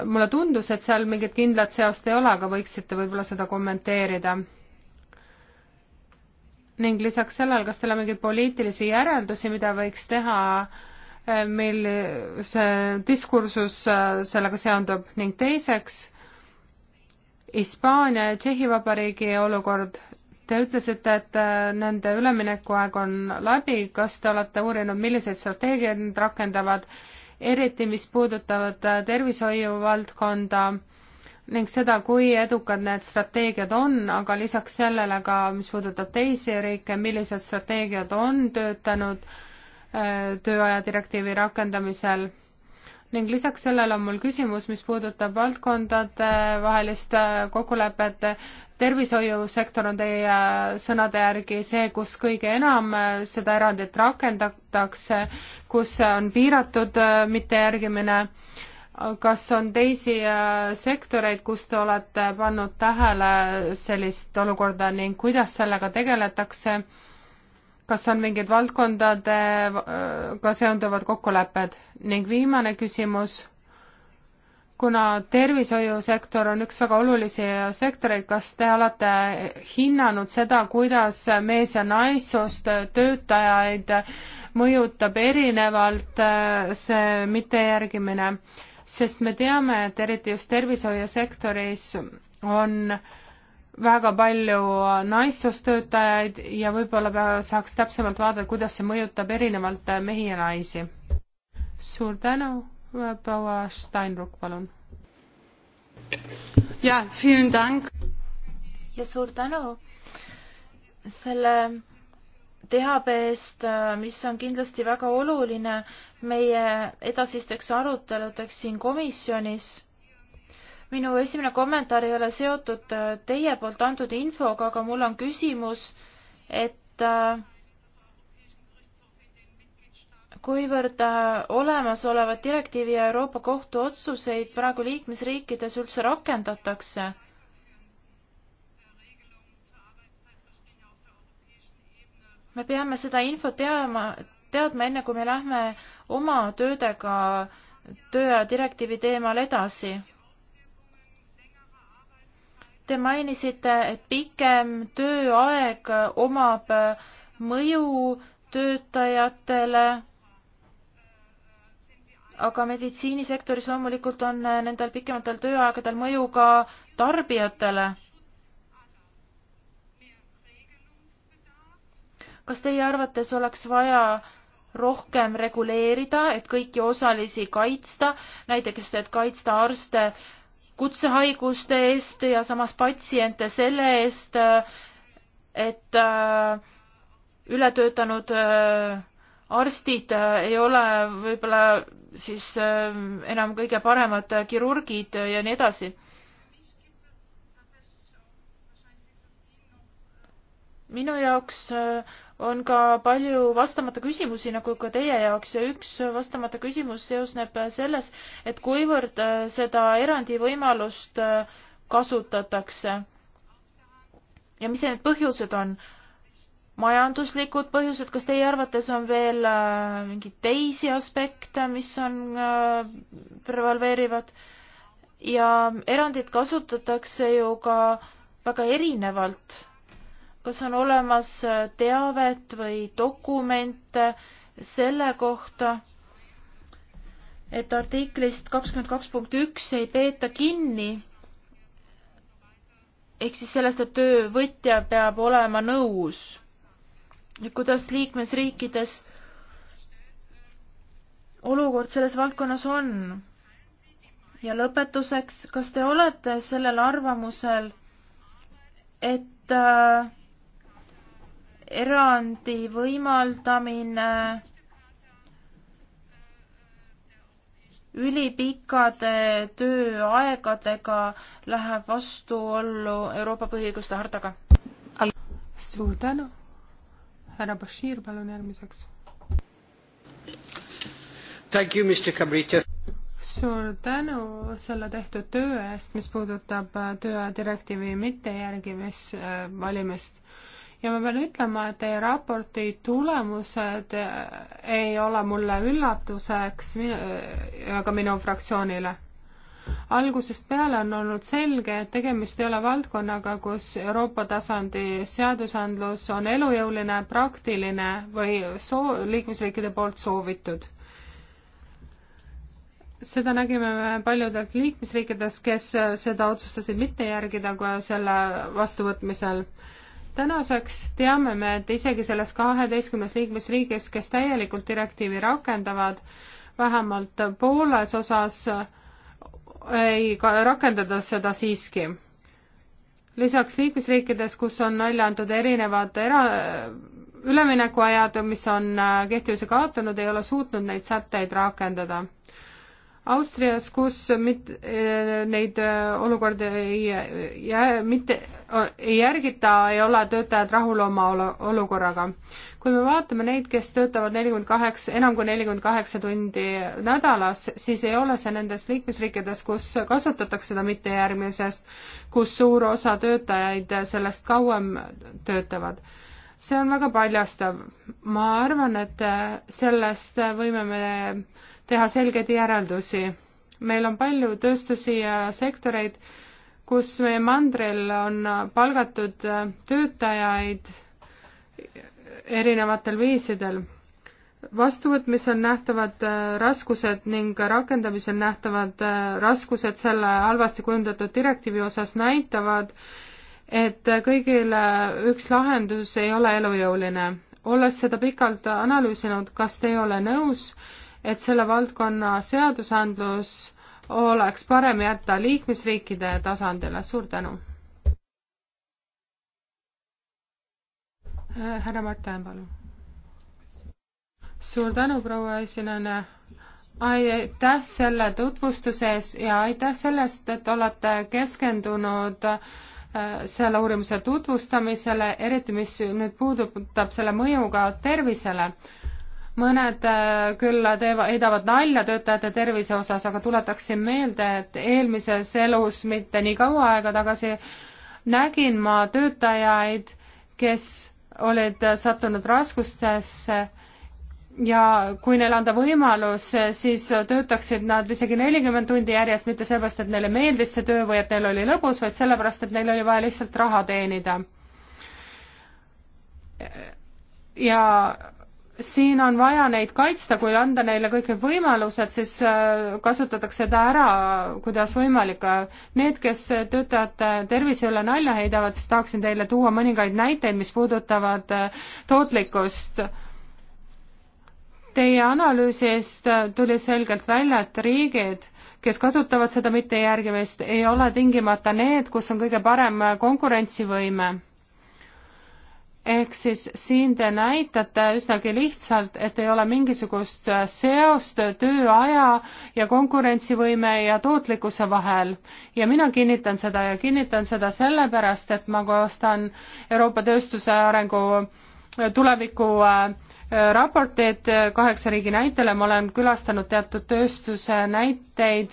mulle tundus, et seal mingit kindlat seost ei ole, aga võiksite võib-olla seda kommenteerida ning lisaks sellele, kas teil on mingeid poliitilisi järeldusi, mida võiks teha, eh, mil see diskursus eh, sellega seondub ning teiseks, Hispaania ja Tšehhi Vabariigi olukord. Te ütlesite, et eh, nende üleminekuaeg on läbi, kas te olete uurinud, milliseid strateegiaid nad rakendavad, eriti mis puudutavad tervishoiu valdkonda ning seda, kui edukad need strateegiad on, aga lisaks sellele ka, mis puudutab teisi riike, millised strateegiad on töötanud äh, tööaja direktiivi rakendamisel. ning lisaks sellele on mul küsimus, mis puudutab valdkondade vahelist äh, kokkulepet. tervishoiusektor on teie äh, sõnade järgi see, kus kõige enam seda erandit rakendatakse, kus on piiratud mittejärgimine kas on teisi äh, sektoreid, kus te olete pannud tähele sellist olukorda ning kuidas sellega tegeletakse? kas on mingid valdkondadega äh, seonduvad kokkulepped? ning viimane küsimus, kuna tervishoiusektor on üks väga olulisi sektoreid, kas te olete hinnanud seda, kuidas mees- ja naissoost töötajaid mõjutab erinevalt äh, see mittejärgimine? sest me teame, et eriti just tervishoiusektoris on väga palju naissoostöötajaid ja võib-olla saaks täpsemalt vaadata, kuidas see mõjutab erinevalt mehi ja naisi. suur tänu, proua Steinruck, palun. ja, ja suur tänu selle teabe eest, mis on kindlasti väga oluline meie edasisteks aruteludeks siin komisjonis. minu esimene kommentaar ei ole seotud äh, teie poolt antud infoga, aga mul on küsimus, et äh, kuivõrd äh, olemasolevat direktiivi ja Euroopa Kohtu otsuseid praegu liikmesriikides üldse rakendatakse me peame seda infot teama, teadma enne, kui me lähme oma töödega tööaja direktiivi teemal edasi. Te mainisite, et pikem tööaeg omab mõju töötajatele, aga meditsiinisektoris loomulikult on nendel pikematel tööaegadel mõju ka tarbijatele kas teie arvates oleks vaja rohkem reguleerida, et kõiki osalisi kaitsta, näiteks et kaitsta arste kutsehaiguste eest ja samas patsiente selle eest, et äh, ületöötanud äh, arstid äh, ei ole võib-olla siis enam kõige paremad kirurgid ja nii edasi minu jaoks äh, on ka palju vastamata küsimusi, nagu ka teie jaoks ja üks vastamata küsimus seosneb äh, selles, et kuivõrd äh, seda erandivõimalust kasutatakse ja mis need põhjused on? majanduslikud põhjused, kas teie arvates on veel mingeid teisi aspekte, mis on prevaleerivad? ja erandit kasutatakse ju ka väga erinevalt kas on olemas äh, teavet või dokumente selle kohta, et artiklist kakskümmend kaks punkt üks ei peeta kinni, ehk siis sellest, et töövõtja peab olema nõus. ja kuidas liikmesriikides olukord selles valdkonnas on? ja lõpetuseks, kas te olete sellel arvamusel, et äh, erandi võimaldamine ülipikkade tööaegadega läheb vastuollu Euroopa põhiõiguste hardaga. suur tänu. härra Bashir, palun järgmiseks. suur tänu selle tehtud töö eest, mis puudutab äh, tööaja direktiivi mittejärgimist, äh, valimist äh, ja ma pean ütlema, et teie raporti tulemused äh, ei ole mulle üllatuseks ega äh, ka minu fraktsioonile. algusest peale on olnud selge, et tegemist ei ole valdkonnaga, kus Euroopa tasandi seadusandlus on elujõuline, praktiline või soo-, liikmesriikide poolt soovitud seda nägime me paljudelt liikmesriikidest, kes äh, seda otsustasid mitte järgida ka selle vastuvõtmisel tänaseks teame me, et isegi selles kaheteistkümnes liikmesriigis, kes täielikult direktiivi rakendavad, vähemalt pooles osas ei rakendada seda siiski. lisaks liikmesriikides, kus on välja antud erinevad era-, üleminekuajad, mis on äh, kehtivuse kaotanud, ei ole suutnud neid sätteid rakendada. Austrias, kus mit, eh, neid eh, olukordi ei jää, mitte, ei järgita, ei ole töötajad rahul oma olukorraga. kui me vaatame neid, kes töötavad nelikümmend kaheksa, enam kui nelikümmend kaheksa tundi nädalas, siis ei ole see nendes liikmesriikides, kus kasutatakse seda mittejärgmisest, kus suur osa töötajaid sellest kauem töötavad see on väga paljastav. ma arvan, et sellest võime me teha selgeid järeldusi. meil on palju tööstusi ja sektoreid, kus meie mandril on palgatud töötajaid erinevatel viisidel. vastuvõtmisel nähtavad äh, raskused ning rakendamisel nähtavad äh, raskused selle halvasti kujundatud direktiivi osas näitavad, et kõigile üks lahendus ei ole elujõuline. olles seda pikalt analüüsinud, kas te ei ole nõus, et selle valdkonna seadusandlus oleks parem jätta liikmesriikide tasandile. suur tänu. Äh, härra Mart Tähen, palun. suur tänu, proua esinejana. aitäh selle tutvustuse eest ja aitäh sellest, et olete keskendunud äh, selle uurimuse tutvustamisele, eriti mis nüüd puudutab selle mõjuga tervisele mõned äh, küll teevad, heidavad nalja töötajate tervise osas, aga tuletaksin meelde, et eelmises elus mitte nii kaua aega tagasi nägin ma töötajaid, kes olid sattunud raskustesse ja kui neil anda võimalus, siis töötaksid nad isegi nelikümmend tundi järjest, mitte sellepärast, et neile meeldis see töö või et neil oli lõbus, vaid sellepärast, et neil oli vaja lihtsalt raha teenida. ja siin on vaja neid kaitsta, kui anda neile kõik need võimalused, siis äh, kasutatakse seda ära, kuidas võimalik. Need, kes töötajate tervise üle nalja heidavad, siis tahaksin teile tuua mõningaid näiteid, mis puudutavad äh, tootlikkust. Teie analüüsist äh, tuli selgelt välja, et riigid, kes kasutavad seda mittejärgimist, ei ole tingimata need, kus on kõige parem konkurentsivõime ehk siis siin te näitate üsnagi lihtsalt, et ei ole mingisugust äh, seost tööaja ja konkurentsivõime ja tootlikkuse vahel. ja mina kinnitan seda ja kinnitan seda sellepärast, et ma koostan Euroopa tööstuse arengu äh, tuleviku äh, raporteid kaheksa riigi näitele, ma olen külastanud teatud tööstuse näiteid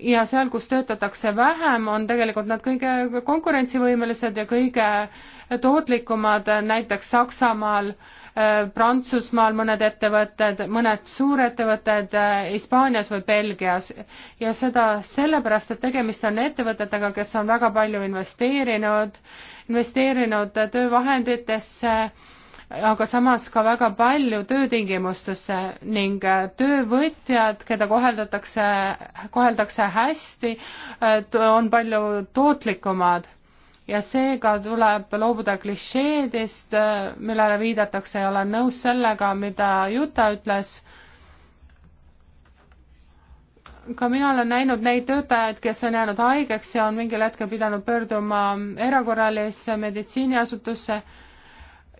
ja seal, kus töötatakse vähem, on tegelikult nad kõige konkurentsivõimelised ja kõige tootlikumad, näiteks Saksamaal, äh, Prantsusmaal mõned ettevõtted, mõned suurettevõtted äh, Hispaanias või Belgias ja seda sellepärast, et tegemist on ettevõtetega, kes on väga palju investeerinud, investeerinud töövahenditesse aga samas ka väga palju töötingimustesse ning äh, töövõtjad, keda koheldatakse, koheldakse hästi, äh, on palju tootlikumad ja seega tuleb loobuda klišeedest, äh, millele viidatakse ja olen nõus sellega, mida Juta ütles. ka mina olen näinud neid töötajaid, kes on jäänud haigeks ja on mingil hetkel pidanud pöörduma erakorralisse meditsiiniasutusse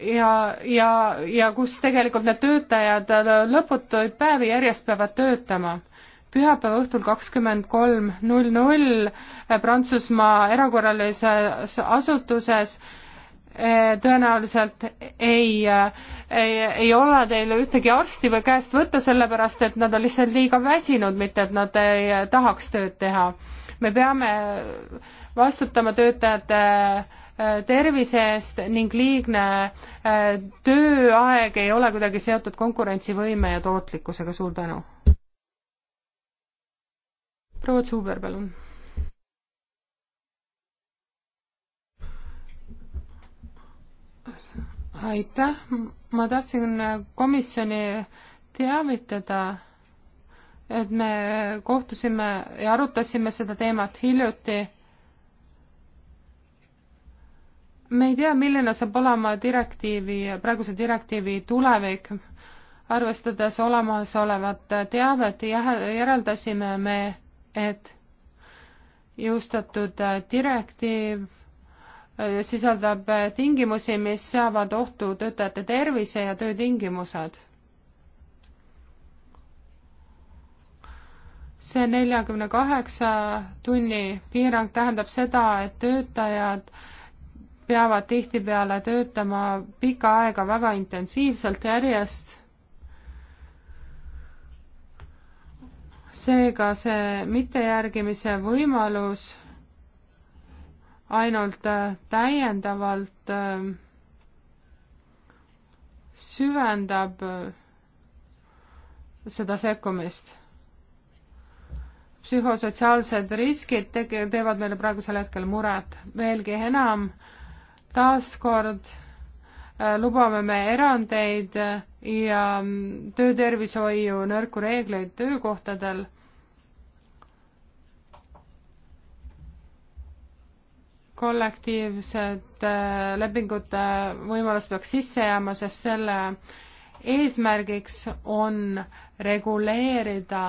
ja, ja, ja kus tegelikult need töötajad lõputuid päevi järjest peavad töötama pühapäeva õhtul kakskümmend kolm null null Prantsusmaa erakorralises asutuses eh, tõenäoliselt ei, ei, ei ole teil ühtegi arsti või käest võtta, sellepärast et nad on lihtsalt liiga väsinud, mitte et nad ei tahaks tööd teha. me peame vastutama töötajate Äh, tervise eest ning liigne äh, tööaeg ei ole kuidagi seotud konkurentsivõime ja tootlikkusega, suur tänu. proua Zuber, palun. aitäh, ma tahtsin komisjoni teavitada, et me kohtusime ja arutasime seda teemat hiljuti me ei tea, milline saab olema direktiivi, praeguse direktiivi tulevik, arvestades olemasolevat teavet, järeldasime me, et jõustatud direktiiv äh, sisaldab äh, tingimusi, mis seavad ohtu töötajate tervise ja töötingimused. see neljakümne kaheksa tunni piirang tähendab seda, et töötajad äh, peavad tihtipeale töötama pikka aega väga intensiivselt järjest. seega see mittejärgimise võimalus ainult äh, täiendavalt äh, süvendab äh, seda sekkumist psühhosotsiaalsed riskid tege-, teevad meile praegusel hetkel muret. veelgi enam, taaskord äh, lubame me erandeid äh, ja mm, töötervishoiu nõrku reegleid töökohtadel. kollektiivsed äh, lepingute võimalus peaks sisse jääma, sest selle eesmärgiks on reguleerida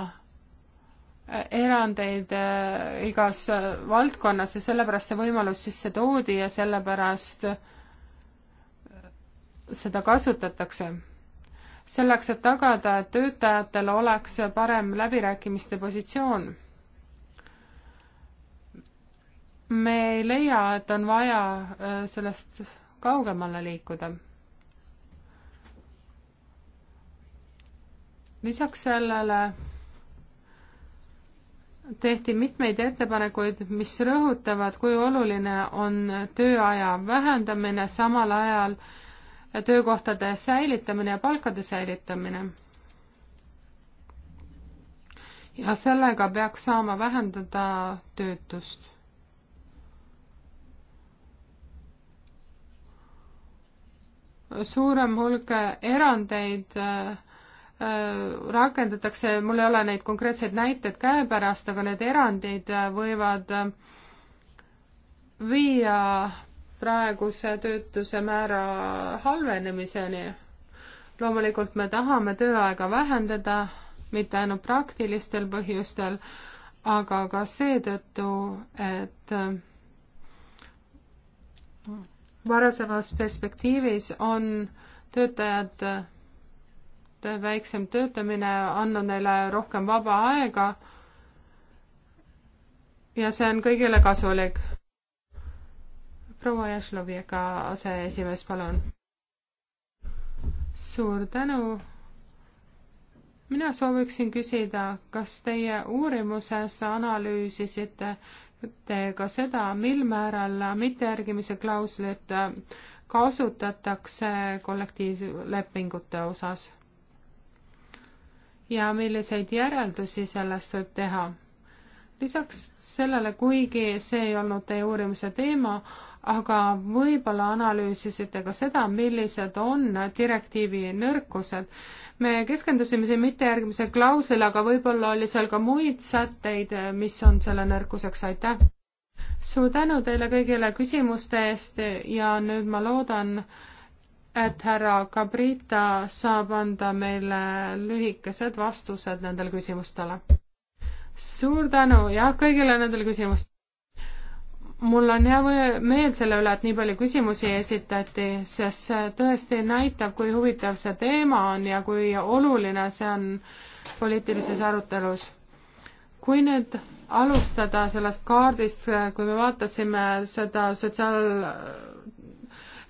erandeid äh, igas äh, valdkonnas ja sellepärast see võimalus sisse toodi ja sellepärast äh, seda kasutatakse. selleks, et tagada, et töötajatel oleks parem läbirääkimiste positsioon. me ei leia, et on vaja sellest kaugemale liikuda lisaks sellele tehti mitmeid ettepanekuid, mis rõhutavad, kui oluline on tööaja vähendamine, samal ajal töökohtade säilitamine ja palkade säilitamine. ja sellega peaks saama vähendada töötust. suurem hulk erandeid äh, Äh, rakendatakse, mul ei ole neid konkreetseid näiteid käepärast, aga need erandid äh, võivad äh, viia praeguse töötuse määra halvenemiseni. loomulikult me tahame tööaega vähendada, mitte ainult praktilistel põhjustel, aga ka seetõttu, et varasemas perspektiivis on töötajad väiksem töötamine andnud neile rohkem vaba aega ja see on kõigile kasulik. proua Jašloviga aseesimees, palun. suur tänu. mina sooviksin küsida, kas teie uurimuses analüüsisite te ka seda, mil määral mittejärgimise klauslit kasutatakse kollektiivlepingute osas ja milliseid järeldusi sellest võib teha. lisaks sellele, kuigi see ei olnud teie uurimise teema, aga võib-olla analüüsisite ka seda, millised on direktiivi nõrkused. me keskendusime siin mitte järgmise klauslile, aga võib-olla oli seal ka muid sätteid, mis on selle nõrkuseks, aitäh! suur tänu teile kõigile küsimuste eest ja nüüd ma loodan, et härra Cabrita saab anda meile lühikesed vastused nendele küsimustele. suur tänu, jah, kõigile nendele küsimustele. mul on hea meel selle üle, et nii palju küsimusi esitati, sest see tõesti näitab, kui huvitav see teema on ja kui oluline see on poliitilises arutelus. kui nüüd alustada sellest kaardist, kui me vaatasime seda sotsiaal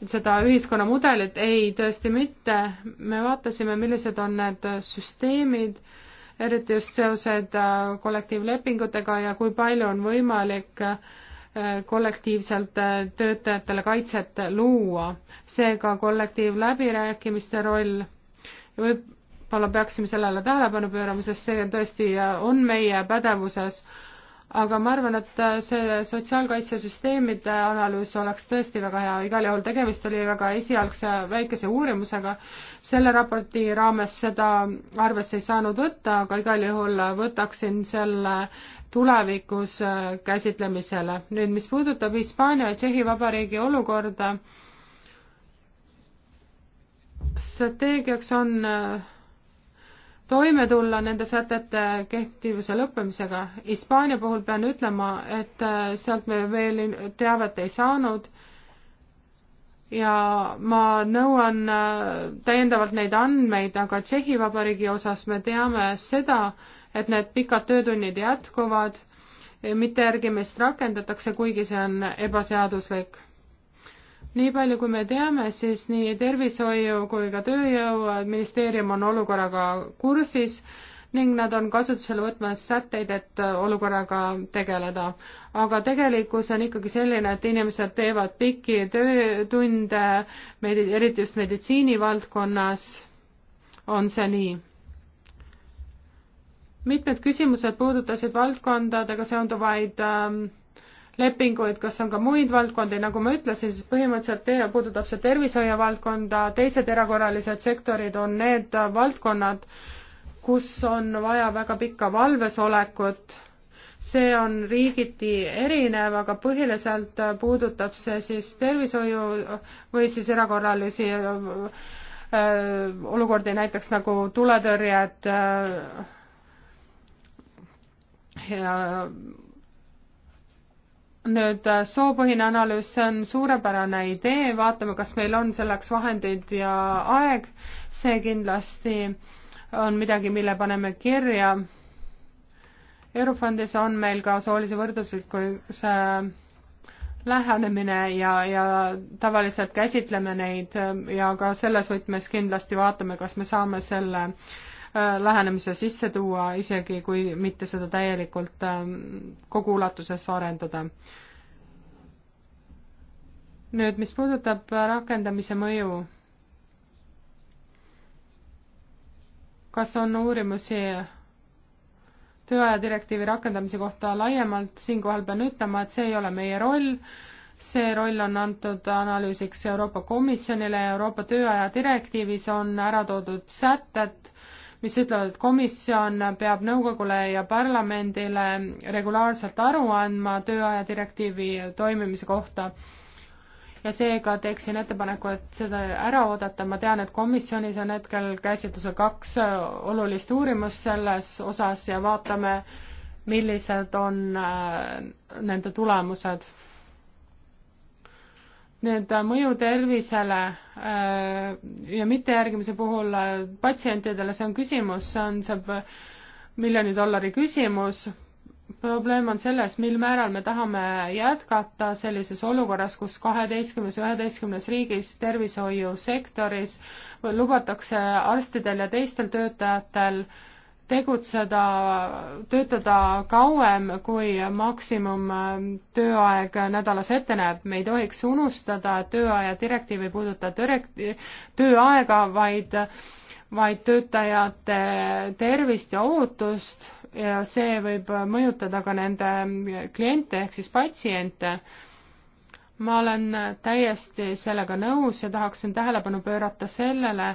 seda ühiskonnamudelit, ei, tõesti mitte, me vaatasime, millised on need süsteemid, eriti just seosed äh, kollektiivlepingutega ja kui palju on võimalik äh, kollektiivselt äh, töötajatele kaitset luua. seega kollektiivläbirääkimiste roll võib-olla peaksime sellele tähelepanu pöörama, sest see tõesti on meie pädevuses äh, aga ma arvan, et äh, see sotsiaalkaitsesüsteemide analüüs oleks tõesti väga hea, igal juhul tegemist oli väga esialgse väikese uurimusega, selle raporti raames seda arvesse ei saanud võtta, aga igal juhul võtaksin selle tulevikus äh, käsitlemisele. nüüd, mis puudutab Hispaania ja Tšehhi Vabariigi olukorda, strateegiaks on äh, toime tulla nende sätete kehtivuse lõppemisega. Hispaania puhul pean ütlema, et äh, sealt me veel teavet ei saanud ja ma nõuan äh, täiendavalt neid andmeid, aga Tšehhi Vabariigi osas me teame seda, et need pikad töötunnid jätkuvad, mitte järgimist rakendatakse, kuigi see on ebaseaduslik nii palju, kui me teame, siis nii tervishoiu kui ka tööjõuministeerium on olukorraga kursis ning nad on kasutusele võtmas sätteid, et olukorraga tegeleda. aga tegelikkus on ikkagi selline, et inimesed teevad pikki töötunde, eriti just meditsiinivaldkonnas on see nii mitmed küsimused puudutasid valdkondadega seonduvaid ähm, lepinguid, kas on ka muid valdkondi, nagu ma ütlesin, siis põhimõtteliselt puudutab see tervishoiuvaldkonda, teised erakorralised sektorid on need valdkonnad, kus on vaja väga pikka valvesolekut. see on riigiti erinev, aga põhiliselt puudutab see siis tervishoiu või siis erakorralisi äh, olukordi, näiteks nagu tuletõrjed äh, ja nüüd äh, soopõhine analüüs, see on suurepärane idee, vaatame, kas meil on selleks vahendeid ja aeg. see kindlasti on midagi, mille paneme kirja. Eurofondis on meil ka soolise võrdluslikkuse lähenemine ja, ja tavaliselt käsitleme neid ja ka selles võtmes kindlasti vaatame, kas me saame selle äh, Äh, lähenemise sisse tuua, isegi kui mitte seda täielikult ähm, kogu ulatuses arendada. nüüd, mis puudutab äh, rakendamise mõju, kas on uurimusi tööaja direktiivi rakendamise kohta laiemalt, siinkohal pean ütlema, et see ei ole meie roll, see roll on antud analüüsiks Euroopa Komisjonile, Euroopa tööaja direktiivis on ära toodud sätted, mis ütlevad, et komisjon peab nõukogule ja parlamendile regulaarselt aru andma tööaja direktiivi toimimise kohta. ja seega teeksin ettepaneku, et seda ära oodata, ma tean, et komisjonis on hetkel käsitlusel kaks olulist uurimust selles osas ja vaatame, millised on äh, nende tulemused nüüd mõju tervisele äh, ja mittejärgimise puhul äh, patsientidele, see on küsimus, see on see miljoni dollari küsimus. probleem on selles, mil määral me tahame jätkata sellises olukorras, kus kaheteistkümnes, üheteistkümnes riigis tervishoiusektoris lubatakse arstidel ja teistel töötajatel äh, tegutseda, töötada kauem, kui maksimum äh, tööaeg nädalas ette näeb. me ei tohiks unustada, et tööaja direktiiv ei puuduta tõre-, tööaega, vaid, vaid töötajate tervist ja ootust ja see võib mõjutada ka nende kliente ehk siis patsiente. ma olen täiesti sellega nõus ja tahaksin tähelepanu pöörata sellele,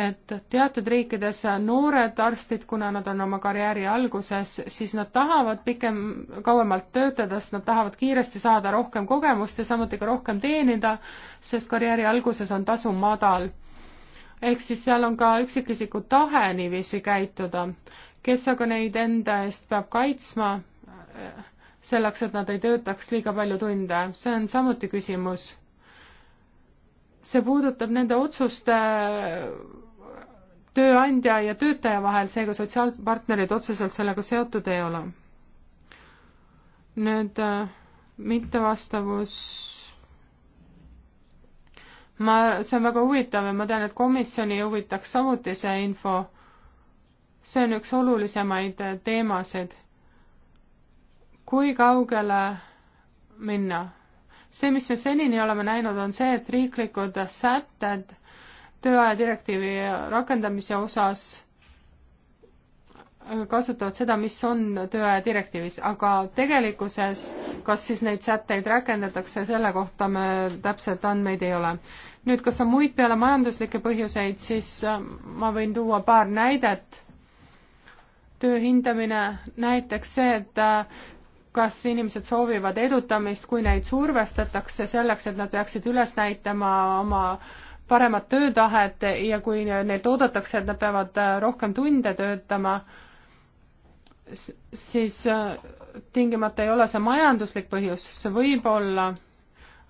et teatud riikides noored arstid, kuna nad on oma karjääri alguses, siis nad tahavad pikem, kauemalt töötada, sest nad tahavad kiiresti saada rohkem kogemust ja samuti ka rohkem teenida, sest karjääri alguses on tasu madal. ehk siis seal on ka üksikisiku tahe niiviisi käituda. kes aga neid enda eest peab kaitsma, selleks, et nad ei töötaks liiga palju tunde, see on samuti küsimus see puudutab nende otsuste tööandja ja töötaja vahel, seega sotsiaalpartnerid otseselt sellega seotud ei ole. nüüd äh, mittevastavus ma, see on väga huvitav ja ma tean, et komisjoni huvitaks samuti see info. see on üks olulisemaid äh, teemasid. kui kaugele minna? see, mis me senini oleme näinud, on see, et riiklikud sätted tööaja direktiivi rakendamise osas äh, kasutavad seda, mis on tööaja direktiivis, aga tegelikkuses, kas siis neid sätteid rakendatakse, selle kohta me täpselt andmeid ei ole. nüüd, kas on muid peale majanduslikke põhjuseid, siis äh, ma võin tuua paar näidet. töö hindamine, näiteks see, et äh, kas inimesed soovivad edutamist, kui neid survestatakse selleks, et nad peaksid üles näitama oma äh, paremat töötahet ja kui neilt oodatakse, et nad peavad äh, rohkem tunde töötama, siis äh, tingimata ei ole see majanduslik põhjus, see võib olla,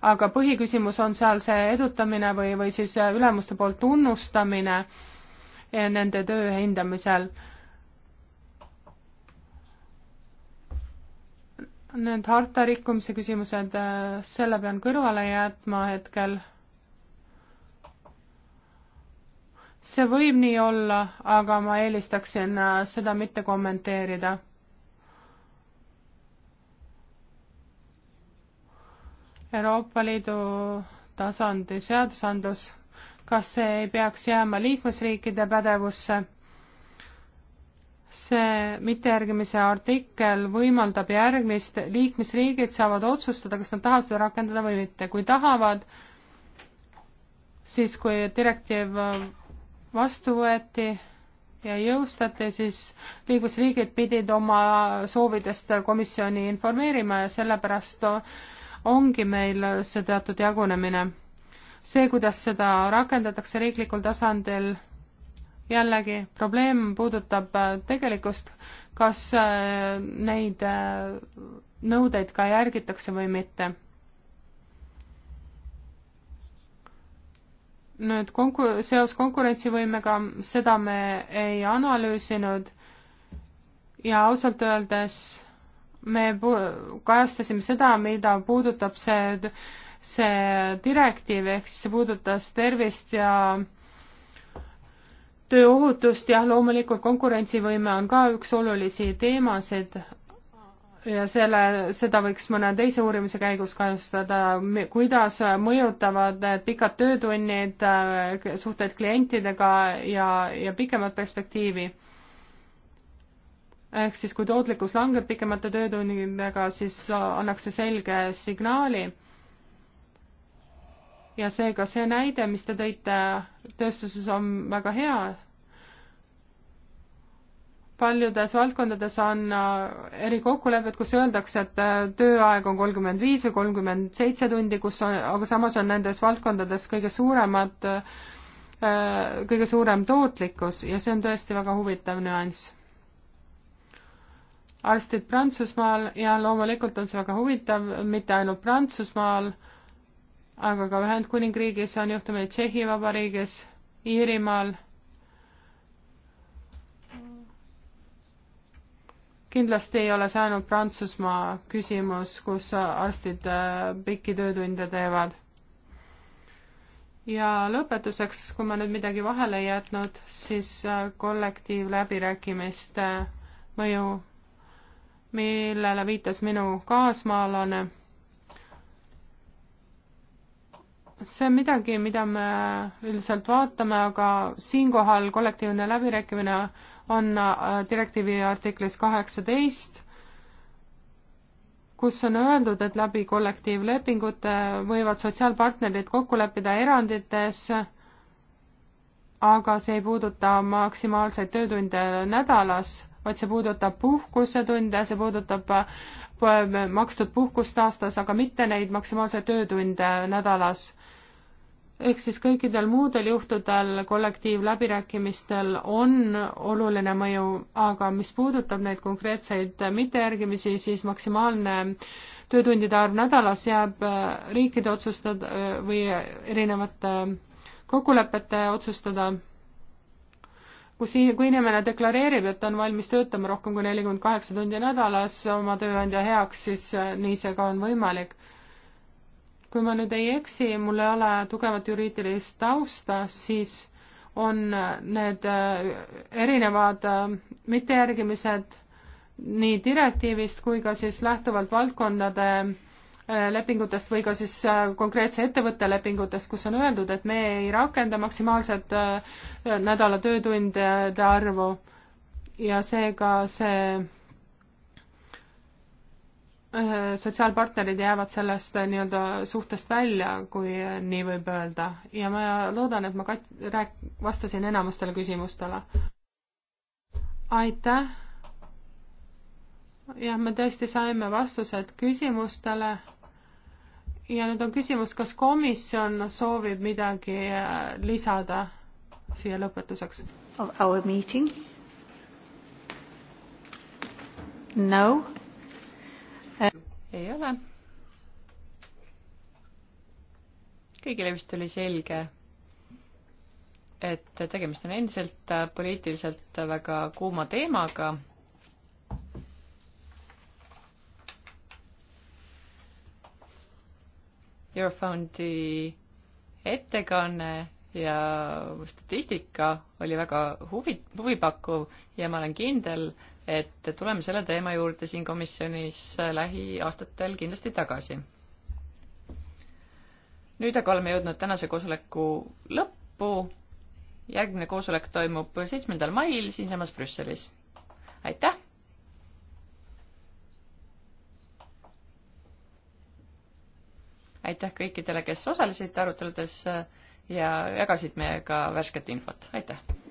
aga põhiküsimus on seal see edutamine või, või siis äh, ülemuste poolt tunnustamine nende töö hindamisel need harta rikkumise küsimused, selle pean kõrvale jätma hetkel see võib nii olla, aga ma eelistaksin äh, seda mitte kommenteerida. Euroopa Liidu tasandi seadusandlus, kas see ei peaks jääma liikmesriikide pädevusse? see mittejärgimise artikkel võimaldab järgmist, liikmesriigid saavad otsustada, kas nad tahavad seda rakendada või mitte, kui tahavad, siis kui direktiiv vastu võeti ja jõustati, siis liikmesriigid pidid oma soovidest komisjoni informeerima ja sellepärast ongi meil see teatud jagunemine. see, kuidas seda rakendatakse riiklikul tasandil, jällegi probleem puudutab äh, tegelikkust, kas äh, neid äh, nõudeid ka järgitakse või mitte nüüd konku-, seos konkurentsivõimega, seda me ei analüüsinud ja ausalt öeldes me kajastasime seda, mida puudutab see, see direktiiv, ehk siis see puudutas tervist ja tööohutust, jah, loomulikult konkurentsivõime on ka üks olulisi teemasid, ja selle, seda võiks mõne teise uurimise käigus kasutada, kuidas mõjutavad need pikad töötunnid äh, suhted klientidega ja, ja pikemat perspektiivi. ehk siis, kui tootlikkus langeb pikemate töötundidega, siis äh, annaks see selge signaali. ja seega see näide, mis te tõite tööstuses, on väga hea paljudes valdkondades on äh, erikokkulepped, kus öeldakse, et äh, tööaeg on kolmkümmend viis või kolmkümmend seitse tundi, kus on, aga samas on nendes valdkondades kõige suuremad, äh, kõige suurem tootlikkus ja see on tõesti väga huvitav nüanss. arstid Prantsusmaal ja loomulikult on see väga huvitav, mitte ainult Prantsusmaal, aga ka Ühendkuningriigis on juhtumeid Tšehhi Vabariigis, Iirimaal kindlasti ei ole see ainult Prantsusmaa küsimus, kus arstid äh, pikki töötunde teevad. ja lõpetuseks, kui ma nüüd midagi vahele ei jätnud, siis äh, kollektiivläbirääkimiste äh, mõju, millele viitas minu kaasmaalane. see on midagi, mida me üldiselt vaatame, aga siinkohal kollektiivne läbirääkimine on äh, direktiivi artiklis kaheksateist, kus on öeldud, et läbi kollektiivlepingute võivad sotsiaalpartnerid kokku leppida erandites, aga see ei puuduta maksimaalseid töötunde nädalas, vaid see puudutab puhkusetunde, see puudutab äh, makstud puhkust aastas, aga mitte neid maksimaalseid töötunde nädalas ehk siis kõikidel muudel juhtudel kollektiivläbirääkimistel on oluline mõju, aga mis puudutab neid konkreetseid mittejärgimisi, siis maksimaalne töötundide arv nädalas jääb äh, riikide otsustada äh, või erinevate kokkulepete otsustada. kui siin, kui inimene deklareerib, et ta on valmis töötama rohkem kui nelikümmend kaheksa tundi nädalas oma tööandja heaks, siis äh, nii see ka on võimalik kui ma nüüd ei eksi, mul ei ole tugevat juriidilist tausta, siis on need äh, erinevad äh, mittejärgimised nii direktiivist kui ka siis lähtuvalt valdkondade äh, lepingutest või ka siis konkreetse ettevõtte lepingutest, kus on öeldud, et me ei rakenda maksimaalset nädala töötundide arvu ja seega see, ka see Äh, sotsiaalpartnerid jäävad sellest äh, nii-öelda suhtest välja, kui äh, nii võib öelda ja ma loodan, et ma kat-, rääk-, vastasin enamustele küsimustele. aitäh. jah, me tõesti saime vastused küsimustele. ja nüüd on küsimus, kas komisjon soovib midagi lisada siia lõpetuseks? Our meeting? No ei ole. kõigile vist oli selge, et tegemist on endiselt äh, poliitiliselt väga kuuma teemaga. Eurofondi ettekanne ja statistika oli väga huvi, huvipakkuv ja ma olen kindel, et tuleme selle teema juurde siin komisjonis lähiaastatel kindlasti tagasi. nüüd aga oleme jõudnud tänase koosoleku lõppu. järgmine koosolek toimub seitsmendal mail siinsamas Brüsselis. aitäh! aitäh kõikidele, kes osalesid aruteludes ja jagasid meiega värsket infot, aitäh!